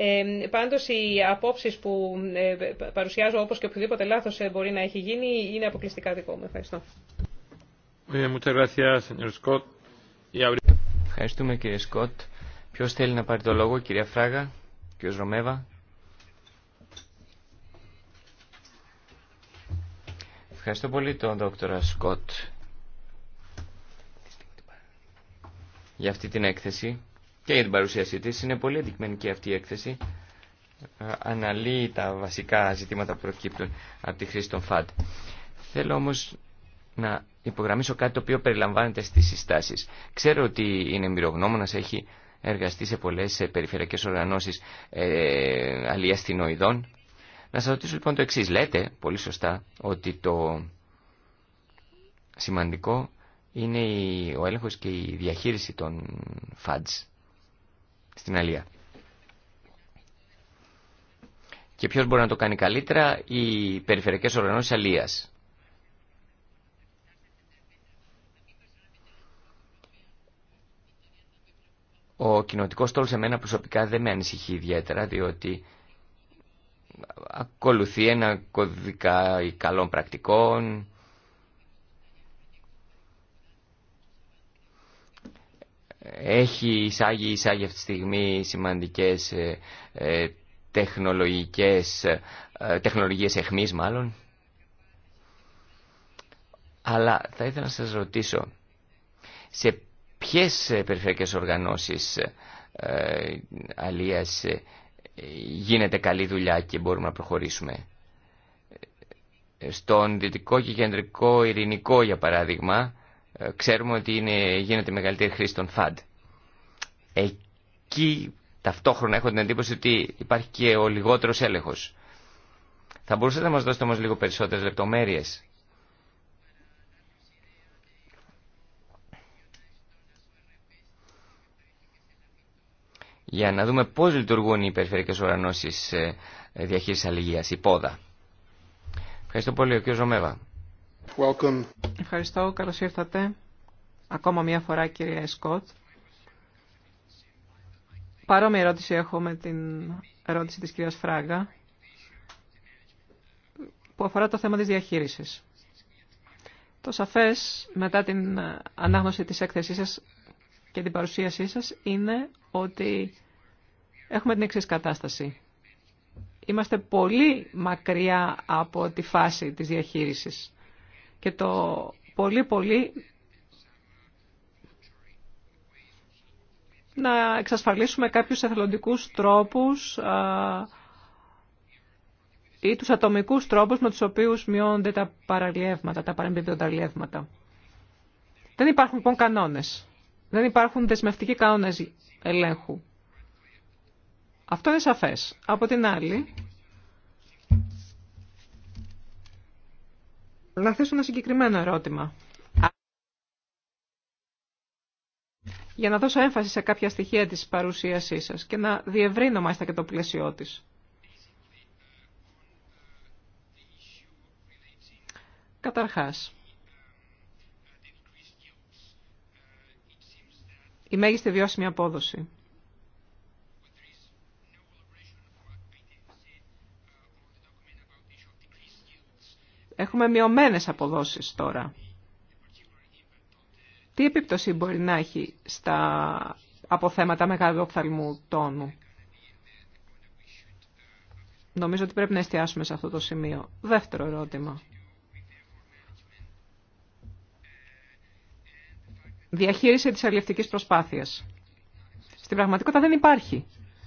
ε, πάντως οι απόψεις που ε, παρουσιάζω όπως και οποιοδήποτε λάθος ε, μπορεί να έχει γίνει είναι αποκλειστικά δικό μου. Ευχαριστώ. Ε, Ευχαριστούμε κύριε Σκότ. Ποιος θέλει να πάρει το λόγο, κυρία Φράγα, κύριος Ρωμέβα. Ευχαριστώ πολύ τον δόκτωρα Σκότ για αυτή την έκθεση και για την παρουσίασή της. Είναι πολύ αντικειμενική αυτή η έκθεση. Ε, αναλύει τα βασικά ζητήματα που προκύπτουν από τη χρήση των ΦΑΤ. Θέλω όμως να υπογραμμίσω κάτι το οποίο περιλαμβάνεται στις συστάσεις. Ξέρω ότι είναι εμπειρογνώμονας, έχει εργαστεί σε πολλές περιφερειακές οργανώσεις ε, Να σας ρωτήσω λοιπόν το εξή. Λέτε, πολύ σωστά, ότι το σημαντικό είναι ο έλεγχος και η διαχείριση των ΦΑΤΣ στην Αλία. Και ποιος μπορεί να το κάνει καλύτερα, οι περιφερειακές οργανώσεις Αλίας. Ο κοινοτικό τόλος εμένα προσωπικά δεν με ανησυχεί ιδιαίτερα, διότι ακολουθεί ένα κωδικά καλών πρακτικών, έχει εισάγει, εισάγει αυτή τη στιγμή σημαντικές ε, ε τεχνολογικές, ε, τεχνολογίες εχμής μάλλον. Αλλά θα ήθελα να σας ρωτήσω, σε ποιες ε, περιφερειακές οργανώσεις ε, αλίας γίνεται καλή δουλειά και μπορούμε να προχωρήσουμε. Στον δυτικό και κεντρικό ειρηνικό, για παράδειγμα, ε, ξέρουμε ότι είναι, γίνεται μεγαλύτερη χρήση των FAD. Εκεί ταυτόχρονα έχω την εντύπωση ότι υπάρχει και ο λιγότερος έλεγχος. Θα μπορούσατε να μας δώσετε όμως λίγο περισσότερες λεπτομέρειες. για να δούμε πώς λειτουργούν οι περιφερειακές οργανώσεις ε, διαχείρισης αλληλείας, η πόδα. Ευχαριστώ πολύ, ο κ. Ζωμέβα. Ευχαριστώ. Καλώς ήρθατε. Ακόμα μία φορά, κύριε Σκότ. Παρόμοια ερώτηση έχω με την ερώτηση της κυρίας Φράγκα, που αφορά το θέμα της διαχείρισης. Το σαφές μετά την ανάγνωση της έκθεσής σας και την παρουσίασή σας είναι ότι έχουμε την εξής κατάσταση. Είμαστε πολύ μακριά από τη φάση της διαχείρισης και το πολύ πολύ να εξασφαλίσουμε κάποιους εθελοντικούς τρόπους ή τους ατομικούς τρόπους με τους οποίους μειώνονται τα παραλιεύματα, τα παρεμπιπτόντα Δεν υπάρχουν λοιπόν κανόνες. Δεν υπάρχουν δεσμευτικοί κανόνες ελέγχου. Αυτό είναι σαφές. Από την άλλη, να θέσω ένα συγκεκριμένο ερώτημα. Για να δώσω έμφαση σε κάποια στοιχεία της παρουσίασής σας και να διευρύνω μάλιστα και το πλαίσιό της. Καταρχάς, η μέγιστη βιώσιμη απόδοση. Έχουμε μειωμένες αποδόσεις τώρα. Τι επίπτωση μπορεί να έχει στα αποθέματα μεγάλου οφθαλμού τόνου. Νομίζω ότι πρέπει να εστιάσουμε σε αυτό το σημείο. Δεύτερο ερώτημα. Διαχείριση της αλληλευτικής προσπάθειας. Στην πραγματικότητα δεν υπάρχει,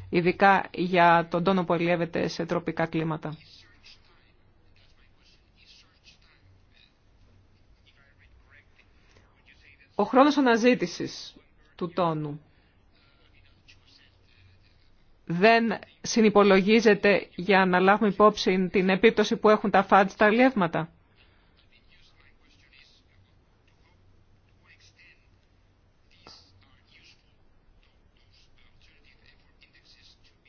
ειδικά για τον τόνο που αλληλεύεται σε τροπικά κλίματα. Ο χρόνος αναζήτησης του τόνου δεν συνυπολογίζεται για να λάβουμε υπόψη την επίπτωση που έχουν τα φαντ στα αλλιεύματα.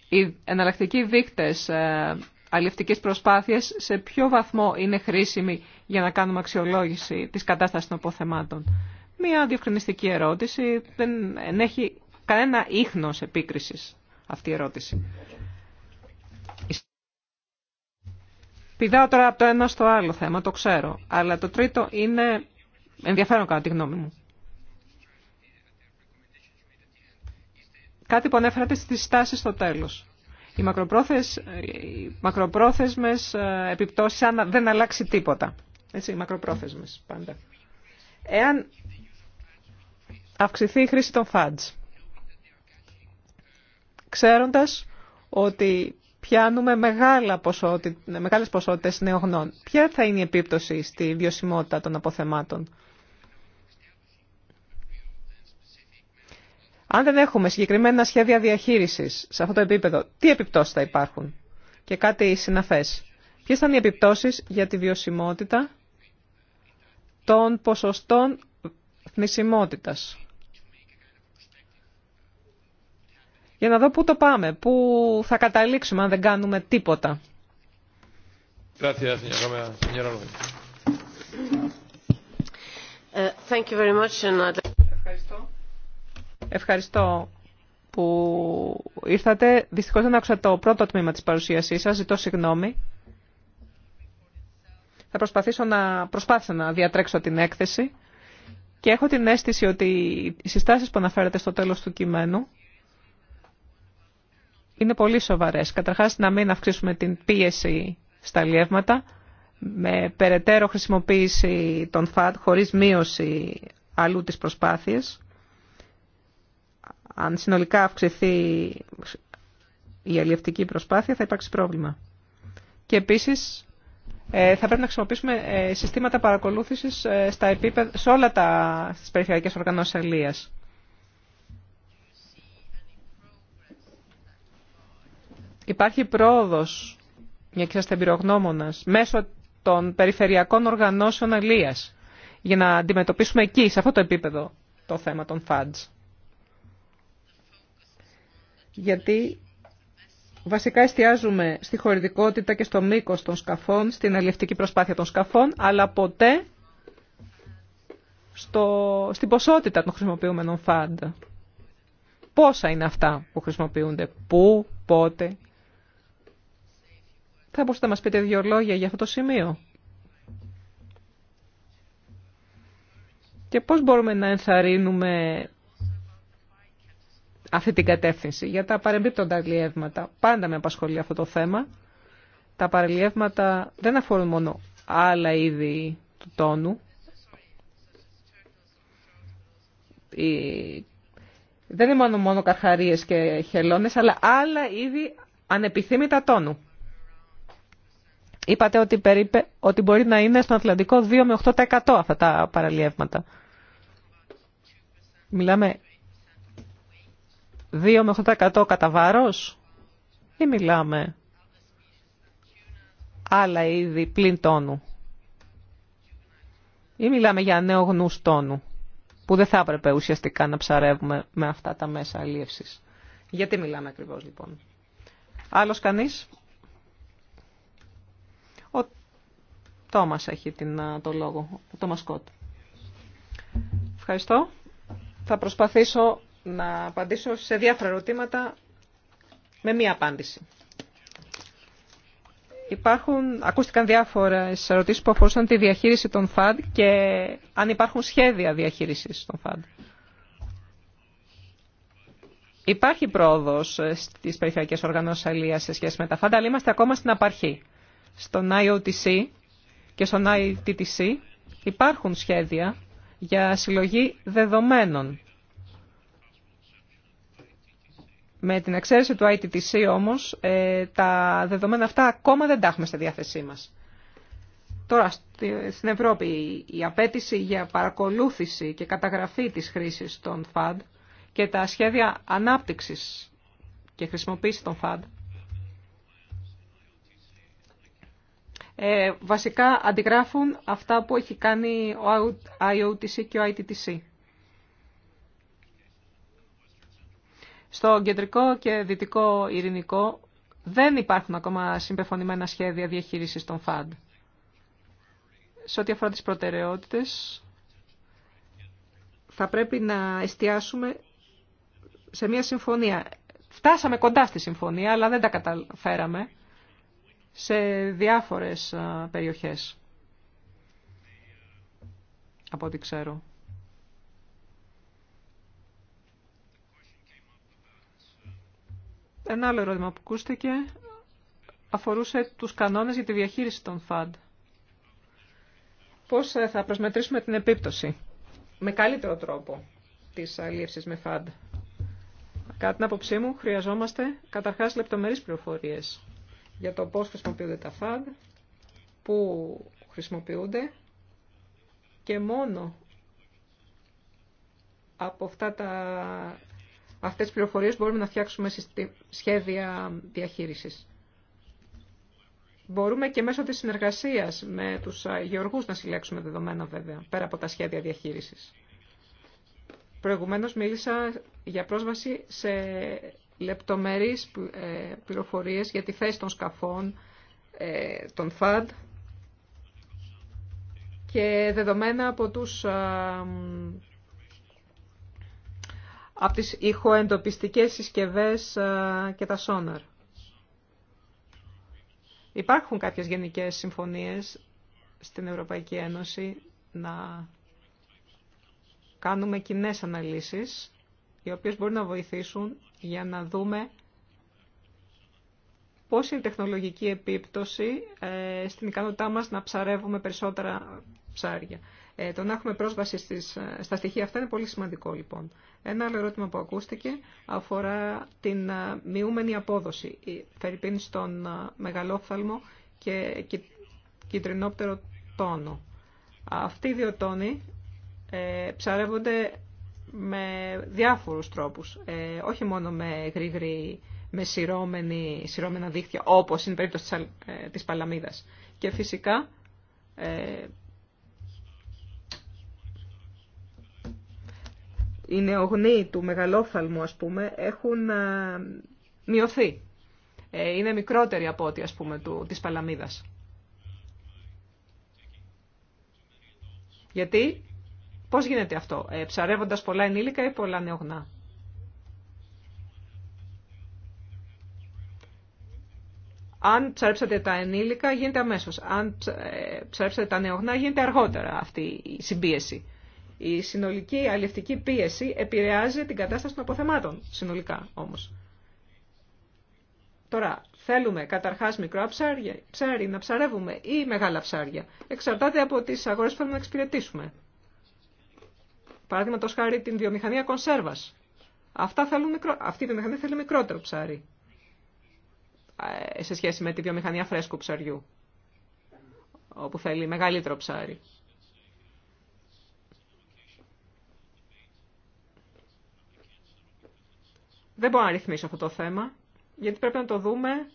Οι εναλλακτικοί δείκτες ε, αλληλευτικής προσπάθειας σε ποιο βαθμό είναι χρήσιμοι για να κάνουμε αξιολόγηση της κατάστασης των αποθεμάτων. Μία διευκρινιστική ερώτηση. Δεν έχει κανένα ίχνος επίκρισης αυτή η ερώτηση. Πηδάω τώρα από το ένα στο άλλο θέμα, το ξέρω. Αλλά το τρίτο είναι ενδιαφέρον κατά τη γνώμη μου. Κάτι που ανέφερατε στις στάσεις στο τέλος. Οι, μακροπρόθεσ... οι μακροπρόθεσμες ε, επιπτώσεις αν δεν αλλάξει τίποτα. Έτσι, οι μακροπρόθεσμες πάντα. Εάν αυξηθεί η χρήση των φαντς. Ξέροντας ότι πιάνουμε μεγάλα ποσότητα, μεγάλες ποσότητες νεογνών. Ποια θα είναι η επίπτωση στη βιωσιμότητα των αποθεμάτων. Αν δεν έχουμε συγκεκριμένα σχέδια διαχείρισης σε αυτό το επίπεδο, τι επιπτώσεις θα υπάρχουν και κάτι συναφές. Ποιες θα είναι οι επιπτώσεις για τη βιωσιμότητα των ποσοστών θνησιμότητας. Για να δω πού το πάμε, πού θα καταλήξουμε αν δεν κάνουμε τίποτα. Ευχαριστώ. που ήρθατε. Δυστυχώς δεν άκουσα το πρώτο τμήμα της παρουσίασής σας. Ζητώ συγγνώμη. Θα προσπαθήσω να, προσπάθησα να διατρέξω την έκθεση. Και έχω την αίσθηση ότι οι συστάσεις που αναφέρεται στο τέλος του κειμένου είναι πολύ σοβαρές. Καταρχάς να μην αυξήσουμε την πίεση στα λιεύματα με περαιτέρω χρησιμοποίηση των ΦΑΤ χωρίς μείωση αλλού της προσπάθειας. Αν συνολικά αυξηθεί η αλλιευτική προσπάθεια θα υπάρξει πρόβλημα. Και επίσης ε, θα πρέπει να χρησιμοποιήσουμε ε, συστήματα παρακολούθησης ε, στα επίπεδα, σε όλα τα στις περιφερειακές οργανώσεις Υπάρχει πρόοδος, μια και είσαστε μέσω των περιφερειακών οργανώσεων αλίας για να αντιμετωπίσουμε εκεί, σε αυτό το επίπεδο, το θέμα των FADS. Γιατί Βασικά εστιάζουμε στη χωρητικότητα και στο μήκος των σκαφών, στην αλληλευτική προσπάθεια των σκαφών, αλλά ποτέ στο, στην ποσότητα των χρησιμοποιούμενων φαντ. Πόσα είναι αυτά που χρησιμοποιούνται, πού, πότε. Θα μπορούσατε να μας πείτε δύο λόγια για αυτό το σημείο. Και πώς μπορούμε να ενθαρρύνουμε αυτή την κατεύθυνση. Για τα παρεμπίπτοντα αλλιεύματα. Πάντα με απασχολεί αυτό το θέμα. Τα παραλιεύματα δεν αφορούν μόνο άλλα είδη του τόνου. Δεν είναι μόνο, μόνο καρχαρίες και χελώνες, αλλά άλλα είδη ανεπιθύμητα τόνου. Είπατε ότι, περίπε, ότι μπορεί να είναι στον Ατλαντικό 2 με 8% αυτά τα παραλιεύματα. Μιλάμε 2 με 8% κατά βάρο. ή μιλάμε άλλα είδη πλην τόνου ή μιλάμε για νέο γνούς τόνου που δεν θα έπρεπε ουσιαστικά να ψαρεύουμε με αυτά τα μέσα αλίευσης. Γιατί μιλάμε ακριβώς λοιπόν. Άλλος κανείς. Ο Τόμας έχει την, το λόγο, ο Τόμας Κότ. Ευχαριστώ. Θα προσπαθήσω να απαντήσω σε διάφορα ερωτήματα με μία απάντηση. Υπάρχουν, ακούστηκαν διάφορες ερωτήσεις που αφορούσαν τη διαχείριση των ΦΑΔ και αν υπάρχουν σχέδια διαχείρισης των ΦΑΔ. Υπάρχει πρόοδος στις περιφερειακές οργανώσεις αλληλεία σε σχέση με τα ΦΑΔ, αλλά είμαστε ακόμα στην απαρχή. Στον IOTC και στον ITTC υπάρχουν σχέδια για συλλογή δεδομένων Με την εξαίρεση του ITTC όμως, ε, τα δεδομένα αυτά ακόμα δεν τα έχουμε στη διάθεσή μας. Τώρα, στην Ευρώπη, η απέτηση για παρακολούθηση και καταγραφή της χρήσης των FAD και τα σχέδια ανάπτυξης και χρησιμοποίησης των FAD ε, βασικά αντιγράφουν αυτά που έχει κάνει ο IOTC και ο ITTC. Στο κεντρικό και δυτικό ειρηνικό δεν υπάρχουν ακόμα συμπεφωνημένα σχέδια διαχείρισης των ΦΑΝΤ. Σε ό,τι αφορά τις προτεραιότητες, θα πρέπει να εστιάσουμε σε μια συμφωνία. Φτάσαμε κοντά στη συμφωνία, αλλά δεν τα καταφέραμε σε διάφορες περιοχές, από ό,τι ξέρω. Ένα άλλο ερώτημα που ακούστηκε αφορούσε τους κανόνες για τη διαχείριση των ΦΑΝΤ. Πώς ε, θα προσμετρήσουμε την επίπτωση με καλύτερο τρόπο της αλίευσης με ΦΑΝΤ. Κατά την άποψή μου χρειαζόμαστε καταρχάς λεπτομερείς πληροφορίες για το πώς χρησιμοποιούνται τα ΦΑΝΤ, πού χρησιμοποιούνται και μόνο από αυτά τα αυτές τις πληροφορίες μπορούμε να φτιάξουμε σχέδια διαχείρισης. Μπορούμε και μέσω της συνεργασίας με τους γεωργούς να συλλέξουμε δεδομένα βέβαια, πέρα από τα σχέδια διαχείρισης. Προηγουμένως μίλησα για πρόσβαση σε λεπτομερείς ε, πληροφορίες για τη θέση των σκαφών, ε, των ΦΑΔ και δεδομένα από τους από τις ηχοεντοπιστικές συσκευές ε, και τα σόναρ. Υπάρχουν κάποιες γενικές συμφωνίες στην Ευρωπαϊκή Ένωση να κάνουμε κοινέ αναλύσεις, οι οποίες μπορούν να βοηθήσουν για να δούμε πώς είναι η τεχνολογική επίπτωση ε, στην ικανότητά μας να ψαρεύουμε περισσότερα ψάρια. Ε, το να έχουμε πρόσβαση στις, ε, στα στοιχεία αυτά είναι πολύ σημαντικό λοιπόν. Ένα άλλο ερώτημα που ακούστηκε αφορά την ε, μειούμενη απόδοση. Η στον ε, μεγαλόφθαλμο και κυτρινόπτερο τόνο. Αυτοί οι δύο τόνοι ψαρεύονται με διάφορους τρόπους, ε, όχι μόνο με γρήγορη με σειρώμενη, σειρώμενα δίχτυα, όπως είναι περίπτωση της, ε, της Παλαμίδας. Και φυσικά οι νεογνοί του μεγαλόφθαλμου, ας πούμε, έχουν ε, μειωθεί. Ε, είναι μικρότεροι από ό,τι, ας πούμε, του, της παλαμίδας. Γιατί, πώς γίνεται αυτό, ε, ψαρεύοντας πολλά ενήλικα ή πολλά νεογνά. Αν ψαρέψατε τα ενήλικα, γίνεται αμέσως. Αν ε, ψαρέψατε τα νεογνά, γίνεται αργότερα αυτή η συμπίεση. Η συνολική αλληλευτική πίεση επηρεάζει την κατάσταση των αποθεμάτων, συνολικά όμως. Τώρα, θέλουμε καταρχά μικρά ψάρια, ψάρι να ψαρεύουμε ή μεγάλα ψάρια. Εξαρτάται από τις αγορές που θέλουμε να εξυπηρετήσουμε. Παραδείγματο χάρη την βιομηχανία κονσέρβας. Αυτά θέλουν μικρο... Αυτή η μεγαλα ψαρια εξαρταται απο τι αγορες θέλει την βιομηχανια κονσερβας μικρο ψάρι ε, σε σχέση με τη βιομηχανία φρέσκου ψαριού, όπου θέλει μεγαλύτερο ψάρι. Δεν μπορώ να ρυθμίσω αυτό το θέμα, γιατί πρέπει να το δούμε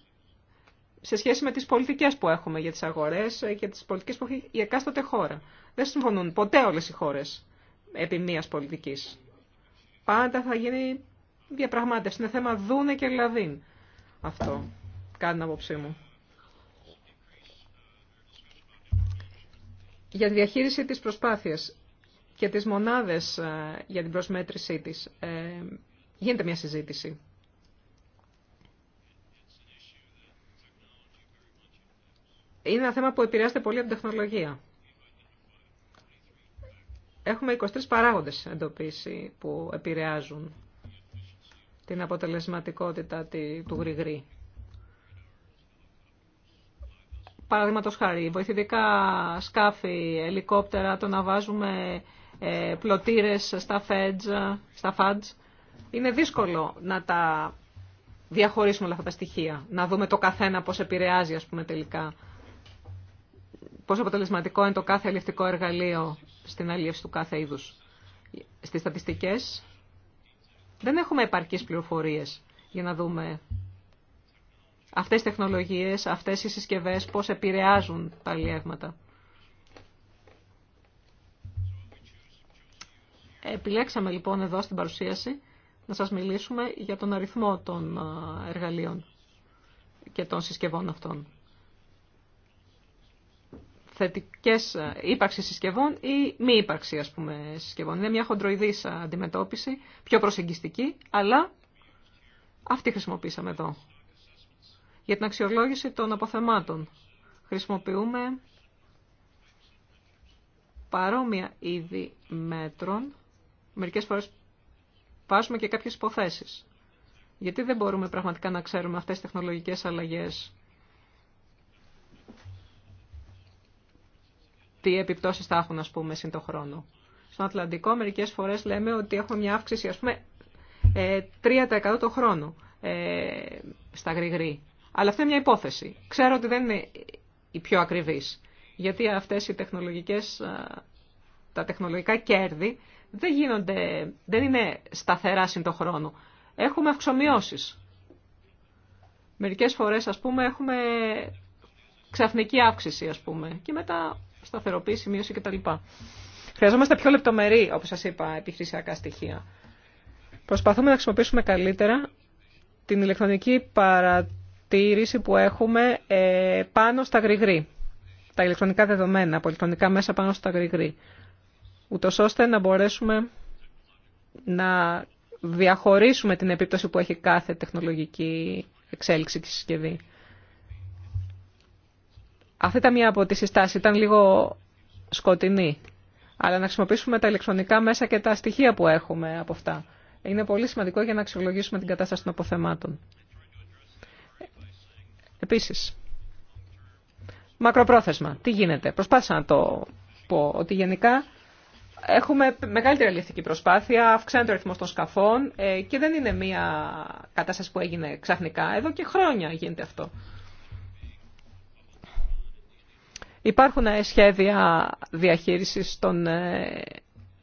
σε σχέση με τις πολιτικές που έχουμε για τις αγορές και τις πολιτικές που έχει η εκάστοτε χώρα. Δεν συμφωνούν ποτέ όλες οι χώρες επί μίας πολιτικής. Πάντα θα γίνει διαπραγμάτευση. Είναι θέμα δούνε και λαδίν. Αυτό κάνει την άποψή μου. Για τη διαχείριση της προσπάθειας και τις μονάδες ε, για την προσμέτρησή της. Ε, γίνεται μια συζήτηση. Είναι ένα θέμα που επηρεάζεται πολύ από την τεχνολογία. Έχουμε 23 παράγοντες εντοπίσει που επηρεάζουν την αποτελεσματικότητα του γρηγρή. Παραδείγματος χάρη, βοηθητικά σκάφη, ελικόπτερα, το να βάζουμε ε, πλωτήρες στα, φέτζ, στα φάντζ. Είναι δύσκολο να τα διαχωρίσουμε όλα αυτά τα στοιχεία, να δούμε το καθένα πώς επηρεάζει ας πούμε τελικά, πόσο αποτελεσματικό είναι το κάθε αλληλευτικό εργαλείο στην αλληλεύση του κάθε είδους. Στις στατιστικές δεν έχουμε επαρκείς πληροφορίες για να δούμε αυτές οι τεχνολογίες, αυτές οι συσκευές, πώς επηρεάζουν τα αλληλεύματα. Επιλέξαμε λοιπόν εδώ στην παρουσίαση να σας μιλήσουμε για τον αριθμό των εργαλείων και των συσκευών αυτών. Θετικές ύπαρξη συσκευών ή μη ύπαρξη, πούμε, συσκευών. Είναι μια χοντροειδής αντιμετώπιση, πιο προσεγγιστική, αλλά αυτή χρησιμοποίησαμε εδώ. Για την αξιολόγηση των αποθεμάτων χρησιμοποιούμε παρόμοια είδη μέτρων, μερικές φορές Πάσουμε και κάποιες υποθέσεις. Γιατί δεν μπορούμε πραγματικά να ξέρουμε αυτές τις τεχνολογικές αλλαγές. Τι επιπτώσεις θα έχουν, ας πούμε, σύντο χρόνο. Στον Ατλαντικό μερικές φορές λέμε ότι έχουμε μια αύξηση, ας πούμε, 3% ε, το χρόνο ε, στα γρηγρή. Αλλά αυτή είναι μια υπόθεση. Ξέρω ότι δεν είναι η πιο ακριβής. Γιατί αυτές οι τεχνολογικές, τα τεχνολογικά κέρδη δεν, γίνονται, δεν είναι σταθερά συν το χρόνο. Έχουμε αυξομοιώσεις. Μερικές φορές, ας πούμε, έχουμε ξαφνική αύξηση, ας πούμε, και μετά σταθεροποίηση, μείωση κτλ. Χρειαζόμαστε πιο λεπτομερή, όπως σας είπα, επιχειρησιακά στοιχεία. Προσπαθούμε να χρησιμοποιήσουμε καλύτερα την ηλεκτρονική παρατήρηση που έχουμε ε, πάνω στα γρηγρή. Τα ηλεκτρονικά δεδομένα από ηλεκτρονικά μέσα πάνω στα γρηγρή ούτως ώστε να μπορέσουμε να διαχωρίσουμε την επίπτωση που έχει κάθε τεχνολογική εξέλιξη και συσκευή. Αυτή ήταν μία από τις συστάσεις, ήταν λίγο σκοτεινή, αλλά να χρησιμοποιήσουμε τα ηλεκτρονικά μέσα και τα στοιχεία που έχουμε από αυτά. Είναι πολύ σημαντικό για να αξιολογήσουμε την κατάσταση των αποθεμάτων. Επίσης, μακροπρόθεσμα, τι γίνεται. Προσπάθησα να το πω ότι γενικά Έχουμε μεγαλύτερη αλληλευτική προσπάθεια, αυξάνεται ο ρυθμό των σκαφών ε, και δεν είναι μια κατάσταση που έγινε ξαφνικά. Εδώ και χρόνια γίνεται αυτό. Υπάρχουν ε, σχέδια διαχείρισης στον ε,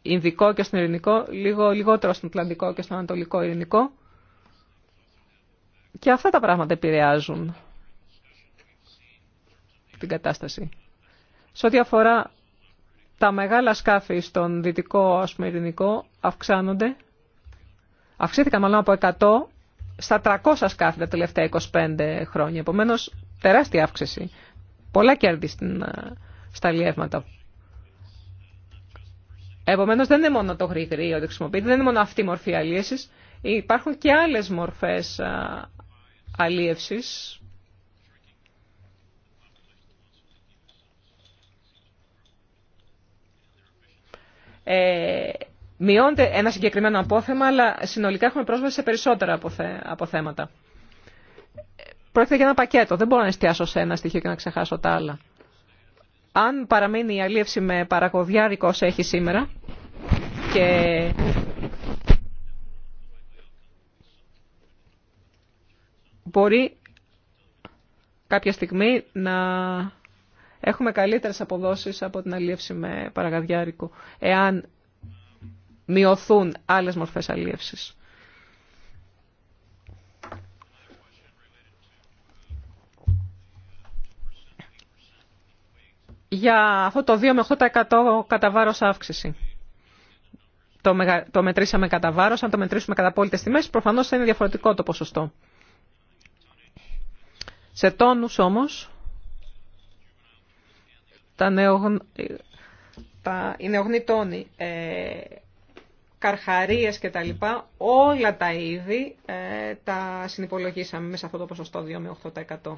Ινδικό και στον Ειρηνικό, λίγο λιγότερο στον Ατλαντικό και στον Ανατολικό Ειρηνικό. Και αυτά τα πράγματα επηρεάζουν την κατάσταση. Σε ό,τι αφορά τα μεγάλα σκάφη στον δυτικό ας πούμε, ειρηνικό αυξάνονται. Αυξήθηκαν μάλλον από 100 στα 300 σκάφη τα τελευταία 25 χρόνια. Επομένως, τεράστια αύξηση. Πολλά κέρδη ε, στα λιεύματα. Επομένως, δεν είναι μόνο το γρήγορο ότι χρησιμοποιείται, δεν είναι μόνο αυτή η μορφή αλίευσης. Υπάρχουν και άλλες μορφές ε, αλίευσης ε, μειώνεται ένα συγκεκριμένο απόθεμα, αλλά συνολικά έχουμε πρόσβαση σε περισσότερα αποθέματα. Πρόκειται για ένα πακέτο. Δεν μπορώ να εστιάσω σε ένα στοιχείο και να ξεχάσω τα άλλα. Αν παραμείνει η αλίευση με παραγωδιάρικο όσο έχει σήμερα και μπορεί κάποια στιγμή να έχουμε καλύτερες αποδόσεις από την αλίευση με παραγαδιάρικο, εάν μειωθούν άλλες μορφές αλίευσης. για αυτό το 2 με 8% κατά βάρος αύξηση. Το, το μετρήσαμε κατά βάρος, αν το μετρήσουμε κατά απόλυτες τιμές, προφανώς θα είναι διαφορετικό το ποσοστό. Σε τόνους όμως, τα νεογν... τα... οι νεογνοί ε... καρχαρίες και τα λοιπά, όλα τα είδη ε... τα συνυπολογίσαμε μέσα σε αυτό το ποσοστό 2 με 8%.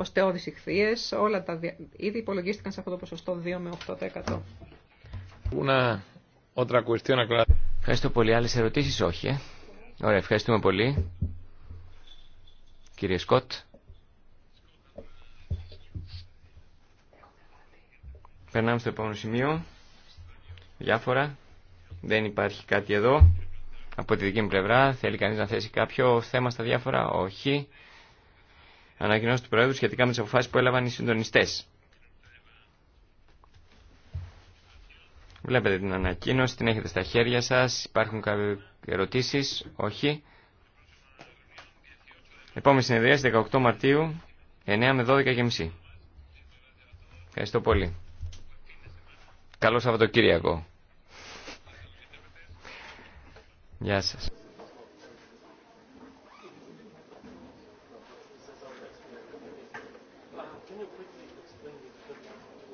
οστεώδεις ηχθείες, όλα τα είδη υπολογίστηκαν σε αυτό το ποσοστό 2 με 8%. να Otra cuestión aclarada. Ευχαριστώ πολύ. Άλλες ερωτήσεις όχι. Ε. Ωραία, ευχαριστούμε πολύ. Κύριε Σκοτ. Περνάμε στο επόμενο σημείο. Διάφορα. Δεν υπάρχει κάτι εδώ. Από τη δική μου πλευρά, θέλει κανείς να θέσει κάποιο θέμα στα διάφορα. Όχι. Ανακοινώσει του Προέδρου σχετικά με τι αποφάσει που έλαβαν οι συντονιστές. Βλέπετε την ανακοίνωση, την έχετε στα χέρια σας. Υπάρχουν κάποιες ερωτήσεις, όχι. Επόμενη συνεδρία 18 Μαρτίου, 9 με 12 και μισή. Ευχαριστώ πολύ. Καλό Σαββατοκύριακο. Γεια σας.